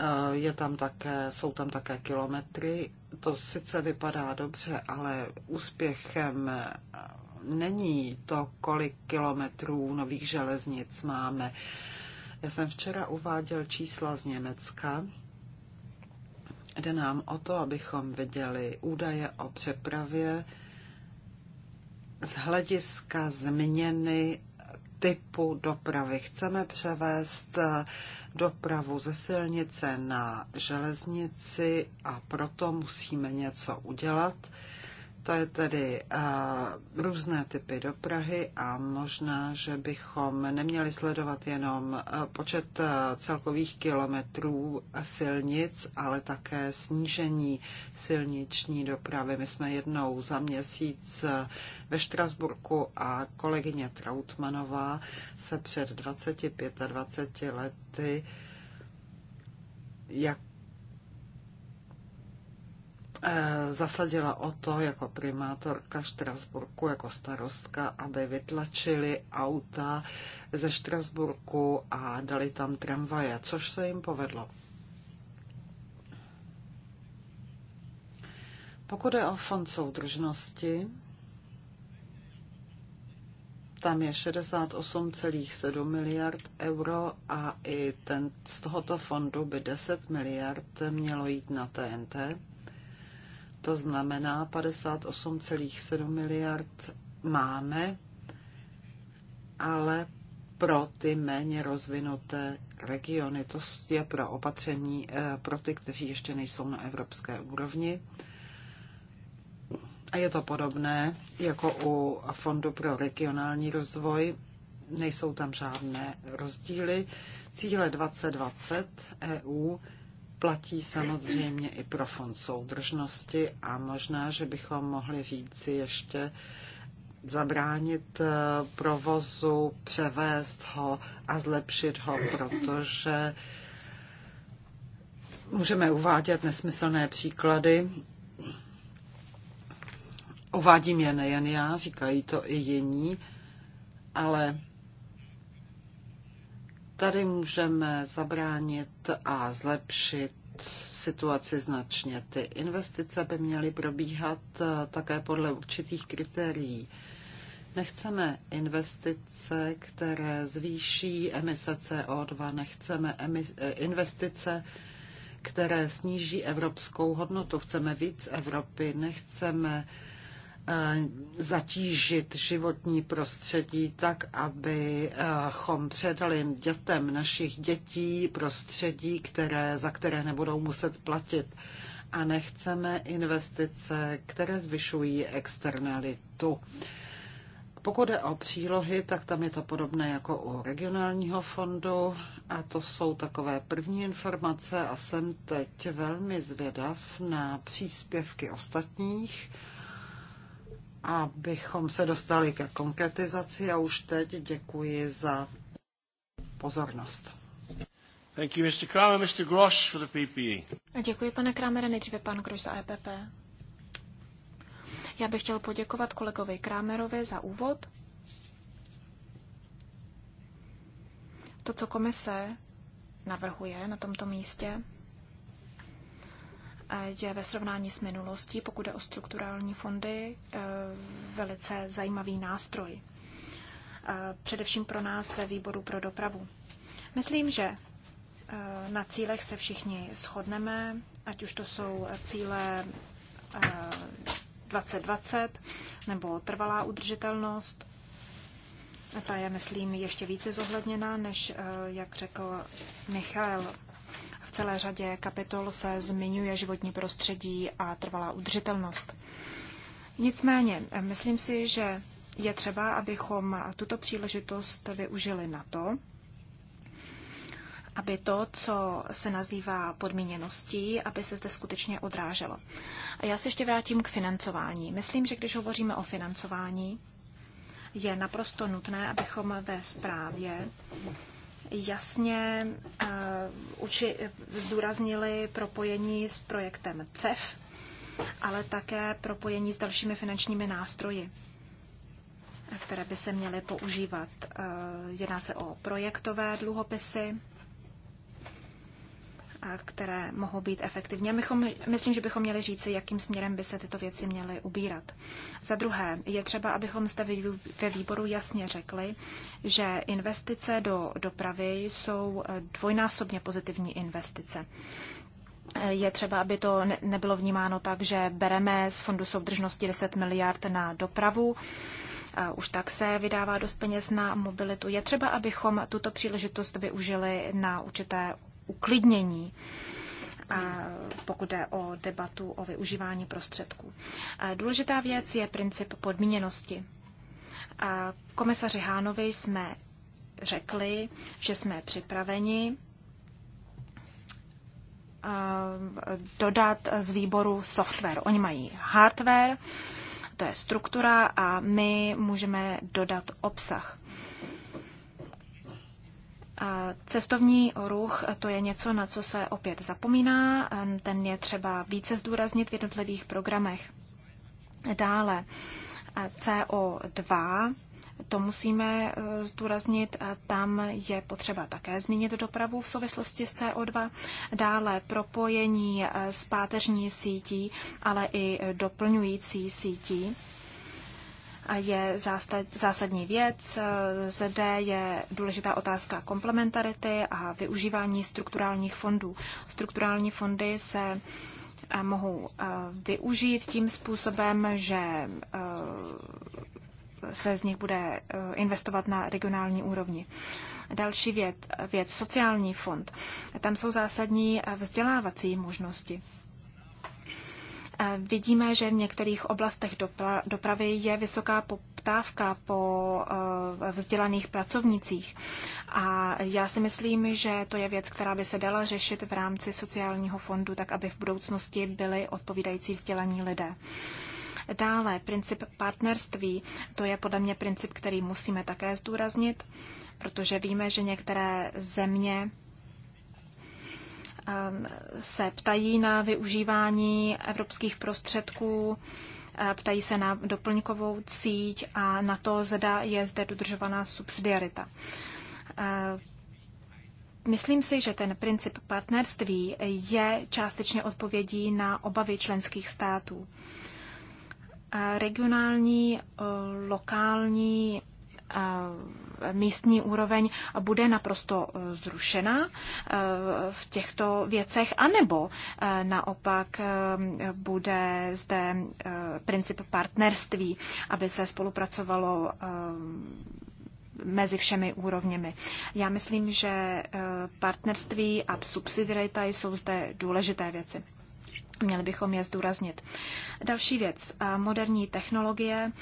Eh, je tam také, jsou tam také kilometry. To sice vypadá dobře, ale úspěchem není to, kolik kilometrů nových železnic máme. Já jsem včera uváděl čísla z Německa. Jde nám o to, abychom viděli údaje o přepravě z hlediska změny typu dopravy. Chceme převést dopravu ze silnice na železnici a proto musíme něco udělat. To je tedy uh, různé typy dopravy a možná, že bychom neměli sledovat jenom uh, počet uh, celkových kilometrů silnic, ale také snížení silniční dopravy. My jsme jednou za měsíc ve Štrasburku a kolegyně Trautmanová se před 25 a 20 lety jak Eh, zasadila o to jako primátorka Štrasburku, jako starostka, aby vytlačili auta ze Štrasburku a dali tam tramvaje, což se jim povedlo. Pokud je o fond soudržnosti, tam je 68,7 miliard euro a i ten, z tohoto fondu by 10 miliard mělo jít na TNT. To znamená 58,7 miliard máme, ale pro ty méně rozvinuté regiony. To je pro opatření eh, pro ty, kteří ještě nejsou na evropské úrovni. A je to podobné jako u Fondu pro regionální rozvoj. Nejsou tam žádné rozdíly. Cíle 2020 EU platí samozřejmě i pro fond soudržnosti a možná, že bychom mohli říci ještě zabránit eh, provozu, převést ho a zlepšit ho, protože můžeme uvádět nesmyslné příklady. Uvádím je nejen já, říkají to i jiní, ale Tady můžeme zabránit a zlepšit situaci značně. Ty investice by měly probíhat eh, také podle určitých kritérií. Nechceme investice, které zvýší emise CO2, nechceme eh, investice, které sníží evropskou hodnotu. Chceme víc Evropy, nechceme uh, Eh, zatížit životní prostředí tak, abychom předali dětem našich dětí prostředí, které, za které nebudou muset platit. A nechceme investice, které zvyšují externalitu. Pokud je o přílohy, tak tam je to podobné jako u regionálního fondu a to jsou takové první informace a jsem teď velmi zvědav na příspěvky ostatních abychom se dostali ke konkretizaci a už teď děkuji za pozornost. Thank you, Mr. Kramer, Mr. Grosch for the PPE. Děkuji, pane Kramere, nejdříve pan Grosch za EPP. Já bych chtěl poděkovat kolegovi Kramerovi za úvod. To, co komise navrhuje na tomto místě, je ve srovnání s minulostí, pokud je o strukturální fondy, eh, velice zajímavý nástroj. Eh, především pro nás ve výboru pro dopravu. Myslím, že eh, na cílech se všichni shodneme, ať už to jsou cíle 2020 nebo trvalá udržitelnost. Ta je, myslím, ještě více zohledněna, než jak řekl Michal celé řadě kapitol se zmiňuje životní prostředí a trvalá udržitelnost. Nicméně, myslím si, že je třeba, abychom tuto příležitost využili na to, aby to, co se nazývá podmíněností, aby se zde skutečně odráželo. A já se ještě vrátím k financování. Myslím, že když hovoříme o financování, je naprosto nutné, abychom ve zprávě jasně eh, zdůraznili propojení s projektem CEF, ale také propojení s dalšími finančními nástroji, které by se měly používat. Eh, jedná se o projektové dluhopisy, které mohou být efektivní. A mychom, myslím, že bychom měli říci, jakým směrem by se tyto věci měly ubírat. Za druhé, je třeba, abychom zde ve výboru jasně řekli, že investice do dopravy jsou eh, dvojnásobně pozitivní investice. Eh, je třeba, aby to nebylo vnímáno tak, že bereme z Fondu soudržnosti 10 miliard na dopravu, už tak se vydává dost peněz na mobilitu. Je třeba, abychom tuto příležitost využili na určité uklidnění pokud jde o debatu o využívání prostředků. Důležitá věc je princip podmíněnosti. Komisaři Hánovi jsme řekli, že jsme připraveni dodat z výboru software. Oni mají hardware, to je struktura a my můžeme dodat obsah. Cestovní ruch to je něco, na co se opět zapomíná. Ten je třeba více zdůraznit v jednotlivých programech. Dále CO2, to musíme eh, zdůraznit, tam je potřeba také zmínit dopravu v souvislosti s CO2. Dále propojení eh, s páteřní sítí, ale i eh, doplňující sítí je zásadní věc. Eh, zde je důležitá otázka komplementarity a využívání strukturálních fondů. Strukturální fondy se eh, mohou eh, využít tím způsobem, že se z nich bude investovat na regionální úrovni. Další věc, věc sociální fond. Tam jsou zásadní vzdělávací možnosti. Vidíme, že v některých oblastech dopravy je vysoká poptávka po eh, vzdělaných pracovnicích. A já si myslím, že to je věc, která by se dala řešit v rámci sociálního fondu, tak aby v budoucnosti byli odpovídající vzdělaní lidé. Dále princip partnerství, to je podle mě princip, který musíme také zdůraznit, protože víme, že některé země Ehm, se ptají na využívání evropských prostředků, eh, ptají se na doplňkovou síť a na to, zda je zde dodržovaná subsidiarita. Ehm, myslím si, že ten princip partnerství je částečně odpovědí na obavy členských států. Eh, regionální, eh, lokální místní úroveň bude naprosto e, zrušena e, v těchto věcech, anebo e, naopak bude zde princip partnerství, aby se spolupracovalo mezi všemi úrovněmi. Já myslím, že partnerství a subsidiarita jsou zde důležité věci. Měli bychom je zdůraznit. Další věc. Moderní technologie,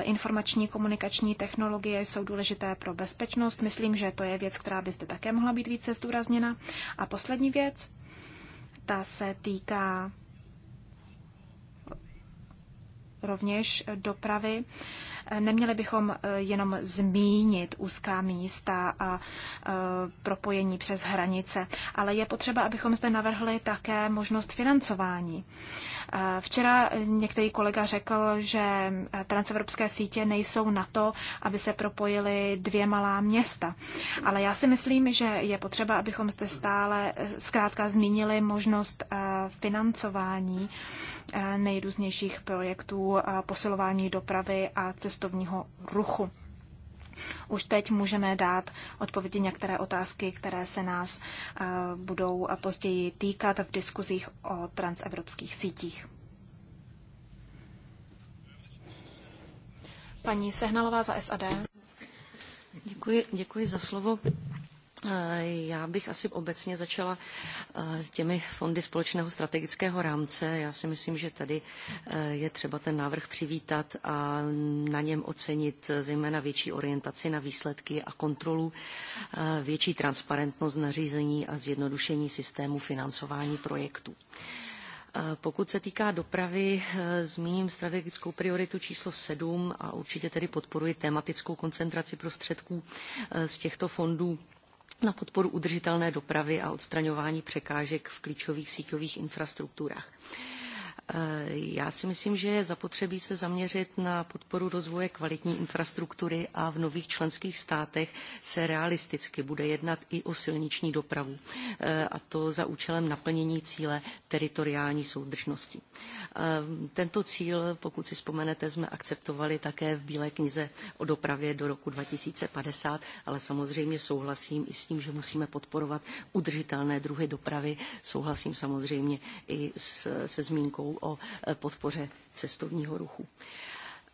informační komunikační technologie jsou důležité pro bezpečnost. Myslím, že to je věc, která by zde také mohla být více zdůrazněna. A poslední věc, ta se týká rovněž dopravy. Neměli bychom eh, jenom zmínit úzká místa a eh, propojení přes hranice, ale je potřeba, abychom zde navrhli také možnost financování. Eh, včera některý kolega řekl, že transevropské sítě nejsou na to, aby se propojily dvě malá města. Ale já si myslím, že je potřeba, abychom zde stále zkrátka zmínili možnost financování nejrůznějších projektů, posilování dopravy a cestování cestovního ruchu. Už teď můžeme dát odpovědi některé otázky, které se nás eh, budou později týkat v diskuzích o transevropských sítích. Paní Sehnalová za SAD. Děkuji, děkuji za slovo. Eh, já bych asi obecně začala eh, s těmi fondy společného strategického rámce. Já si myslím, že tady eh, je třeba ten návrh přivítat a na něm ocenit zejména větší orientaci na výsledky a kontrolu, větší transparentnost nařízení a zjednodušení systému financování projektů. Pokud se týká dopravy, zmíním strategickou prioritu číslo 7 a určitě tedy podporuji tematickou koncentraci prostředků z těchto fondů na podporu udržitelné dopravy a odstraňování překážek v klíčových síťových infrastrukturách. Eh, já si myslím, že je zapotřebí se zaměřit na podporu rozvoje kvalitní infrastruktury a v nových členských státech se realisticky bude jednat i o silniční dopravu, eh, a to za účelem naplnění cíle teritoriální soudržnosti. Eh, tento cíl, pokud si vzpomenete, jsme akceptovali také v Bílé knize o dopravě do roku 2050, ale samozřejmě souhlasím i s tím, že musíme podporovat udržitelné druhy dopravy. Souhlasím samozřejmě i se zmínkou o e, podpoře cestovního ruchu.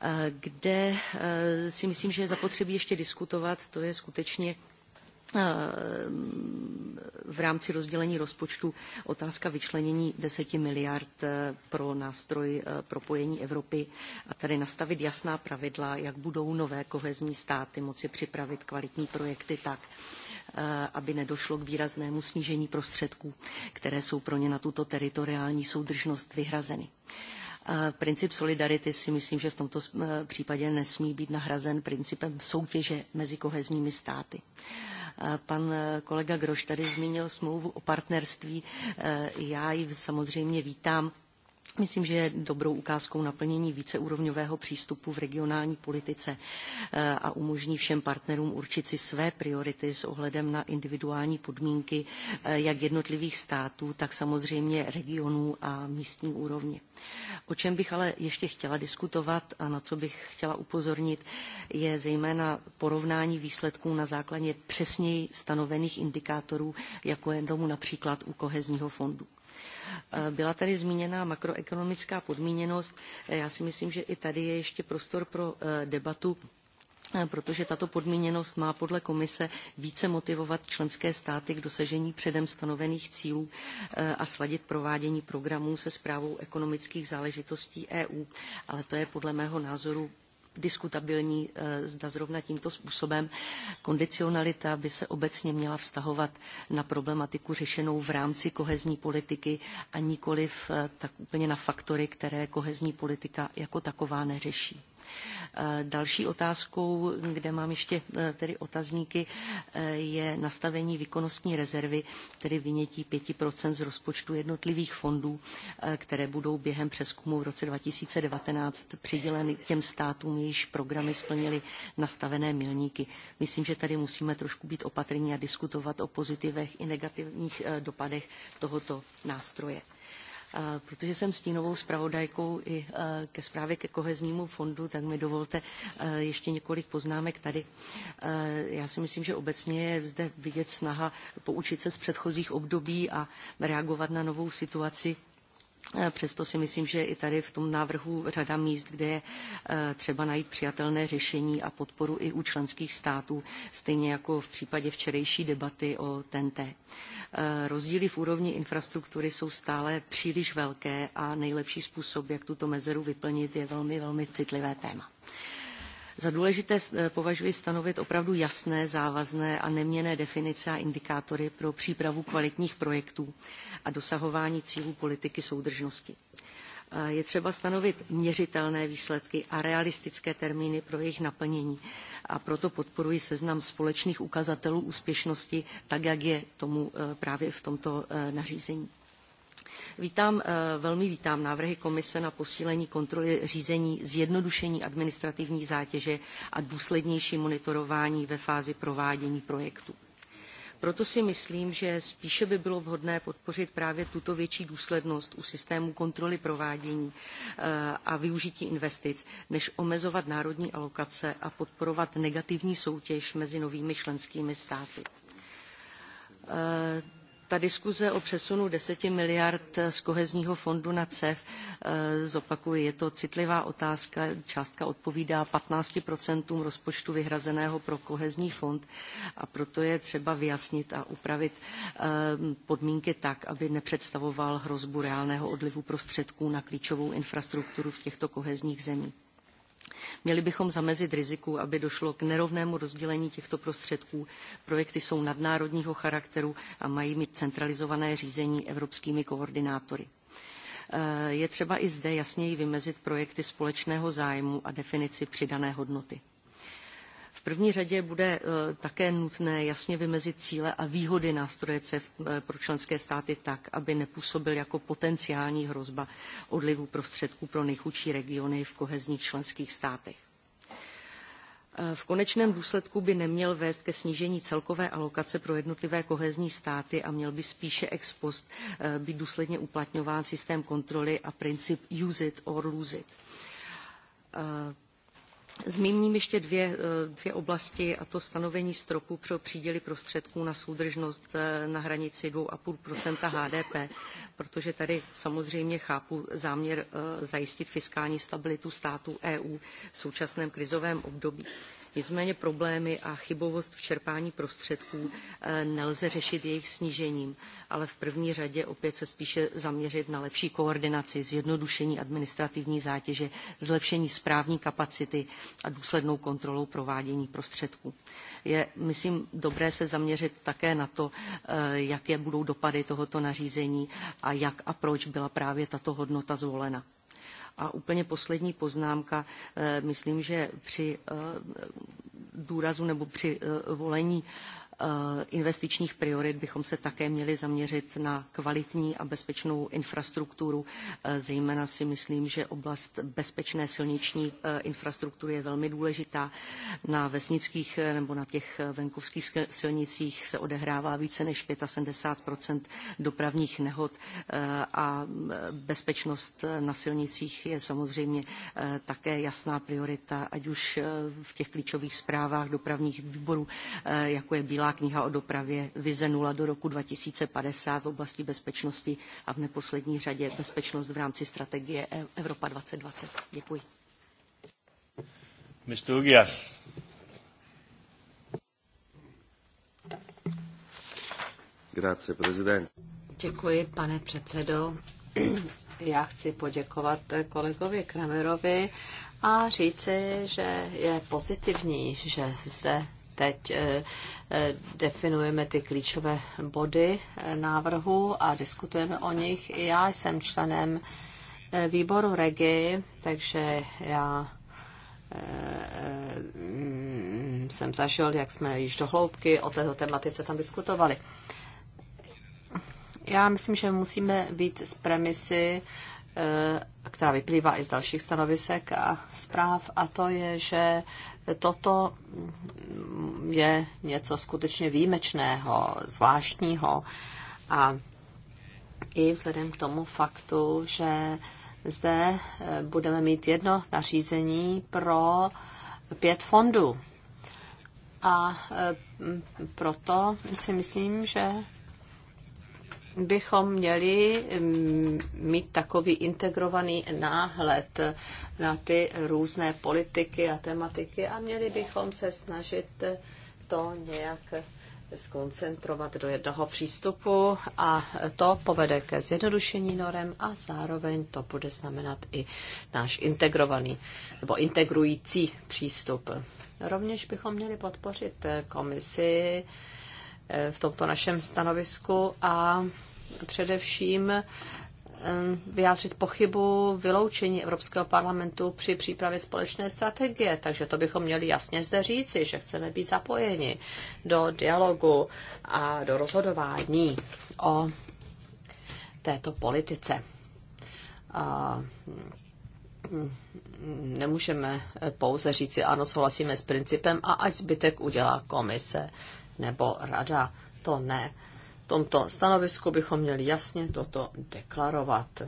E, kde e, si myslím, že je zapotřebí ještě diskutovat, to je skutečně v rámci rozdělení rozpočtu otázka vyčlenění 10 miliard pro nástroj propojení Evropy a tady nastavit jasná pravidla, jak budou nové kohezní státy moci připravit kvalitní projekty tak, Eh, aby nedošlo k výraznému snížení prostředků, které jsou pro ně na tuto teritoriální soudržnost vyhrazeny. Eh, princip solidarity si myslím, že v tomto eh, případě nesmí být nahrazen principem soutěže mezi kohezními státy. Pan kolega Groš tady zmínil smlouvu o partnerství. Já ji samozřejmě vítám Myslím, že je dobrou ukázkou naplnění víceúrovňového přístupu v regionální politice eh, a umožní všem partnerům určit si své priority s ohledem na individuální podmínky eh, jak jednotlivých států, tak samozřejmě regionů a místní úrovně. O čem bych ale ještě chtěla diskutovat a na co bych chtěla upozornit, je zejména porovnání výsledků na základě přesněji stanovených indikátorů, jako je tomu například u kohezního fondu. Eh, byla tady zmíněna makroekonomická podmíněnost. Eh, já si myslím, že i tady je ještě prostor pro eh, debatu protože tato podmíněnost má podle komise více motivovat členské státy k dosažení předem stanovených cílů a sladit provádění programů se zprávou ekonomických záležitostí EU, ale to je podle mého názoru diskutabilní, eh, zda zrovna tímto způsobem kondicionalita by se obecně měla vztahovat na problematiku řešenou v rámci kohezní politiky a nikoliv eh, tak úplně na faktory, které kohezní politika jako taková neřeší. Další otázkou, kde mám ještě e, tedy otazníky, e, je nastavení výkonnostní rezervy, tedy vynětí 5% z rozpočtu jednotlivých fondů, e, které budou během přeskumu v roce 2019 přiděleny těm státům, jejichž programy splnily nastavené milníky. Myslím, že tady musíme trošku být opatrní a diskutovat o pozitivech i negativních dopadech tohoto nástroje. Protože jsem stínovou zpravodajkou i e, ke zprávě ke koheznímu fondu, tak mi dovolte e, ještě několik poznámek tady. E, já si myslím, že obecně je zde vidět snaha poučit se z předchozích období a reagovat na novou situaci Eh, přesto si myslím, že i tady v tom návrhu řada míst, kde je eh, třeba najít přijatelné řešení a podporu i u členských států, stejně jako v případě včerejší debaty o TNT. Eh, rozdíly v úrovni infrastruktury jsou stále příliš velké a nejlepší způsob, jak tuto mezeru vyplnit, je velmi, velmi citlivé téma. Za důležité eh, považuji stanovit opravdu jasné, závazné a neměné definice a indikátory pro přípravu kvalitních projektů a dosahování cílů politiky soudržnosti. Eh, je třeba stanovit měřitelné výsledky a realistické termíny pro jejich naplnění. A proto podporuji seznam společných ukazatelů úspěšnosti, tak jak je tomu eh, právě v tomto nařízení. Vítám, eh, velmi vítám návrhy komise na posílení kontroly řízení, zjednodušení administrativní zátěže a důslednější monitorování ve fázi provádění projektu. Proto si myslím, že spíše by bylo vhodné podpořit právě tuto větší důslednost u systému kontroly provádění eh, a využití investic, než omezovat národní alokace a podporovat negativní soutěž mezi novými členskými státy. Eh, ta diskuze o přesunu 10 miliard z kohezního fondu na CEF, eh, zopakuju, je to citlivá otázka, částka odpovídá 15 rozpočtu vyhrazeného pro kohezní fond a proto je třeba vyjasnit a upravit eh, podmínky tak, aby nepředstavoval hrozbu reálného odlivu prostředků na klíčovou infrastrukturu v těchto kohezních zemích. Měli bychom zamezit riziku, aby došlo k nerovnému rozdělení těchto prostředků. Projekty jsou nadnárodního charakteru a mají mít centralizované řízení evropskými koordinátory. Eh, je třeba i zde jasněji vymezit projekty společného zájmu a definici přidané hodnoty první řadě bude eh, také nutné jasně vymezit cíle a výhody nástroje CEF eh, pro členské státy tak, aby nepůsobil jako potenciální hrozba odlivu prostředků pro nejchudší regiony v kohezních členských státech. Eh, v konečném důsledku by neměl vést ke snížení celkové alokace pro jednotlivé kohezní státy a měl by spíše ex post být důsledně uplatňován systém kontroly a princip use it or lose it Zmíním ještě dvě, eh, dvě oblasti, a to stanovení stropu pro příděly prostředků na soudržnost eh, na hranici 2,5 HDP, protože tady samozřejmě chápu záměr eh, zajistit fiskální stabilitu států EU v současném krizovém období. Nicméně problémy a chybovost v čerpání prostředků eh, nelze řešit jejich snížením, ale v první řadě opět se spíše zaměřit na lepší koordinaci, zjednodušení administrativní zátěže, zlepšení správní kapacity a důslednou kontrolou provádění prostředků. Je, myslím, dobré se zaměřit také na to, eh, jaké budou dopady tohoto nařízení a jak a proč byla právě tato hodnota zvolena. A úplně poslední poznámka. Eh, myslím, že při eh, důrazu nebo při eh, volení Eh, investičních priorit bychom se také měli zaměřit na kvalitní a bezpečnou infrastrukturu. Eh, zejména si myslím, že oblast bezpečné silniční eh, infrastruktury je velmi důležitá. Na vesnických nebo na těch venkovských silnicích se odehrává více než 75 dopravních nehod a mm, bezpečnost na silnicích je samozřejmě také jasná priorita, ať už v těch klíčových zprávách dopravních výborů, jako je Bílá Bílá kniha o dopravě Vize 0 do roku 2050 v oblasti bezpečnosti a v neposlední řadě bezpečnost v rámci strategie e- Evropa 2020. Děkuji. Mr. Ugias. Grazie, prezident. Děkuji, pane předsedo. [CLEARS THROAT] Já chci poděkovat kolegovi Kramerovi a říci, že je pozitivní, že zde teď eh, eh, definujeme ty klíčové body eh, návrhu a diskutujeme o nich. já jsem členem výboru REGI, takže já jsem zažil, jak jsme již do hloubky o této tematice tam diskutovali. Já myslím, že musíme být z premisy, Eh, která vyplývá i z dalších stanovisek a zpráv, a to je, že toto je něco skutečně výjimečného, zvláštního a i vzhledem k tomu faktu, že zde eh, budeme mít jedno nařízení pro pět fondů. A eh, proto si myslím, že bychom měli mm, mít takový integrovaný náhled na ty různé politiky a tematiky a měli bychom se snažit to nějak skoncentrovat do jednoho přístupu a to povede ke zjednodušení norem a zároveň to bude znamenat i náš integrovaný nebo integrující přístup. Rovněž bychom měli podpořit komisi v tomto našem stanovisku a především eh, vyjádřit pochybu vyloučení Evropského parlamentu při přípravě společné strategie. Takže to bychom měli jasně zde říci, že chceme být zapojeni do dialogu a do rozhodování o této politice. A mm, nemůžeme pouze říci, ano, souhlasíme s principem a ať zbytek udělá komise nebo rada. To ne. V tomto stanovisku bychom měli jasně toto deklarovat.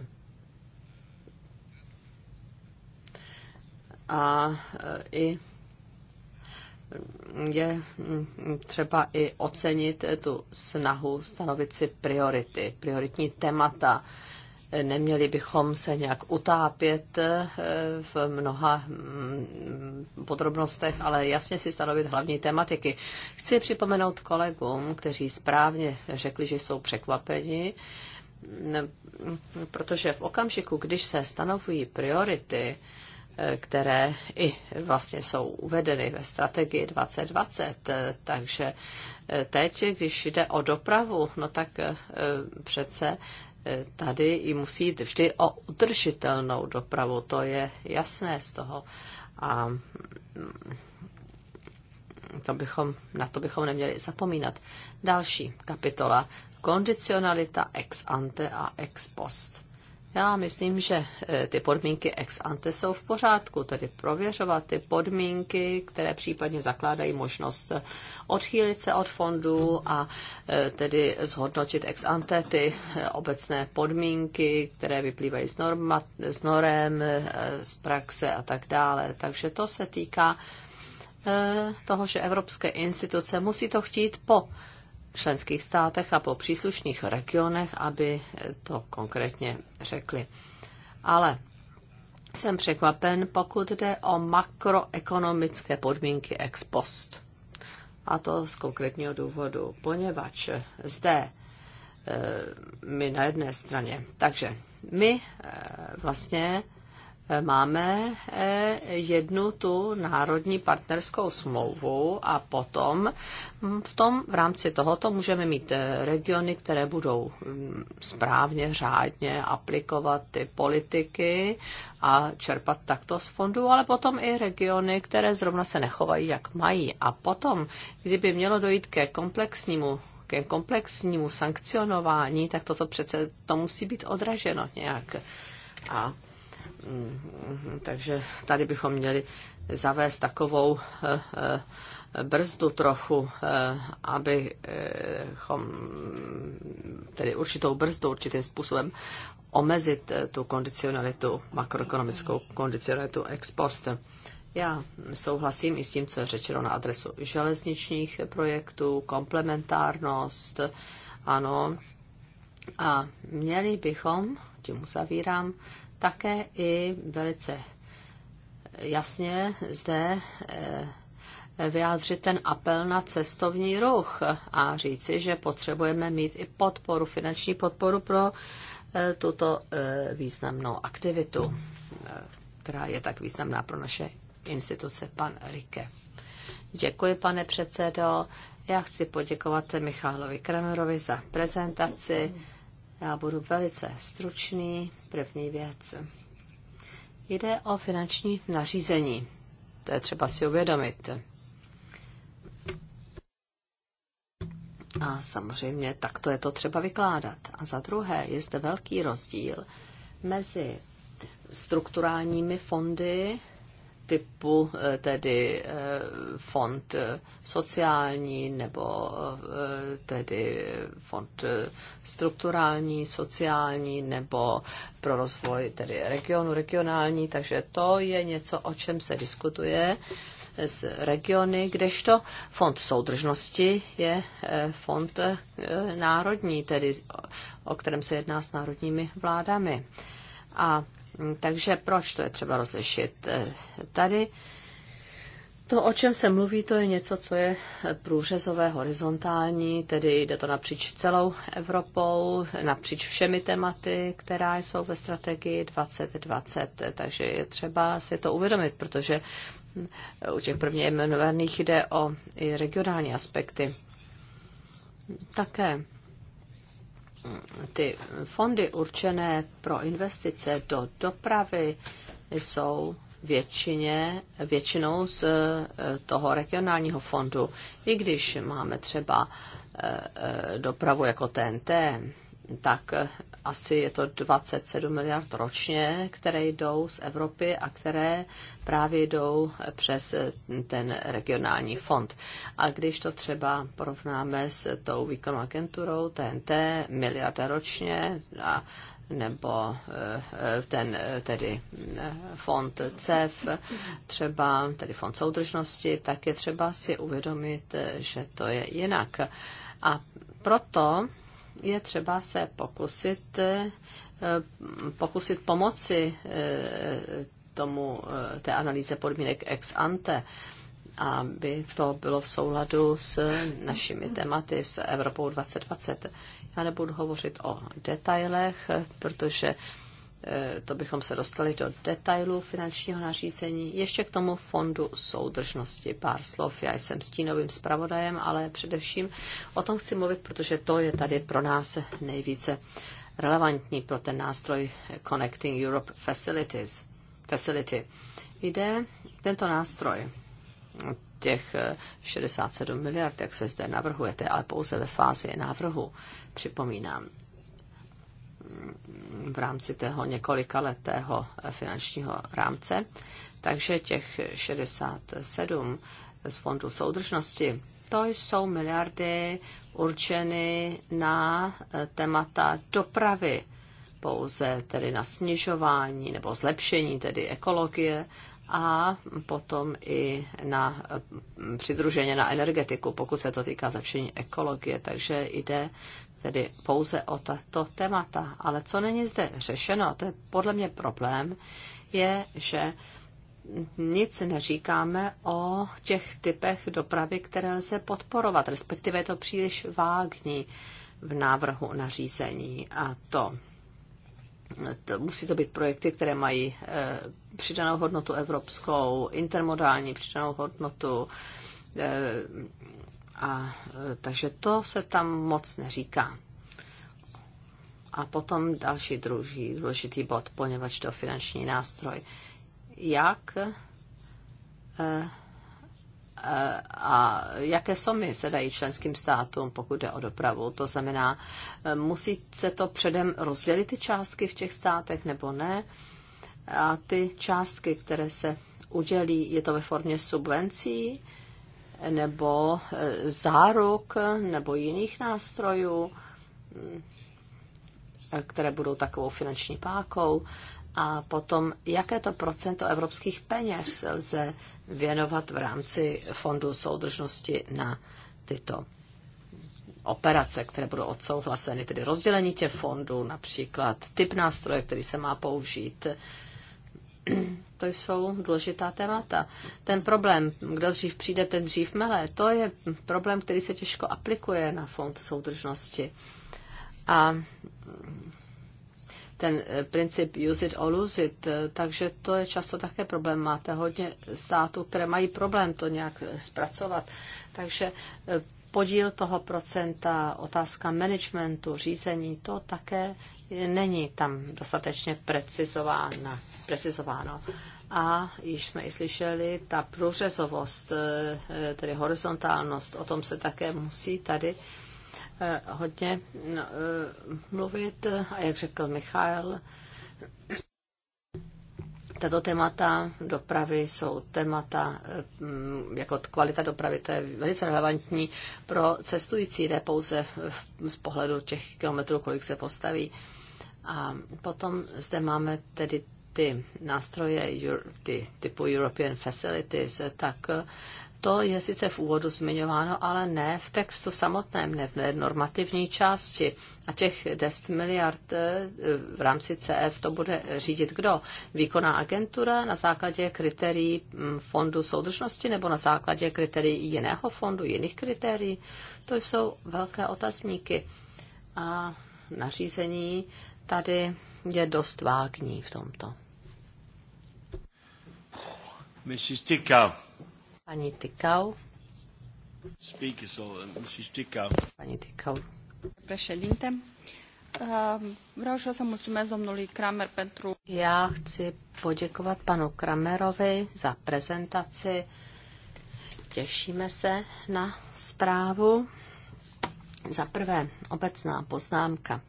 A e, i je třeba i ocenit tu snahu stanovit si priority, prioritní témata, Neměli bychom se nějak utápět eh, v mnoha mm, podrobnostech, ale jasně si stanovit hlavní tematiky. Chci připomenout kolegům, kteří správně řekli, že jsou překvapeni, protože v okamžiku, když se stanovují priority, eh, které i vlastně jsou uvedeny ve strategii 2020. Eh, takže teď, když jde o dopravu, no tak přece tady i musí jít vždy o udržitelnou dopravu, to je jasné z toho. A mm, to bychom, na to bychom neměli zapomínat. Další kapitola. Kondicionalita ex ante a ex post. Já myslím, že e, ty podmínky ex ante jsou v pořádku, tedy prověřovat ty podmínky, které případně zakládají možnost e, odchýlit se od fondů a e, tedy zhodnotit ex ante ty obecné podmínky, které vyplývají z, norma, z norem, z praxe a tak dále. Takže to se týká toho, že evropské instituce musí to chtít po členských státech a po příslušných regionech, aby to konkrétně řekli. Ale jsem překvapen, pokud jde o makroekonomické podmínky ex post. A to z konkrétního důvodu, poněvadž zde e, my na jedné straně. Takže my e, vlastně máme eh, jednu tu národní partnerskou smlouvu a potom hm, v, tom, v rámci tohoto můžeme mít eh, regiony, které budou hm, správně, řádně aplikovat ty politiky a čerpat takto z fondů, ale potom i regiony, které zrovna se nechovají, jak mají. A potom, kdyby mělo dojít ke komplexnímu ke komplexnímu sankcionování, tak toto přece to musí být odraženo nějak. A Mhm, takže tady bychom měli zavést takovou eh, eh, brzdu trochu, eh, abychom tedy určitou brzdu, určitým způsobem omezit tu kondicionalitu, makroekonomickou kondicionalitu ex post. Já souhlasím i s tím, co je řečeno na adresu železničních projektů, komplementárnost, ano. A měli bychom, tím uzavírám, také i velice jasně zde eh, vyjádřit ten apel na cestovní ruch a říci, že potřebujeme mít i podporu, finanční podporu pro eh, tuto eh, významnou aktivitu, která je tak významná pro naše instituce, pan Rike. Děkuji, pane předsedo. Já chci poděkovat Michálovi Kramerovi za prezentaci. Já budu velice stručný. První věc. Jde o finanční nařízení. To je třeba si uvědomit. A samozřejmě takto je to třeba vykládat. A za druhé je zde velký rozdíl mezi strukturálními fondy typu, eh, eh, eh, tedy fond sociální nebo tedy fond strukturální, sociální nebo pro rozvoj tedy regionu regionální, takže to je něco, o čem se diskutuje z regiony, kdežto fond soudržnosti je fond národní, tedy o kterém se jedná s národními vládami. A Mm, takže proč to je třeba rozlišit? Eh, tady to, o čem se mluví, to je něco, co je průřezové, horizontální, tedy jde to napříč celou Evropou, napříč všemi tématy, která jsou ve strategii 2020. Takže je třeba si to uvědomit, protože mm, u těch prvně jmenovaných jde o i regionální aspekty. Také ty fondy určené pro investice do dopravy jsou většině, většinou z eh, toho regionálního fondu, i když máme třeba eh, eh, dopravu jako TNT, tak eh, asi je to 27 miliard ročně, které jdou z Evropy a které právě jdou eh, přes eh, ten regionální fond. A když to třeba porovnáme s tou výkonnou agenturou TNT, miliarda ročně, a nebo ten tedy fond CEF, třeba tedy fond soudržnosti, tak je třeba si uvědomit, že to je jinak. A proto je třeba se pokusit, eh, pokusit pomoci eh, tomu, eh, té analýze podmínek ex ante, aby to bylo v souladu s našimi tématy, s Evropou 2020. Já nebudu hovořit o detailech, protože Eh, to bychom se dostali do detailů finančního nařízení. Ještě k tomu fondu soudržnosti pár slov. Já jsem stínovým zpravodajem, ale především o tom chci mluvit, protože to je tady pro nás nejvíce relevantní pro ten nástroj Connecting Europe Facilities. Facility. Jde tento nástroj těch 67 eh, miliard, jak se zde navrhujete, ale pouze ve fázi návrhu, připomínám v rámci tého letého finančního rámce. Takže těch 67 z Fondu soudržnosti, to jsou miliardy určeny na témata dopravy, pouze tedy na snižování nebo zlepšení tedy ekologie a potom i na mm, přidruženě na energetiku, pokud se to týká zlepšení ekologie. Takže jde tedy pouze o tato témata. Ale co není zde řešeno, a to je podle mě problém, je, že nic neříkáme o těch typech dopravy, které lze podporovat, respektive je to příliš vágní v návrhu nařízení. A to, to musí to být projekty, které mají e, přidanou hodnotu evropskou, intermodální přidanou hodnotu, e, a, e, takže to se tam moc neříká. A potom další druhý důležitý bod, poněvadž to finanční nástroj. Jak e, e a jaké somy se dají členským státům, pokud jde o dopravu? To znamená, e, musí se to předem rozdělit ty částky v těch státech nebo ne? A ty částky, které se udělí, je to ve formě subvencí? E, nebo e, záruk nebo jiných nástrojů, e, které budou takovou finanční pákou. A potom, jaké to procento evropských peněz lze věnovat v rámci Fondu soudržnosti na tyto operace, které budou odsouhlaseny, tedy rozdělení těch fondů, například typ nástroje, který se má použít, to jsou důležitá témata. Ten problém, kdo dřív přijde, ten dřív mele, to je problém, který se těžko aplikuje na fond soudržnosti. A ten eh, princip use it or lose it, eh, takže to je často také problém. Máte hodně států, které mají problém to nějak eh, zpracovat. Takže podíl toho procenta, otázka managementu, řízení, to také není tam dostatečně precizována, precizováno. A již jsme i slyšeli, ta průřezovost, eh, eh, tedy horizontálnost, o tom se také musí tady eh, hodně no, mluvit. A jak řekl Michal, tato témata dopravy jsou témata, mm, jako kvalita dopravy, to je velice relevantní pro cestující, ne pouze z pohledu těch kilometrů, kolik se postaví. A potom zde máme tedy ty nástroje ty, typu European Facilities, tak to je sice v úvodu zmiňováno, ale ne v textu samotném, ne v normativní části. A těch 10 miliard eh, v rámci CF to bude řídit kdo? Výkonná agentura na základě kritérií hm, fondu soudržnosti nebo na základě kritérií jiného fondu, jiných kritérií? To jsou velké otazníky. A nařízení tady je dost vágní v tomto. Mrs. Paní Tykau. Speak is all, uh, Mrs. Tykau. Paní Tykau. Președinte, uh, Vreau și eu să mulțumesc domnului Kramer pentru... Já chci poděkovat panu Kramerovi za prezentaci. Těšíme se na zprávu. Za prvé, obecná poznámka.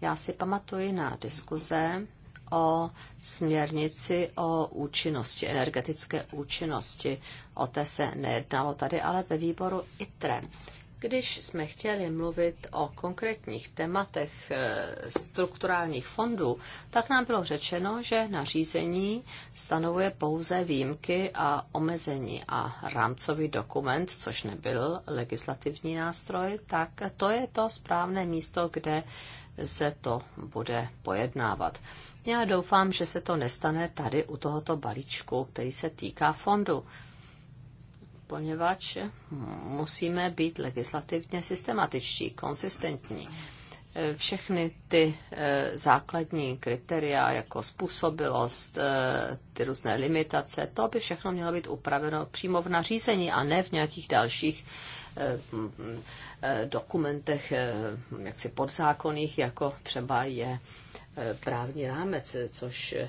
Já si pamatuji na diskuze o směrnici o účinnosti, energetické účinnosti. O té se nejednalo tady, ale ve výboru ITRE. Když jsme chtěli mluvit o konkrétních tématech eh, strukturálních fondů, tak nám bylo řečeno, že nařízení stanovuje pouze výjimky a omezení a rámcový dokument, což nebyl legislativní nástroj, tak to je to správné místo, kde se to bude pojednávat. Já doufám, že se to nestane tady u tohoto balíčku, který se týká fondu, poněvadž musíme být legislativně systematičtí, konsistentní. Všechny ty eh, základní kritéria, jako způsobilost, eh, ty různé limitace, to by všechno mělo být upraveno přímo v nařízení a ne v nějakých dalších eh, dokumentech jaksi podzákonných, jako třeba je Eh, právní rámec, eh, což eh,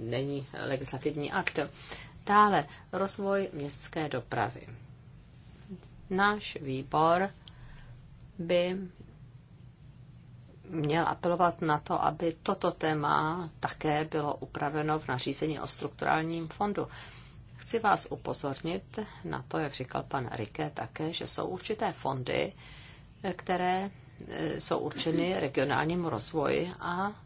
není legislativní akt. Dále rozvoj městské dopravy. Náš výbor by měl apelovat na to, aby toto téma také bylo upraveno v nařízení o strukturálním fondu. Chci vás upozornit na to, jak říkal pan Rike také, že jsou určité fondy, které jsou určeny regionálnímu rozvoji a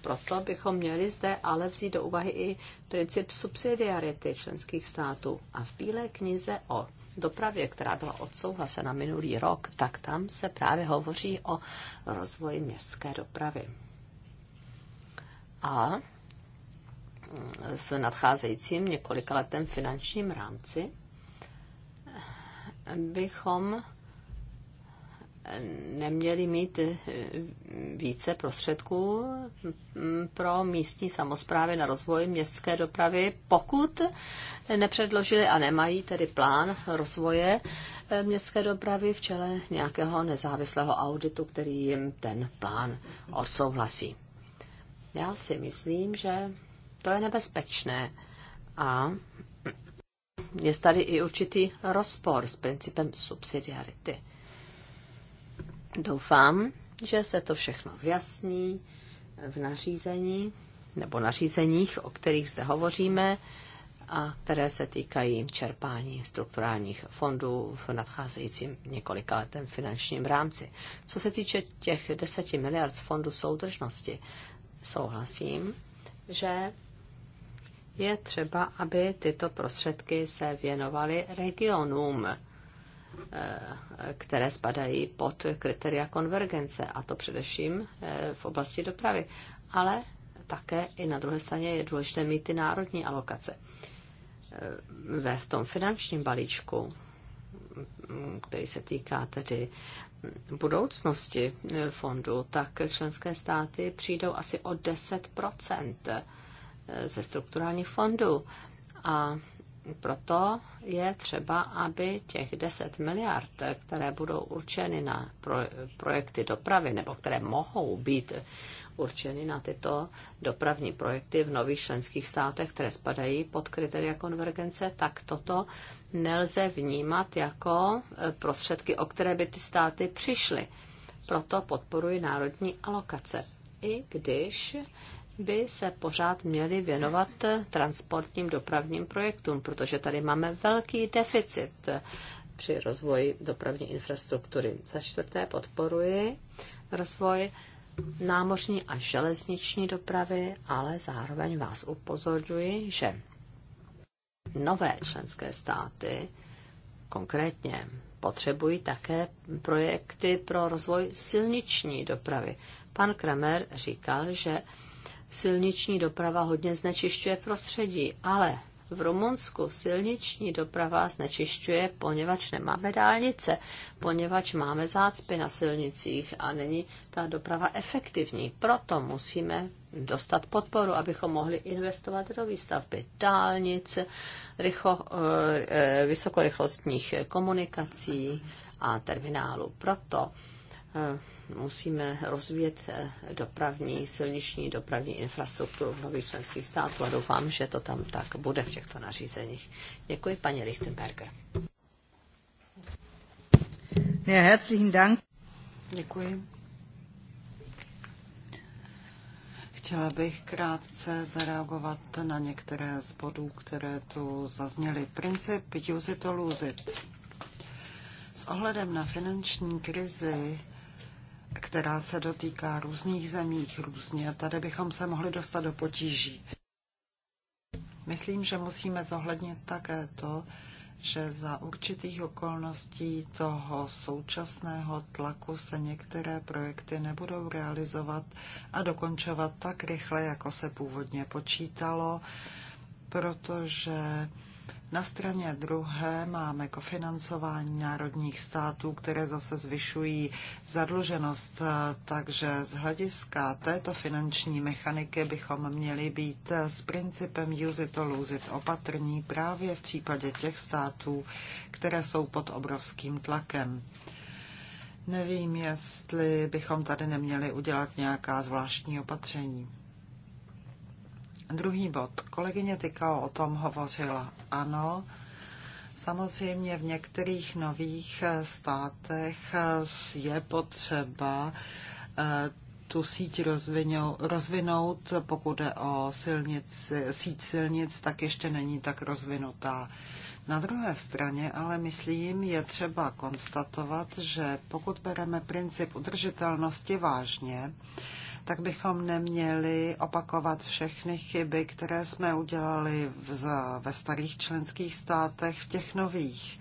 proto bychom měli zde ale vzít do úvahy i princip subsidiarity členských států. A v Bílé knize o dopravě, která byla odsouhlasena minulý rok, tak tam se právě hovoří o rozvoji městské dopravy. A v nadcházejícím několikaletém finančním rámci bychom neměli mít eh, více prostředků mm, pro místní samozprávy na rozvoj městské dopravy, pokud nepředložili a nemají tedy plán rozvoje eh, městské dopravy v čele nějakého nezávislého auditu, který jim ten plán odsouhlasí. Já si myslím, že to je nebezpečné a je tady i určitý rozpor s principem subsidiarity. Doufám, že se to všechno vyjasní v nařízení nebo nařízeních, o kterých zde hovoříme a které se týkají čerpání strukturálních fondů v nadcházejícím letem finančním rámci. Co se týče těch 10 miliard z fondu soudržnosti, souhlasím, že je třeba, aby tyto prostředky se věnovaly regionům Eh, které spadají pod kritéria konvergence, a to především eh, v oblasti dopravy. Ale také i na druhé straně je důležité mít ty národní alokace. Eh, ve v tom finančním balíčku, mm, který se týká tedy budoucnosti fondu, tak členské státy přijdou asi o 10 ze strukturálních fondů. A proto je třeba, aby těch 10 miliard, které budou určeny na projekty dopravy, nebo které mohou být určeny na tyto dopravní projekty v nových členských státech, které spadají pod kritéria konvergence, tak toto nelze vnímat jako eh, prostředky, o které by ty státy přišly. Proto podporuji národní alokace. I když by se pořád měli věnovat transportním dopravním projektům, protože tady máme velký deficit při rozvoji dopravní infrastruktury. Za čtvrté podporuji rozvoj námořní a železniční dopravy, ale zároveň vás upozorňuji, že nové členské státy konkrétně potřebují také projekty pro rozvoj silniční dopravy. Pan Kramer říkal, že silniční doprava hodně znečišťuje prostředí, ale v Rumunsku silniční doprava znečišťuje, poněvadž nemáme dálnice, poněvadž máme zácpy na silnicích a není ta doprava efektivní. Proto musíme dostat podporu, abychom mohli investovat do výstavby dálnic, rycho, eh, eh, vysokorychlostních komunikací a terminálu. Proto eh, musíme rozvíjet eh, dopravní, silniční dopravní infrastrukturu v nových členských států a doufám, že to tam tak bude v těchto nařízeních. Děkuji, paní Lichtenberger. Ja, herzlichen Dank. Děkuji. Chtěla bych krátce zareagovat na některé z bodů, které tu zazněly. Princip use it or lose it. S ohledem na finanční krizi která se dotýká různých zemích různě tady bychom se mohli dostat do potíží. Myslím, že musíme zohlednit také to, že za určitých okolností toho současného tlaku se některé projekty nebudou realizovat a dokončovat tak rychle, jako se původně počítalo, protože na straně druhé máme kofinancování národních států, které zase zvyšují zadluženost, takže z hlediska této finanční mechaniky bychom měli být s principem use it or lose it opatrní právě v případě těch států, které jsou pod obrovským tlakem. Nevím, jestli bychom tady neměli udělat nějaká zvláštní opatření. Druhý bod. Kolegyně Tykao o tom hovořila. Ano, samozřejmě v některých nových eh, státech eh, je potřeba eh, tu síť rozvinout, pokud jde o silnici, síť silnic, tak ještě není tak rozvinutá. Na druhé straně ale, myslím, je třeba konstatovat, že pokud bereme princip udržitelnosti vážně, tak bychom neměli opakovat všechny chyby, které jsme udělali v, ve starých členských státech, v těch nových.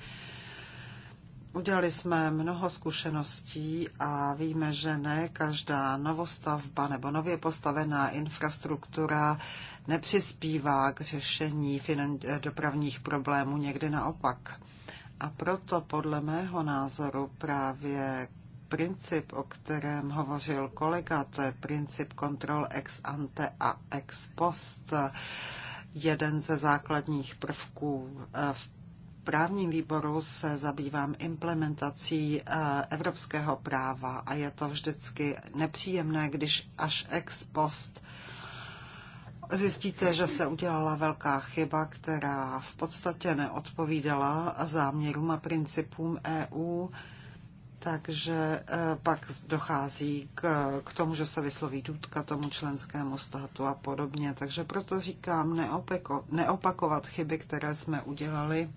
Udělali jsme mnoho zkušeností a víme, že ne každá novostavba nebo nově postavená infrastruktura nepřispívá k řešení dopravních problémů, někdy naopak. A proto podle mého názoru právě princip, o kterém hovořil kolega, to je princip kontrol ex ante a ex post, jeden ze základních prvků eh, v právním výboru se zabývám implementací eh, evropského práva a je to vždycky nepříjemné, když až ex post zjistíte, že se udělala velká chyba, která v podstatě neodpovídala záměrům a principům EU. Takže eh, pak dochází k, k tomu, že se vysloví důtka tomu členskému státu a podobně. Takže proto říkám neopeko, neopakovat chyby, které jsme udělali.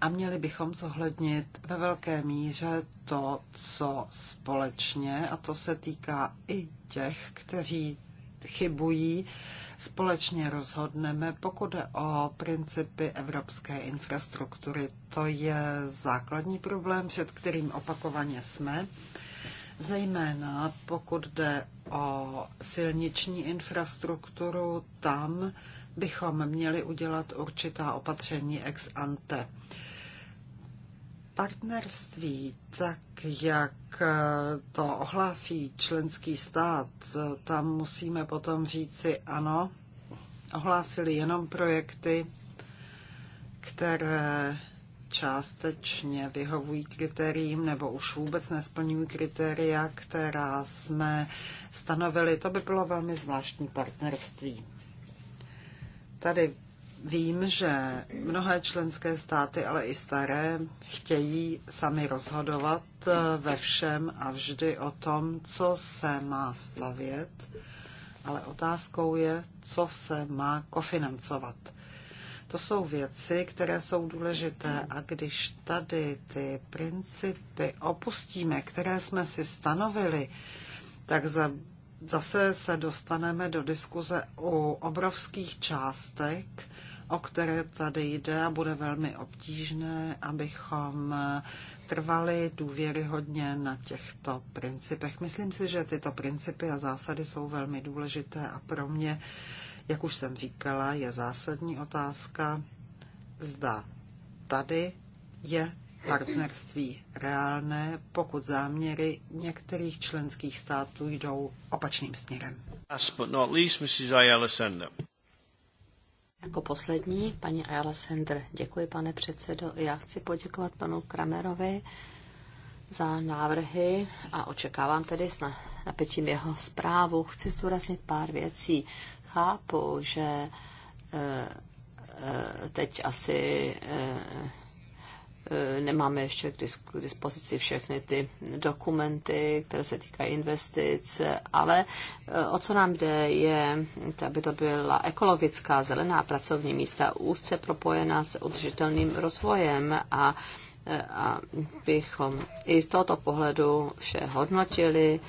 A měli bychom zohlednit ve velké míře to, co společně, a to se týká i těch, kteří chybují, společně rozhodneme, pokud jde o principy evropské infrastruktury. To je základní problém, před kterým opakovaně jsme, zejména pokud jde o silniční infrastrukturu, tam bychom měli udělat určitá opatření ex ante partnerství, tak jak to ohlásí členský stát, tam musíme potom říci ano, ohlásili jenom projekty, které částečně vyhovují kritériím nebo už vůbec nesplňují kritéria, která jsme stanovili. To by bylo velmi zvláštní partnerství. Tady Vím, že mnohé členské státy, ale i staré, chtějí sami rozhodovat eh, ve všem a vždy o tom, co se má stavět, ale otázkou je, co se má kofinancovat. To jsou věci, které jsou důležité a když tady ty principy opustíme, které jsme si stanovili, tak za zase se dostaneme do diskuze o obrovských částek o které tady jde a bude velmi obtížné, abychom trvali důvěryhodně na těchto principech. Myslím si, že tyto principy a zásady jsou velmi důležité a pro mě, jak už jsem říkala, je zásadní otázka, zda tady je partnerství reálné, pokud záměry některých členských států jdou opačným směrem. Last but not least, Mrs. Ayala Sender. Jako poslední, paní Ayala Sender. Děkuji, pane předsedo. Já chci poděkovat panu Kramerovi za návrhy a očekávám tedy s napětím jeho zprávu. Chci zdůraznit pár věcí. Chápu, že eh, eh, teď asi eh, E, nemáme ještě k dispozici všechny ty dokumenty, které se týkají investic, ale e, o co nám jde, je, aby to byla ekologická zelená pracovní místa úzce propojená s udržitelným rozvojem a abychom i z tohoto pohledu vše hodnotili,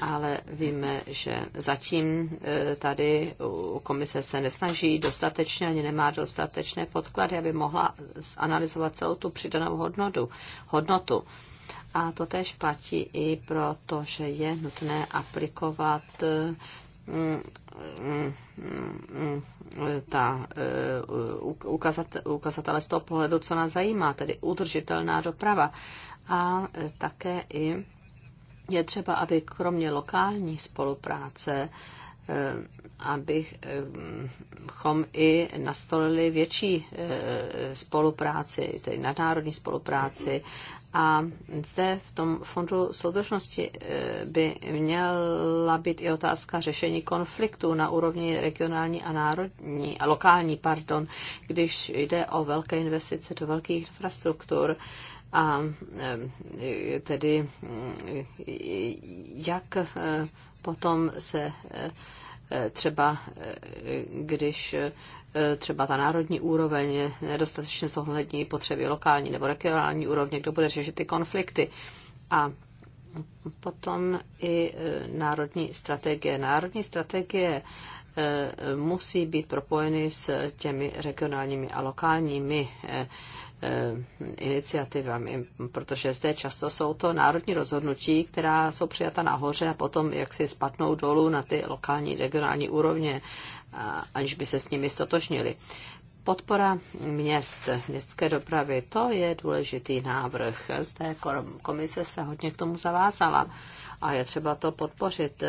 ale víme, že zatím e, tady komise se nesnaží dostatečně ani nemá dostatečné podklady, aby mohla zanalizovat celou tu přidanou hodnotu. hodnotu. A to tež platí i proto, že je nutné aplikovat e, ta eh, ukazatele z toho pohledu, co nás zajímá, tedy udržitelná doprava. A eh, také i je třeba, aby kromě lokální spolupráce eh, abychom i nastolili větší spolupráci, tedy nadnárodní spolupráci a zde v tom fondu soudržnosti e, by měla být i otázka řešení konfliktů na úrovni regionální a národní, a lokální, pardon, když jde o velké investice do velkých infrastruktur. A e, tedy mm, jak e, potom se třeba, když E, třeba ta národní úroveň nedostatečně zohlední potřeby lokální nebo regionální úrovně, kdo bude řešit ty konflikty. A potom i e, národní strategie. Národní strategie e, musí být propojeny s těmi regionálními a lokálními iniciativami, protože zde často jsou to národní rozhodnutí, která jsou přijata nahoře a potom jak si spadnou dolů na ty lokální, regionální úrovně aniž by se s nimi stotožnili. Podpora měst, městské dopravy, to je důležitý návrh. Zde komise se hodně k tomu zavázala a je třeba to podpořit.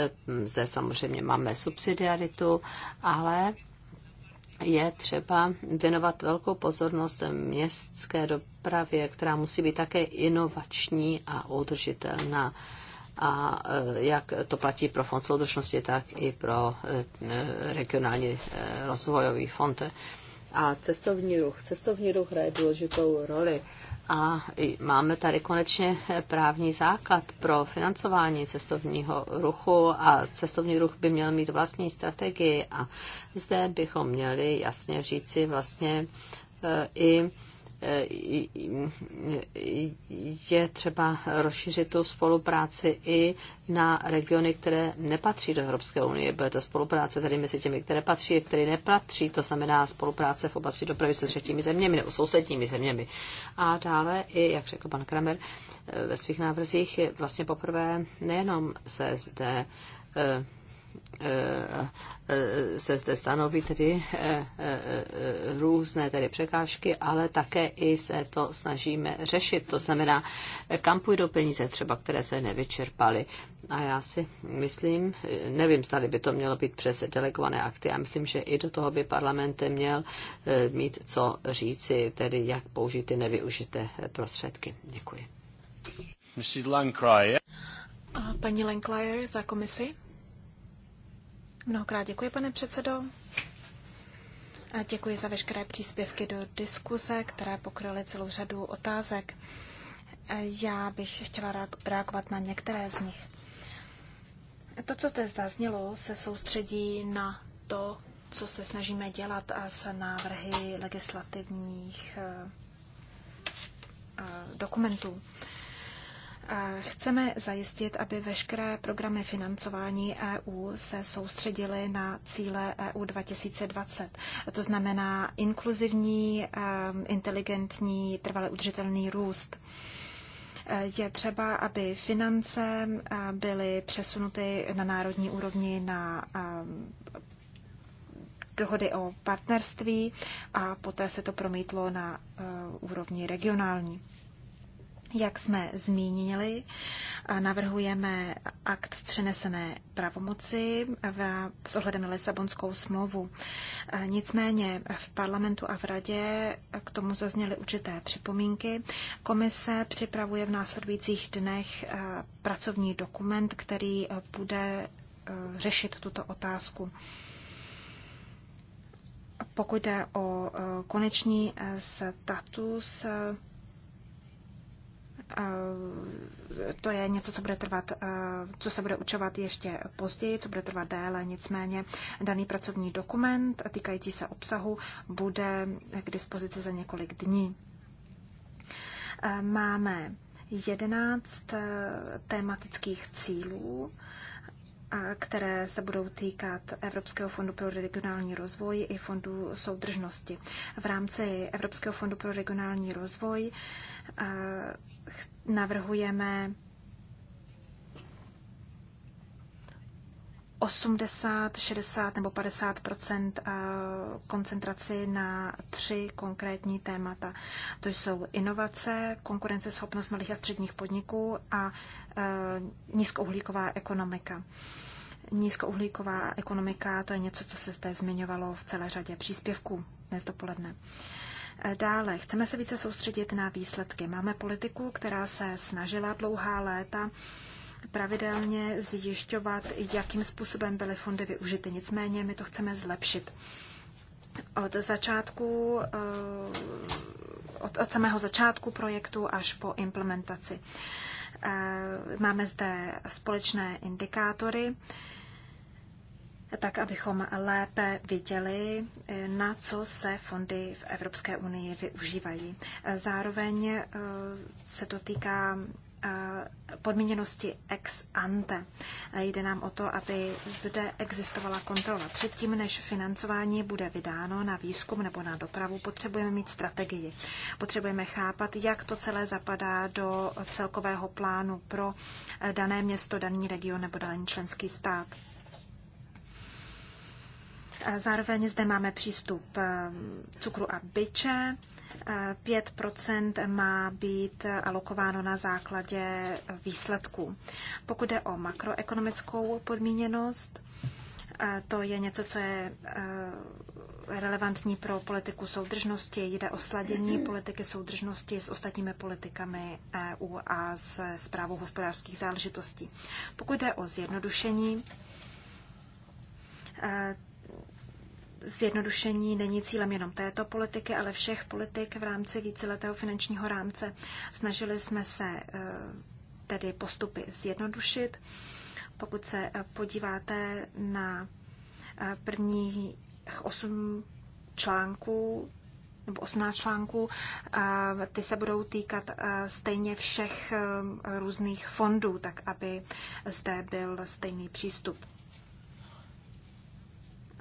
Zde samozřejmě máme subsidiaritu, ale je třeba věnovat velkou pozornost městské dopravě, která musí být také inovační a udržitelná a e, jak to platí pro fond soudržnosti, tak i pro e, e, regionální rozvojový fond. A cestovní ruch. Cestovní ruch hraje důležitou roli. A máme tady konečně právní základ pro financování cestovního ruchu a cestovní ruch by měl mít vlastní strategii a zde bychom měli jasně říci vlastně i je třeba rozšířit tu spolupráci i na regiony, které nepatří do Evropské unie. Bude to spolupráce tedy mezi těmi, které patří a které nepatří, to znamená spolupráce v oblasti dopravy se třetími zeměmi nebo sousedními zeměmi. A dále i, jak řekl pan Kramer, eh, ve svých návrzích vlastně poprvé nejenom se zde eh, Eh, se zde stanoví tedy eh, eh, různé tedy překážky, ale také i se to snažíme řešit. To znamená, kam půjdou peníze třeba, které se nevyčerpaly. A já si myslím, nevím, zda by to mělo být přes delegované akty, já myslím, že i do toho by parlament měl mít co říci, tedy jak použít ty nevyužité prostředky. Děkuji. Paní Lenklajer za komisi. Mnohokrát děkuji, pane předsedo. A děkuji za veškeré příspěvky do diskuze, které pokryly celou řadu otázek. Já bych chtěla reagovat na některé z nich. To, co zde zaznělo, se soustředí na to, co se snažíme dělat a se návrhy legislativních eh, eh, dokumentů. Chceme zajistit, aby veškeré programy financování EU se soustředily na cíle EU 2020. To znamená inkluzivní, ehm, inteligentní, trvale udržitelný růst. E, je třeba, aby finance e, byly přesunuty na národní úrovni na ehm, dohody o partnerství a poté se to promítlo na e, úrovni regionální. Jak jsme zmínili, navrhujeme akt v přenesené pravomoci v, s ohledem na Lisabonskou smlouvu. Nicméně v parlamentu a v radě k tomu zazněly určité připomínky. Komise připravuje v následujících dnech pracovní dokument, který bude řešit tuto otázku. Pokud jde o konečný status, Eh, to je něco, co bude trvat, eh, co se bude učovat ještě později, co bude trvat déle, nicméně daný pracovní dokument týkající se obsahu bude k dispozici za několik dní. Eh, máme 11 tematických cílů, které se budou týkat Evropského fondu pro regionální rozvoj i fondu soudržnosti. V rámci Evropského fondu pro regionální rozvoj navrhujeme 80, 60 nebo 50 eh, koncentraci na tři konkrétní témata. To jsou inovace, konkurenceschopnost malých a středních podniků a eh, nízkouhlíková ekonomika. Nízkouhlíková ekonomika to je něco, co se zde zmiňovalo v celé řadě příspěvků dnes dopoledne. Dále chceme se více soustředit na výsledky. Máme politiku, která se snažila dlouhá léta pravidelně zjišťovat, jakým způsobem byly fondy využity. Nicméně my to chceme zlepšit. Od začátku, eh, od, od samého začátku projektu až po implementaci. Eh, máme zde společné indikátory, tak abychom lépe viděli, eh, na co se fondy v Evropské unii využívají. Eh, zároveň eh, se to týká podmíněnosti ex ante. Jde nám o to, aby zde existovala kontrola. Předtím, než financování bude vydáno na výzkum nebo na dopravu, potřebujeme mít strategii. Potřebujeme chápat, jak to celé zapadá do celkového plánu pro dané město, daný region nebo daný členský stát. Zároveň zde máme přístup ehm, cukru a byče. 5 má být alokováno na základě výsledků. Pokud jde o makroekonomickou podmíněnost, to je něco, co je eh, relevantní pro politiku soudržnosti. Jde o sladění politiky soudržnosti s ostatními politikami EU a s zprávou hospodářských záležitostí. Pokud jde o zjednodušení, eh, Zjednodušení není cílem jenom této politiky, ale všech politik v rámci víceletého finančního rámce. Snažili jsme se eh, tedy postupy zjednodušit. Pokud se eh, podíváte na eh, prvních osm článků nebo 18 článků, ty se budou týkat stejně všech různých fondů, tak aby zde byl stejný přístup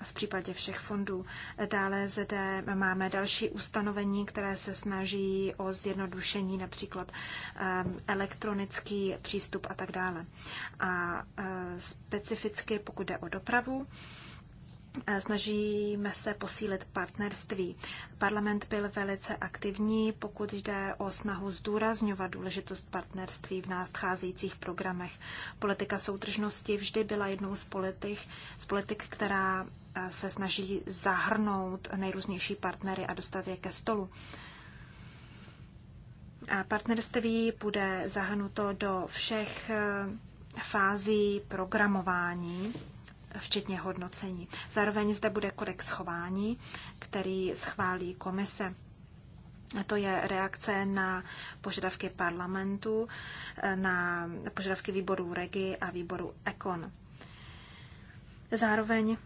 v případě všech fondů. Dále zde máme další ustanovení, které se snaží o zjednodušení, například ehm, elektronický přístup a tak dále. A e, specificky, pokud jde o dopravu, e, Snažíme se posílit partnerství. Parlament byl velice aktivní, pokud jde o snahu zdůrazňovat důležitost partnerství v nadcházejících programech. Politika soudržnosti vždy byla jednou z politik, z politik která se snaží zahrnout nejrůznější partnery a dostat je ke stolu. A partnerství bude zahrnuto do všech eh, fází programování, včetně hodnocení. Zároveň zde bude kodex chování, který schválí komise. A to je reakce na požadavky parlamentu, eh, na požadavky výboru REGI a výboru ECON. Zároveň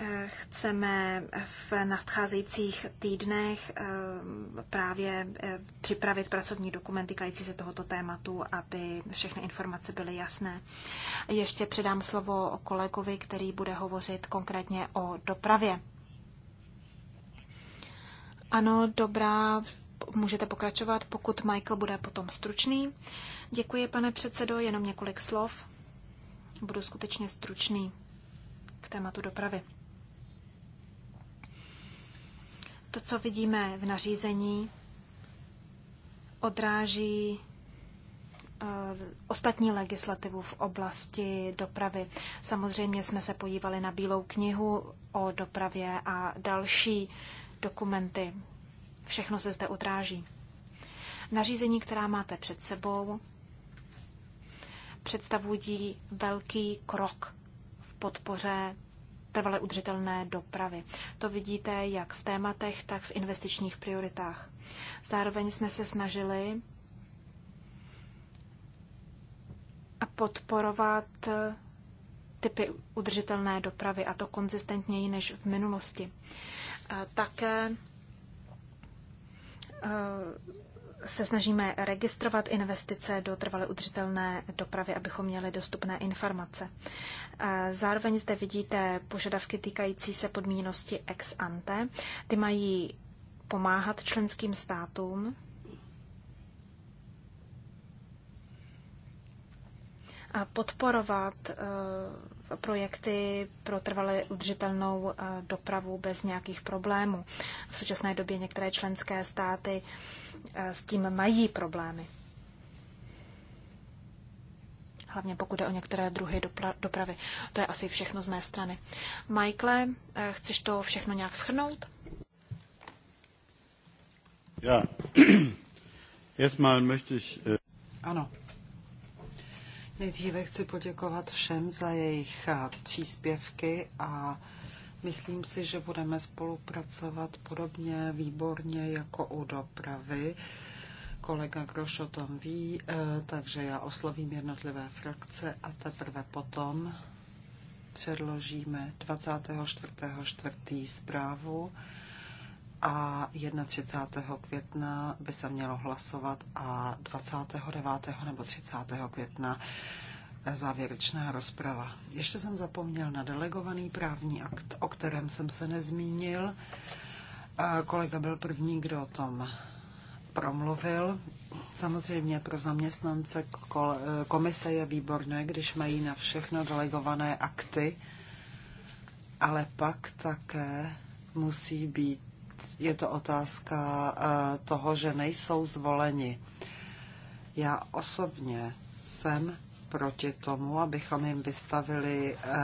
Eh, chceme v nadcházejících týdnech eh, právě eh, připravit pracovní dokument týkající se tohoto tématu, aby všechny informace byly jasné. Ještě předám slovo kolegovi, který bude hovořit konkrétně o dopravě. Ano, dobrá, můžete pokračovat, pokud Michael bude potom stručný. Děkuji, pane předsedo, jenom několik slov. Budu skutečně stručný k tématu dopravy. To, co vidíme v nařízení, odráží eh, ostatní legislativu v oblasti dopravy. Samozřejmě jsme se podívali na Bílou knihu o dopravě a další dokumenty. Všechno se zde odráží. Nařízení, která máte před sebou, představují velký krok v podpoře trvale udržitelné dopravy. To vidíte jak v tématech, tak v investičních prioritách. Zároveň jsme se snažili a podporovat typy udržitelné dopravy, a to konzistentněji než v minulosti. Také se snažíme registrovat investice do trvale udržitelné dopravy, abychom měli dostupné informace. Zároveň zde vidíte požadavky týkající se podmíněnosti ex ante. Ty mají pomáhat členským státům a podporovat e, projekty pro trvale udržitelnou e, dopravu bez nějakých problémů. V současné době některé členské státy uh, Eh, s tím mají problémy. Hlavně pokud je o některé druhy dopravy. To je asi všechno z mé strany. Michael, eh, chceš to všechno nějak schrnout? Ja, [CLEARS THROAT] erstmal möchte ich... Äh, ano. Nejdříve chci poděkovat všem za jejich eh, příspěvky a Myslím si, že budeme spolupracovat podobně výborně jako u dopravy. Kolega Groš o tom ví, eh, takže já oslovím jednotlivé frakce a teprve potom předložíme 24.4. zprávu a 31. května by se mělo hlasovat a 29. nebo 30. května závěrečná rozprava. Ještě jsem zapomněl na delegovaný právní akt, o kterém jsem se nezmínil. Kolega byl první, kdo o tom promluvil. Samozřejmě pro zaměstnance komise je výborné, když mají na všechno delegované akty, ale pak také musí být, je to otázka eh, toho, že nejsou zvoleni. Já osobně jsem proti tomu, abychom jim vystavili eh,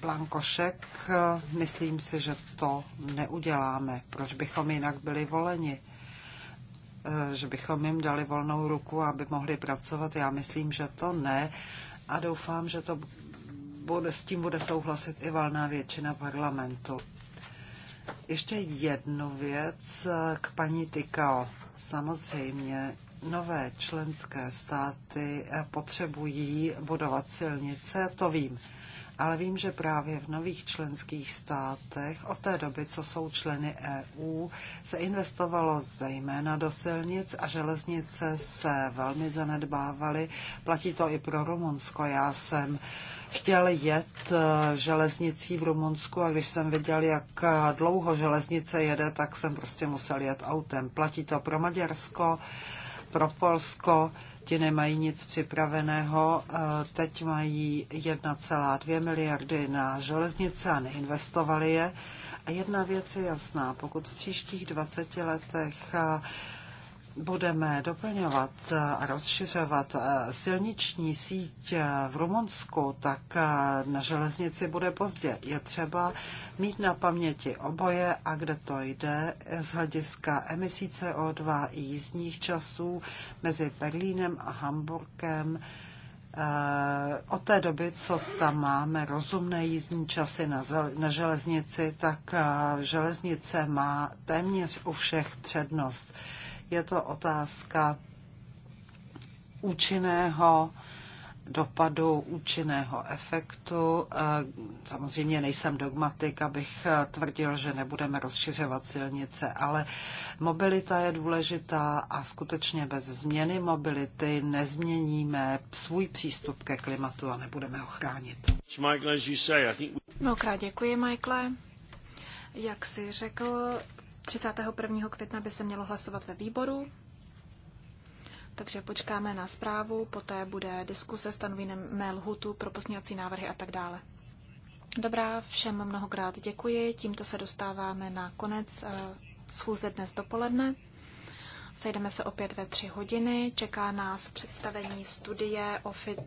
blankošek. Myslím si, že to neuděláme. Proč bychom jinak byli voleni? Eh, že bychom jim dali volnou ruku, aby mohli pracovat? Já myslím, že to ne. A doufám, že to bude, s tím bude souhlasit i valná většina parlamentu. Ještě jednu věc eh, k paní Tykao. Samozřejmě, nové členské státy eh, potřebují budovat silnice, to vím. Ale vím, že právě v nových členských státech od té doby, co jsou členy EU, se investovalo zejména do silnic a železnice se velmi zanedbávaly. Platí to i pro Rumunsko. Já jsem chtěl jet eh, železnicí v Rumunsku a když jsem viděl, jak eh, dlouho železnice jede, tak jsem prostě musel jet autem. Platí to pro Maďarsko pro Polsko, ti nemají nic připraveného, eh, teď mají 1,2 miliardy na železnice a neinvestovali je. A jedna věc je jasná, pokud v příštích 20 letech eh, budeme doplňovat a rozšiřovat eh, silniční síť eh, v Rumunsku, tak eh, na železnici bude pozdě. Je třeba mít na paměti oboje a kde to jde z hlediska emisí CO2 i jízdních časů mezi Berlínem a Hamburkem. Od té doby, co tam máme rozumné jízdní časy na, na železnici, tak železnice má téměř u všech přednost. Je to otázka účinného dopadu, účinného efektu. Eh, samozřejmě nejsem dogmatik, abych eh, tvrdil, že nebudeme rozšiřovat silnice, ale mobilita je důležitá a skutečně bez změny mobility nezměníme svůj přístup ke klimatu a nebudeme ho chránit. Mnohokrát děkuji, Michael. Jak jsi řekl, 31. května by se mělo hlasovat ve výboru, takže počkáme na zprávu, poté bude diskuse, stanovíme lhutu pro návrhy a tak dále. Dobrá, všem mnohokrát děkuji. Tímto se dostáváme na konec eh, schůze dnes dopoledne. Sejdeme se opět ve tři hodiny. Čeká nás představení studie o fi-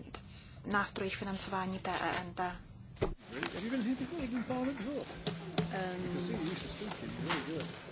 nástrojích financování TENT. E um,